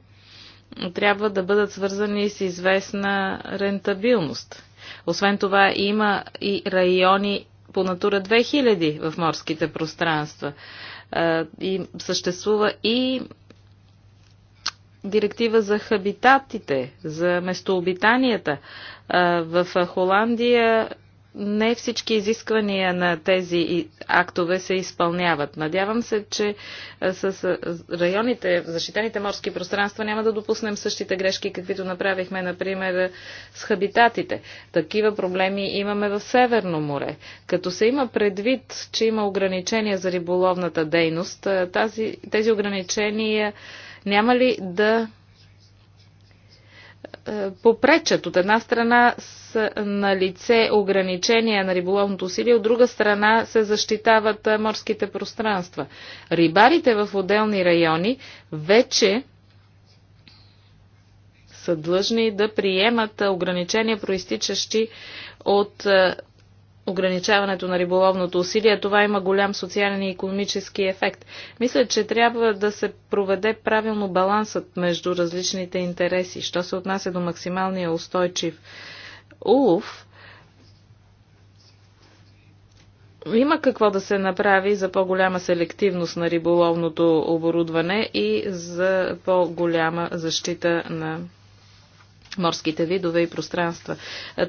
трябва да бъдат свързани с известна рентабилност. Освен това има и райони по Натура 2000 в морските пространства. И съществува и директива за хабитатите, за местообитанията. В Холандия не всички изисквания на тези актове се изпълняват. Надявам се, че с районите, защитените морски пространства няма да допуснем същите грешки, каквито направихме, например, с хабитатите. Такива проблеми имаме в Северно море. Като се има предвид, че има ограничения за риболовната дейност, тази, тези ограничения няма ли да попречат. От една страна са на лице ограничения на риболовното усилие, от друга страна се защитават морските пространства. Рибарите в отделни райони вече са длъжни да приемат ограничения, проистичащи от ограничаването на риболовното усилие. Това има голям социален и економически ефект. Мисля, че трябва да се проведе правилно балансът между различните интереси, що се отнася до максималния устойчив улов, има какво да се направи за по-голяма селективност на риболовното оборудване и за по-голяма защита на морските видове и пространства.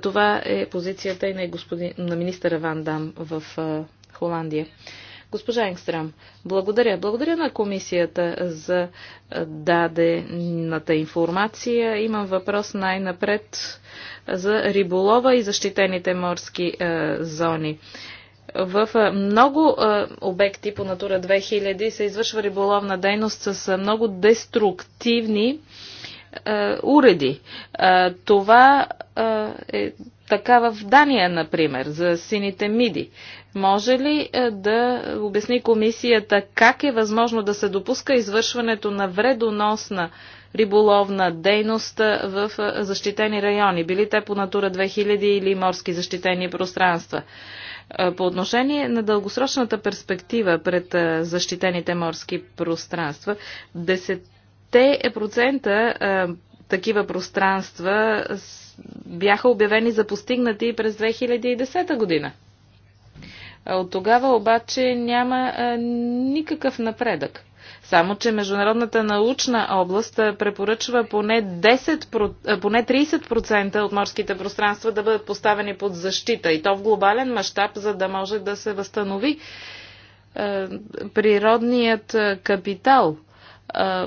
Това е позицията и на, господин, на министъра Ван Дам в Холандия. Госпожа Енгстрам, благодаря. Благодаря на комисията за дадената информация. Имам въпрос най-напред за риболова и защитените морски е, зони. В много обекти по Натура 2000 се извършва риболовна дейност с много деструктивни уреди. това е така в Дания, например, за сините миди. Може ли е, да обясни комисията как е възможно да се допуска извършването на вредоносна риболовна дейност е, в е, защитени райони, били те по Натура 2000 или морски защитени пространства? По отношение на дългосрочната перспектива пред защитените морски пространства, 10% такива пространства бяха обявени за постигнати и през 2010 година. От тогава обаче няма никакъв напредък. Само, че Международната научна област препоръчва поне, 10, поне 30% от морските пространства да бъдат поставени под защита и то в глобален мащаб, за да може да се възстанови природният капитал –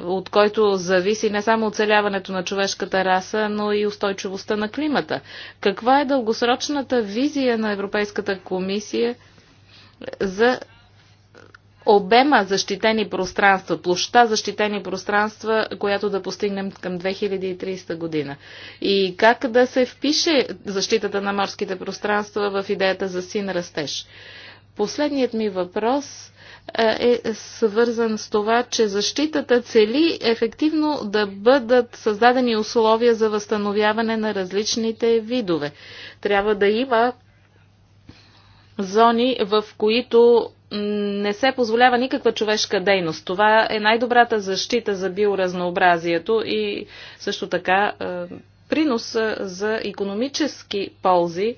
от който зависи не само оцеляването на човешката раса, но и устойчивостта на климата. Каква е дългосрочната визия на Европейската комисия за обема защитени пространства, площа защитени пространства, която да постигнем към 2300 година. И как да се впише защитата на морските пространства в идеята за син растеж. Последният ми въпрос е, е свързан с това, че защитата цели ефективно да бъдат създадени условия за възстановяване на различните видове. Трябва да има зони, в които не се позволява никаква човешка дейност. Това е най-добрата защита за биоразнообразието и също така е, принос е, за економически ползи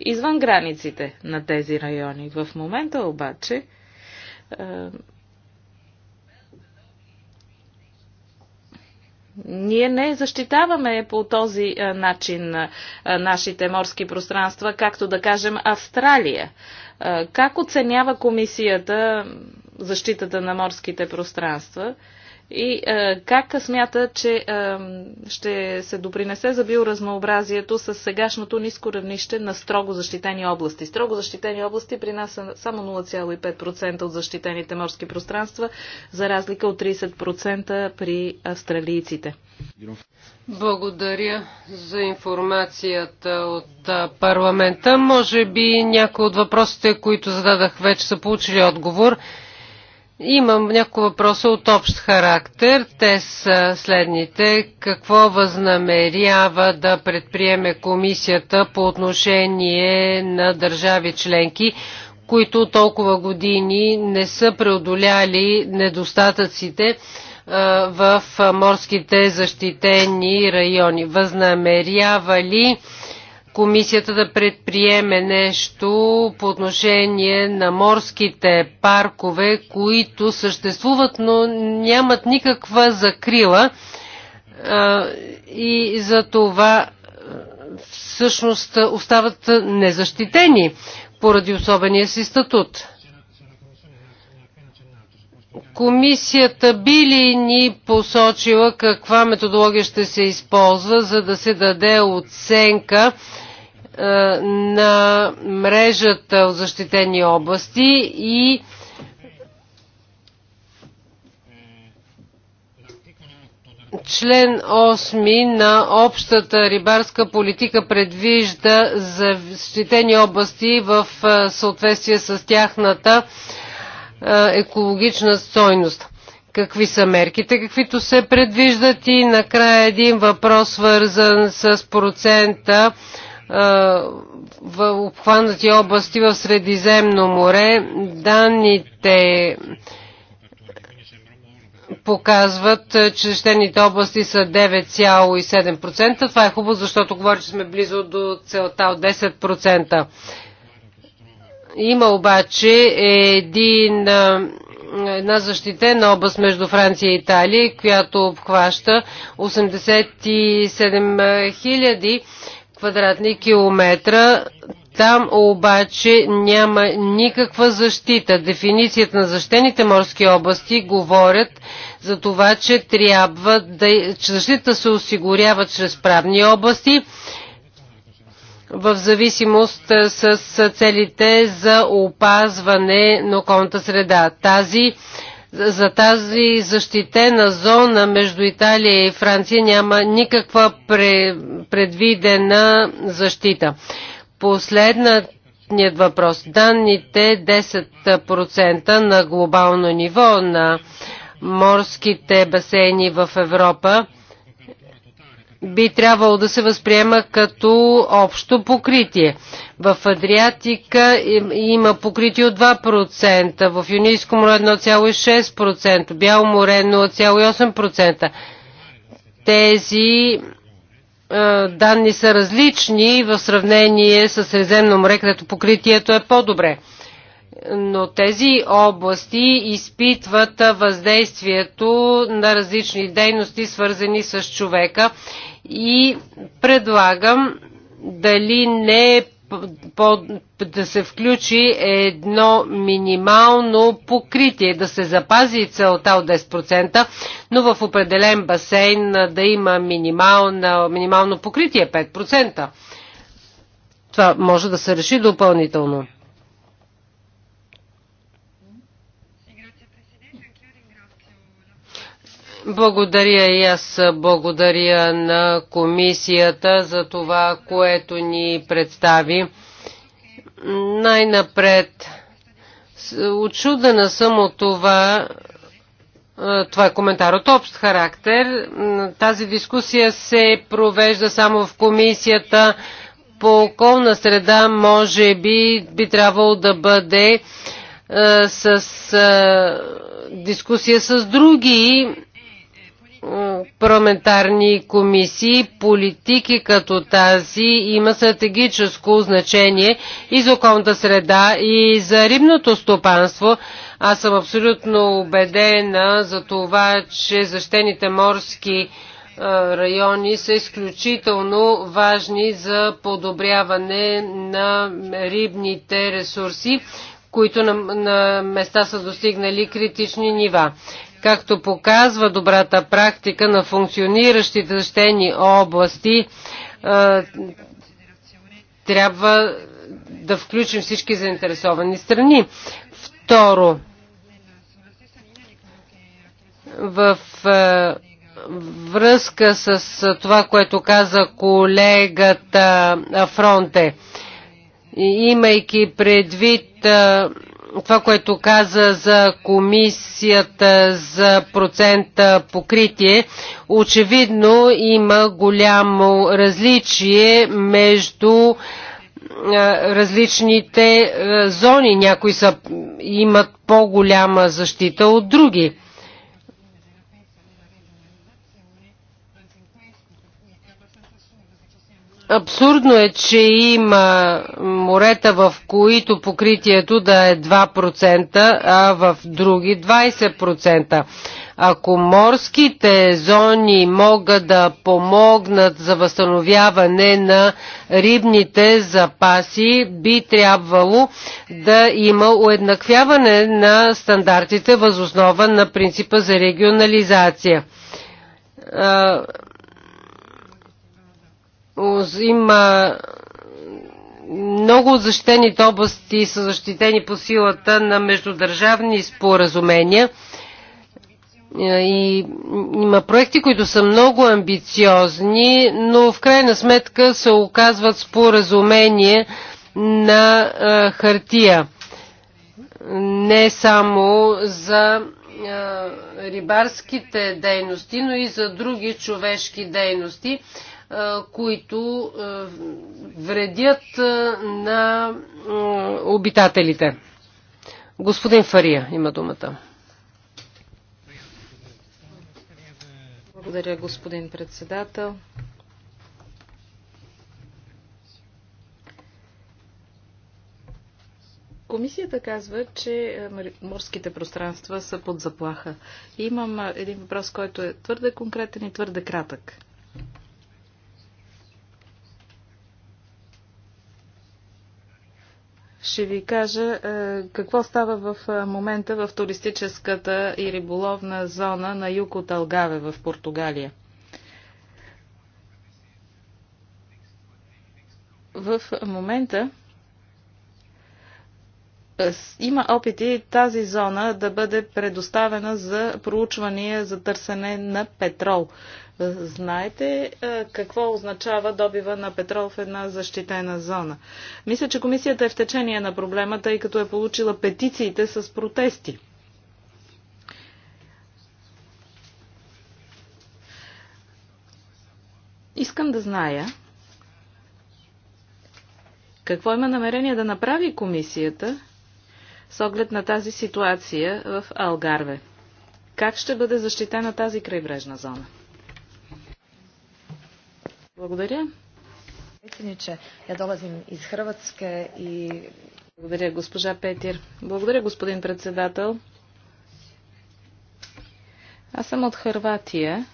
извън границите на тези райони. В момента обаче е, ние не защитаваме по този е, начин е, нашите морски пространства, както да кажем Австралия. Как оценява комисията защитата на морските пространства? и е, как смята, че е, ще се допринесе за биоразнообразието с сегашното ниско равнище на строго защитени области? Строго защитени области при нас са само 0,5% от защитените морски пространства, за разлика от 30% при австралийците. Благодаря за информацията от парламента. Може би някои от въпросите, които зададах вече са получили отговор. Имам няколко въпроса от общ характер. Те са следните. Какво възнамерява да предприеме комисията по отношение на държави членки, които толкова години не са преодоляли недостатъците в морските защитени райони? Възнамерява ли комисията да предприеме нещо по отношение на морските паркове, които съществуват, но нямат никаква закрила и за това всъщност остават незащитени поради особения си статут. Комисията би ли ни посочила каква методология ще се използва, за да се даде оценка е, на мрежата от защитени области и Член 8 на общата рибарска политика предвижда защитени области в е, съответствие с тяхната екологична стойност. Какви са мерките, каквито се предвиждат и накрая един въпрос свързан с процента в обхванати области в Средиземно море. Данните показват, че щените области са 9,7%. Това е хубаво, защото говори, че сме близо до целта от 10%. Има обаче един, една защитена област между Франция и Италия, която обхваща 87 000 квадратни километра. Там обаче няма никаква защита. Дефиницията на защитените морски области говорят за това, че трябва да, че защита се осигурява чрез правни области в зависимост е, с целите за опазване на околната среда. Тази, за тази защитена зона между Италия и Франция няма никаква предвидена защита. Последният въпрос. Данните 10% на глобално ниво на морските басейни в Европа би трябвало да се възприема като общо покритие. В Адриатика има покритие от 2%, в Юнийско море 1,6%, Бяло море 0,8%. Тези е, данни са различни в сравнение с Средземно море, където покритието е по-добре но тези области изпитват въздействието на различни дейности, свързани с човека. И предлагам дали не е по, да се включи едно минимално покритие, да се запази целта от 10%, но в определен басейн да има минимално покритие 5%. Това може да се реши допълнително. Благодаря и аз благодаря на комисията за това, което ни представи. Най-напред, очудена съм от това, това е коментар от общ характер. Тази дискусия се провежда само в комисията по околна среда, може би би трябвало да бъде с дискусия с други парламентарни комисии, политики като тази има стратегическо значение и за околната среда, и за рибното стопанство. Аз съм абсолютно убедена за това, че защитените морски райони са изключително важни за подобряване на рибните ресурси, които на, на места са достигнали критични нива. Както показва добрата практика на функциониращите защитени области, е, трябва да включим всички заинтересовани страни. Второ, в е, връзка с това, което каза колегата Фронте, имайки предвид е, това, което каза за комисията за процента покритие, очевидно има голямо различие между различните зони. Някои са, имат по-голяма защита от други. Абсурдно е, че има морета, в които покритието да е 2%, а в други 20%. Ако морските зони могат да помогнат за възстановяване на рибните запаси, би трябвало да има уеднаквяване на стандартите възоснова на принципа за регионализация има много от защитените области са защитени по силата на междудържавни споразумения и има проекти, които са много амбициозни, но в крайна сметка се оказват споразумение на хартия. Не само за рибарските дейности, но и за други човешки дейности които вредят на обитателите. Господин Фария има думата. Благодаря, господин председател. Комисията казва, че нали, морските пространства са под заплаха. И имам един въпрос, който е твърде конкретен и твърде кратък. ще ви кажа е, какво става в е, момента в туристическата и риболовна зона на юг от Алгаве в Португалия. В момента е, има опити тази зона да бъде предоставена за проучвания за търсене на петрол. Знаете е, какво означава добива на петрол в една защитена зона. Мисля, че комисията е в течение на проблема, тъй като е получила петициите с протести. Искам да зная какво има намерение да направи комисията с оглед на тази ситуация в Алгарве. Как ще бъде защитена тази крайбрежна зона? Благодаря. Председниче, я долазим из Хрватска и... Благодаря, госпожа Петир. Благодаря, господин председател. Аз съм от Хрватия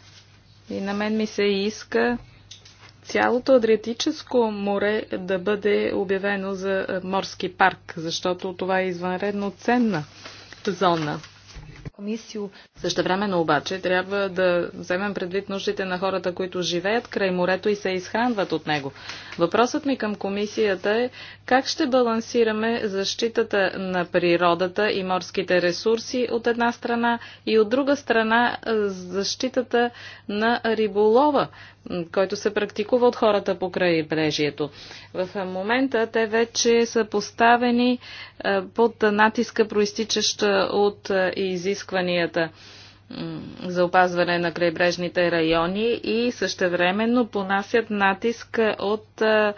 и на мен ми се иска цялото Адриатическо море да бъде обявено за морски парк, защото това е извънредно ценна зона комисио. Също времено обаче трябва да вземем предвид нуждите на хората, които живеят край морето и се изхранват от него. Въпросът ми към комисията е как ще балансираме защитата на природата и морските ресурси от една страна и от друга страна защитата на риболова който се практикува от хората край брежието. В момента те вече са поставени е, под натиска, проистичаща от е, изискванията за опазване на крайбрежните райони и същевременно понасят натиск от е,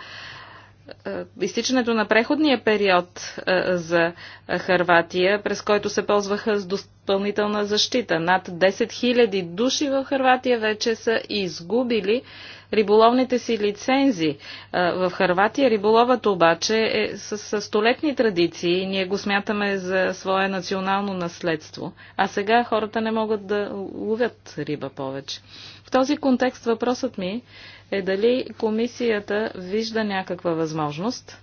е, изтичането на преходния период е, за Харватия, през който се ползваха с допълнителна защита. Над 10 000 души в Харватия вече са изгубили риболовните си лицензи. Е, в Харватия риболовът обаче е с столетни традиции. Ние го смятаме за свое национално наследство. А сега хората не могат да ловят риба повече. В този контекст въпросът ми е е дали комисията вижда някаква възможност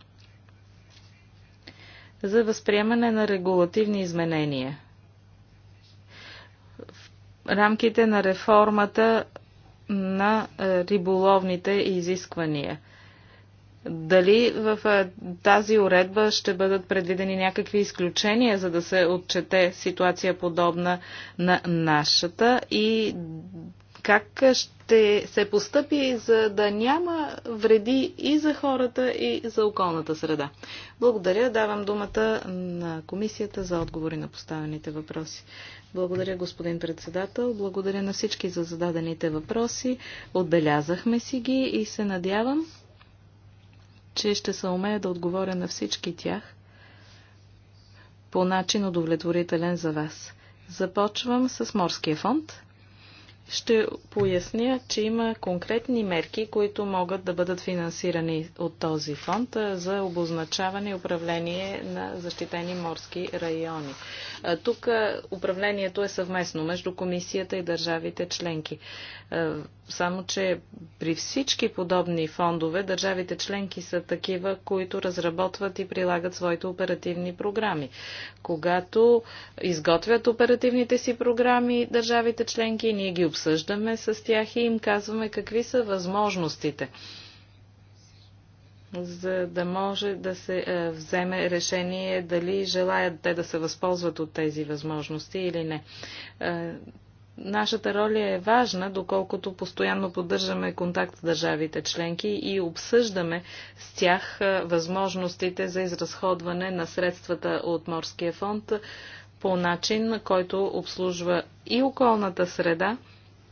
за възприемане на регулативни изменения в рамките на реформата на е, риболовните изисквания. Дали в е, тази уредба ще бъдат предвидени някакви изключения, за да се отчете ситуация подобна на нашата и как ще се постъпи, за да няма вреди и за хората, и за околната среда? Благодаря. Давам думата на комисията за отговори на поставените въпроси. Благодаря, господин председател. Благодаря на всички за зададените въпроси. Отбелязахме си ги и се надявам, че ще се умея да отговоря на всички тях по начин удовлетворителен за вас. Започвам с морския фонд. Ще поясня, че има конкретни мерки, които могат да бъдат финансирани от този фонд за обозначаване и управление на защитени морски райони. Тук управлението е съвместно между комисията и държавите членки. Само, че при всички подобни фондове държавите членки са такива, които разработват и прилагат своите оперативни програми. Когато изготвят оперативните си програми държавите членки, ние ги обсъждаме с тях и им казваме какви са възможностите за да може да се е, вземе решение дали желаят те да се възползват от тези възможности или не. Е, Нашата роля е важна, доколкото постоянно поддържаме контакт с държавите членки и обсъждаме с тях възможностите за изразходване на средствата от Морския фонд по начин, който обслужва и околната среда,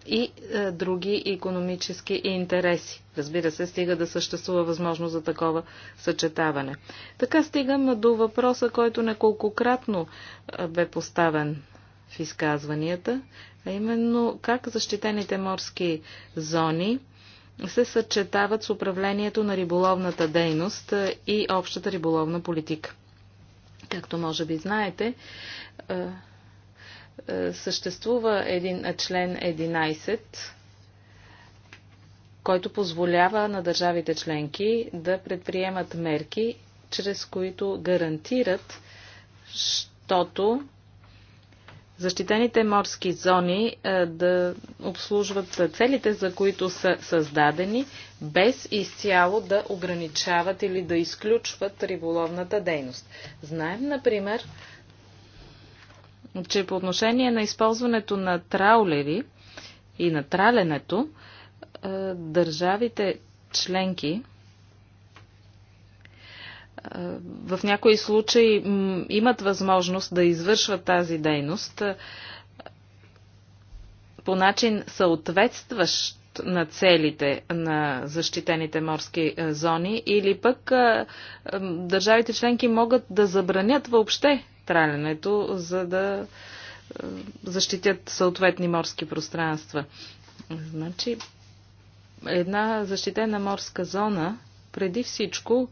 и е, други економически интереси. Разбира се, стига да съществува възможност за такова съчетаване. Така стигам до въпроса, който неколкократно бе поставен в изказванията а именно как защитените морски зони се съчетават с управлението на риболовната дейност и общата риболовна политика. Както може би знаете, съществува един член 11, който позволява на държавите членки да предприемат мерки, чрез които гарантират, щото защитените морски зони е, да обслужват целите, за които са създадени, без изцяло да ограничават или да изключват риболовната дейност. Знаем, например, че по отношение на използването на траулери и на траленето, е, държавите членки в някои случаи имат възможност да извършват тази дейност по начин съответстващ на целите на защитените морски зони или пък държавите членки могат да забранят въобще тралянето, за да защитят съответни морски пространства. Значи, една защитена морска зона преди всичко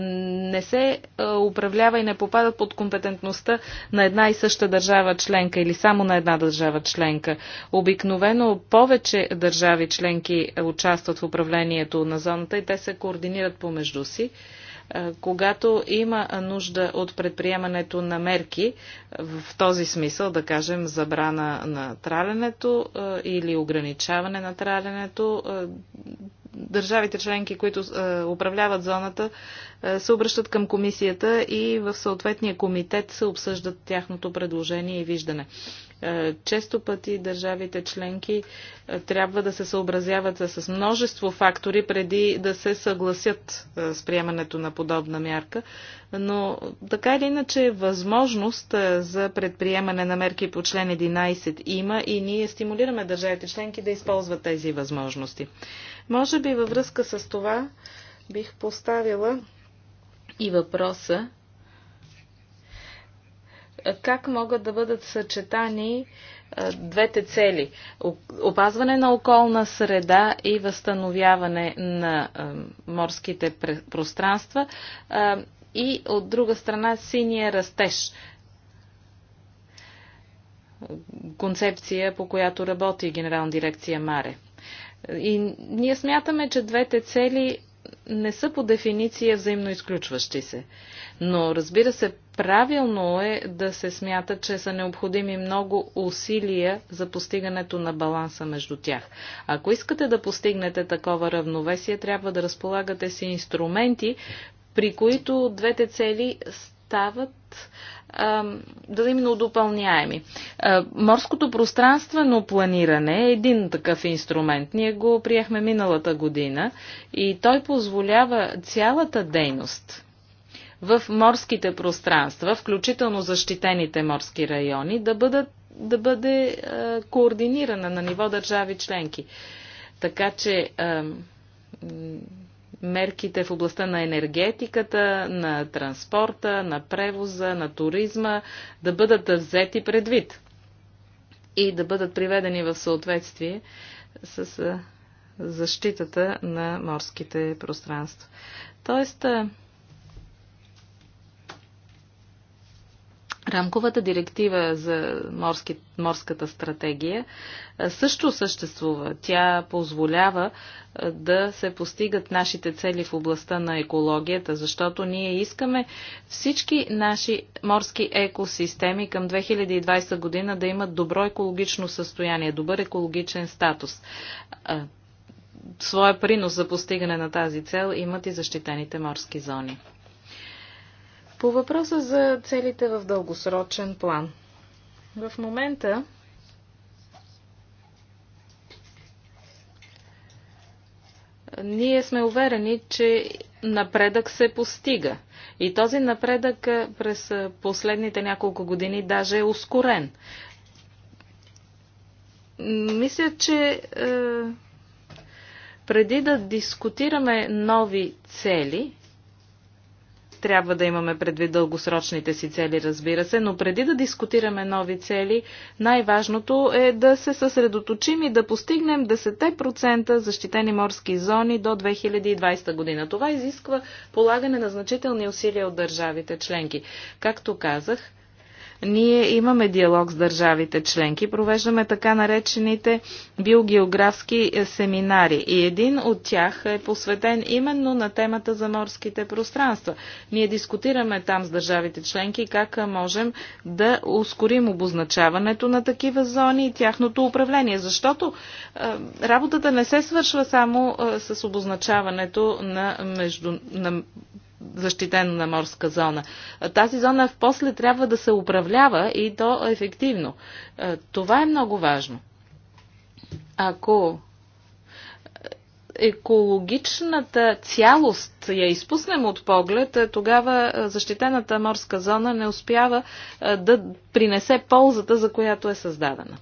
не се управлява и не попада под компетентността на една и съща държава членка или само на една държава членка. Обикновено повече държави членки участват в управлението на зоната и те се координират помежду си. Когато има нужда от предприемането на мерки, в този смисъл, да кажем, забрана на траленето или ограничаване на траленето, държавите членки, които е, управляват зоната, е, се обръщат към комисията и в съответния комитет се обсъждат тяхното предложение и виждане. Е, често пъти държавите членки е, трябва да се съобразяват с множество фактори преди да се съгласят е, с приемането на подобна мярка, но така или иначе възможност за предприемане на мерки по член 11 има и ние стимулираме държавите членки да използват тези възможности. Може би във връзка с това бих поставила и въпроса как могат да бъдат съчетани двете цели опазване на околна среда и възстановяване на морските пространства и от друга страна синия растеж концепция, по която работи Генерална дирекция Маре. И ние смятаме, че двете цели не са по дефиниция взаимно изключващи се. Но разбира се, правилно е да се смята, че са необходими много усилия за постигането на баланса между тях. Ако искате да постигнете такова равновесие, трябва да разполагате си инструменти, при които двете цели стават да именно допълняеми. Морското пространствено планиране е един такъв инструмент. Ние го приехме миналата година и той позволява цялата дейност в морските пространства, включително защитените морски райони, да, бъдат, да бъде а, е, координирана на ниво държави членки. Така че а, е, мерките в областта на енергетиката, на транспорта, на превоза, на туризма да бъдат взети предвид и да бъдат приведени в съответствие с а, е, защитата на морските пространства. Тоест, Рамковата директива за морски, морската стратегия също съществува. Тя позволява да се постигат нашите цели в областта на екологията, защото ние искаме всички наши морски екосистеми към 2020 година да имат добро екологично състояние, добър екологичен статус. Своя принос за постигане на тази цел имат и защитените морски зони. По въпроса за целите в дългосрочен план. В момента ние сме уверени, че напредък се постига. И този напредък е, през е, последните няколко години даже е ускорен. Мисля, че е, преди да дискутираме нови цели, трябва да имаме предвид дългосрочните си цели, разбира се, но преди да дискутираме нови цели, най-важното е да се съсредоточим и да постигнем 10% защитени морски зони до 2020 година. Това изисква полагане на значителни усилия от държавите членки. Както казах, ние имаме диалог с държавите членки, провеждаме така наречените биогеографски е, семинари и един от тях е посветен именно на темата за морските пространства. Ние дискутираме там с държавите членки как можем да ускорим обозначаването на такива зони и тяхното управление, защото е, работата не се свършва само е, с обозначаването на, между, на защитена морска зона. Тази зона в после трябва да се управлява и то ефективно. Е, това е много важно. Ако екологичната цялост я изпуснем от поглед, е, тогава е, защитената морска зона не успява да принесе ползата, за която е създадена.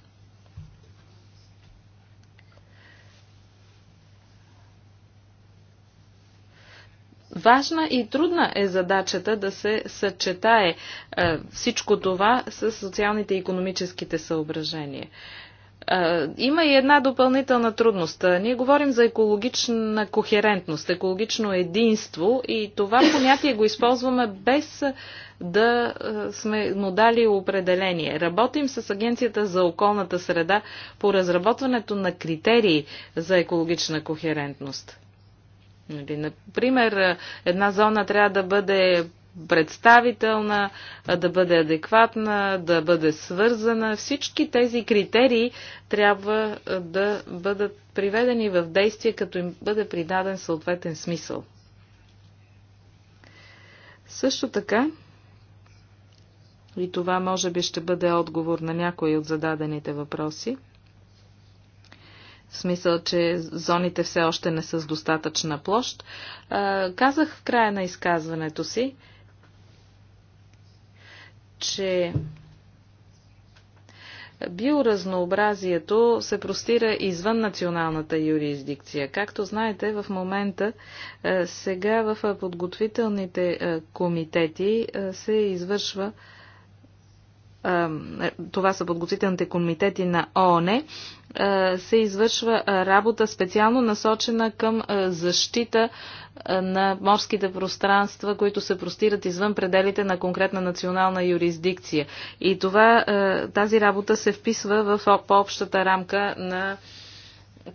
Важна и трудна е задачата да се съчетае е, всичко това с социалните и економическите съображения. Е, има и една допълнителна трудност. Е, ние говорим за екологична кохерентност, екологично единство и това понятие го използваме без да сме му дали определение. Работим с Агенцията за околната среда по разработването на критерии за екологична кохерентност. Нали, например, една зона трябва да бъде представителна, да бъде адекватна, да бъде свързана. Всички тези критерии трябва да бъдат приведени в действие, като им бъде придаден съответен смисъл. Също така, и това може би ще бъде отговор на някои от зададените въпроси, в смисъл, че зоните все още не са с достатъчна площ. Казах в края на изказването си, че биоразнообразието се простира извън националната юрисдикция. Както знаете, в момента сега в подготвителните комитети се извършва това са подготвителните комитети на ООН, е, се извършва работа специално насочена към е, защита е, на морските пространства, които се простират извън пределите на конкретна национална юрисдикция. И това, тази работа се вписва в по-общата рамка на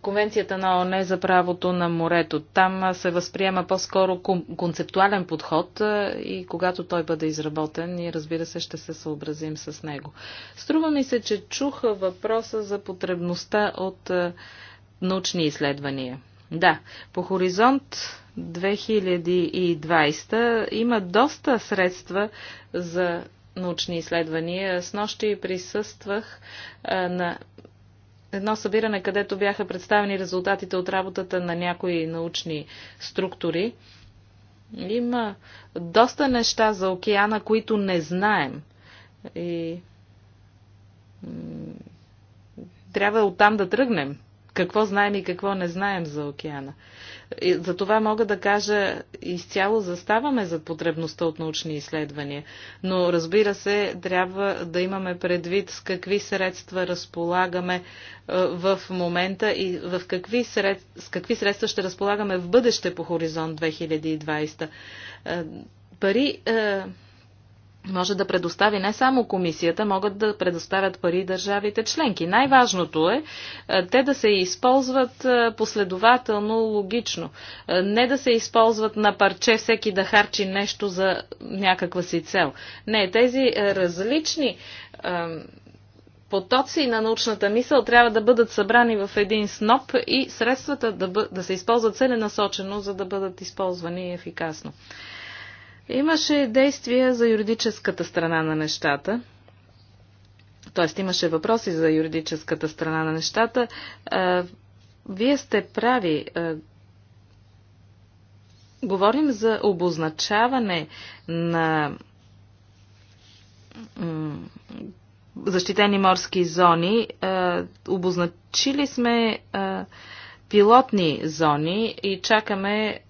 Конвенцията на ОНЕ за правото на морето. Там се възприема по-скоро концептуален подход и когато той бъде изработен, ние разбира се ще се съобразим с него. Струва ми се, че чух въпроса за потребността от научни изследвания. Да, по хоризонт 2020 има доста средства за научни изследвания. С нощи присъствах на едно събиране, където бяха представени резултатите от работата на някои научни структури. Има доста неща за океана, които не знаем. И трябва оттам да тръгнем какво знаем и какво не знаем за океана. И за това мога да кажа, изцяло заставаме за потребността от научни изследвания, но разбира се, трябва да имаме предвид с какви средства разполагаме е, в момента и в какви сред... с какви средства ще разполагаме в бъдеще по хоризонт 2020. Е, пари е, може да предостави не само комисията, могат да предоставят пари държавите членки. Най-важното е те да се използват последователно, логично. Не да се използват на парче всеки да харчи нещо за някаква си цел. Не, тези различни потоци на научната мисъл трябва да бъдат събрани в един сноп и средствата да, бъ... да се използват целенасочено, за да бъдат използвани ефикасно. Имаше действия за юридическата страна на нещата. Тоест имаше въпроси за юридическата страна на нещата. Вие сте прави. Говорим за обозначаване на защитени морски зони. Обозначили сме пилотни зони и чакаме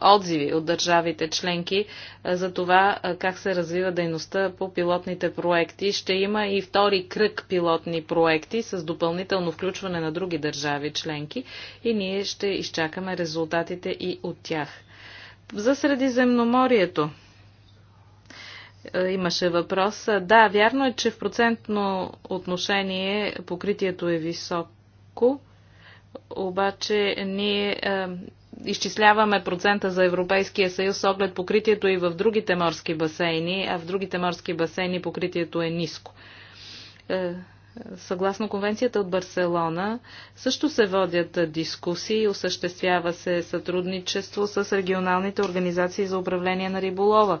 отзиви от държавите членки за това как се развива дейността по пилотните проекти. Ще има и втори кръг пилотни проекти с допълнително включване на други държави членки и ние ще изчакаме резултатите и от тях. За Средиземноморието имаше въпрос. Да, вярно е, че в процентно отношение покритието е високо, обаче ние изчисляваме процента за Европейския съюз с оглед покритието и в другите морски басейни, а в другите морски басейни покритието е ниско. Е, съгласно конвенцията от Барселона също се водят дискусии, осъществява се сътрудничество с регионалните организации за управление на риболова,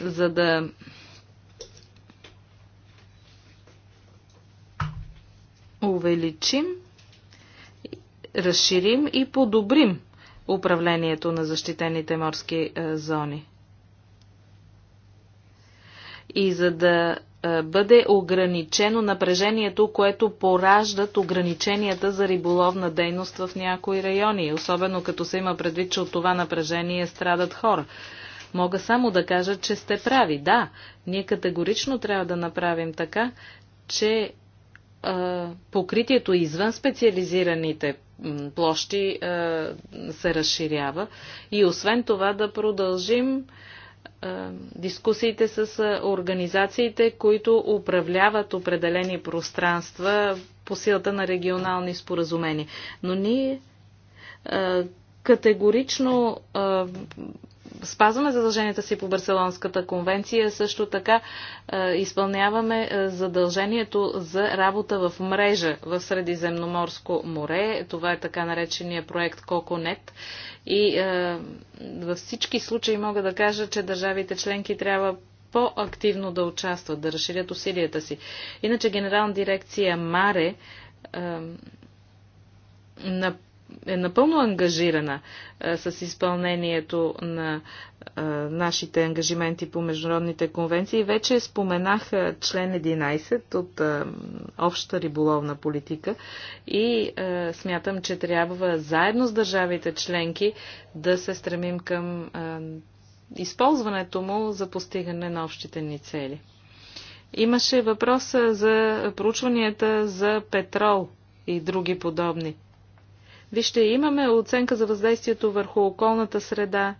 за да увеличим, разширим и подобрим управлението на защитените морски е, зони. И за да е, бъде ограничено напрежението, което пораждат ограниченията за риболовна дейност в някои райони, особено като се има предвид, че от това напрежение страдат хора. Мога само да кажа, че сте прави. Да, ние категорично трябва да направим така, че покритието извън специализираните площи се разширява и освен това да продължим дискусиите с организациите, които управляват определени пространства по силата на регионални споразумения. Но ние категорично спазваме задълженията си по Барселонската конвенция, също така е, изпълняваме е, задължението за работа в мрежа в Средиземноморско море. Това е така наречения проект Коконет. И е, във всички случаи мога да кажа, че държавите членки трябва по-активно да участват, да разширят усилията си. Иначе генерална дирекция Маре на е напълно ангажирана а, е, с изпълнението на а, е, нашите ангажименти по международните конвенции. Вече споменах а, е, член 11 от а, обща риболовна политика и а, смятам, че трябва заедно с държавите членки да се стремим към а, използването му за постигане на общите ни цели. Имаше въпроса за проучванията за петрол и други подобни Вижте, имаме оценка за въздействието върху околната среда,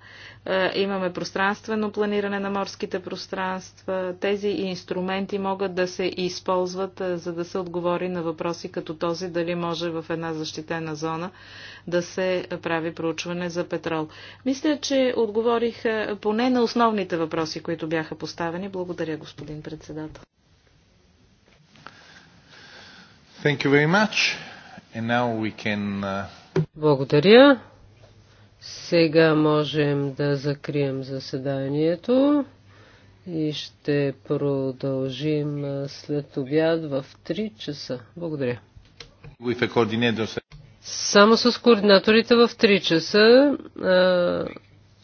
е, имаме пространствено планиране на морските пространства. Тези инструменти могат да се използват, е, за да се отговори на въпроси като този, дали може в една защитена зона да се прави проучване за петрол. Мисля, че отговорих е, поне на основните въпроси, които бяха поставени. Благодаря, господин председател. Thank you very much. And now we can uh, благодаря. Сега можем да закрием заседанието и ще продължим след обяд в 3 часа. Благодаря. Само с координаторите в 3 часа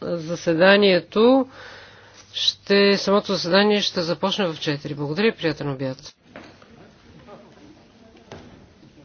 заседанието ще, самото заседание ще започне в 4. Благодаря и приятен обяд.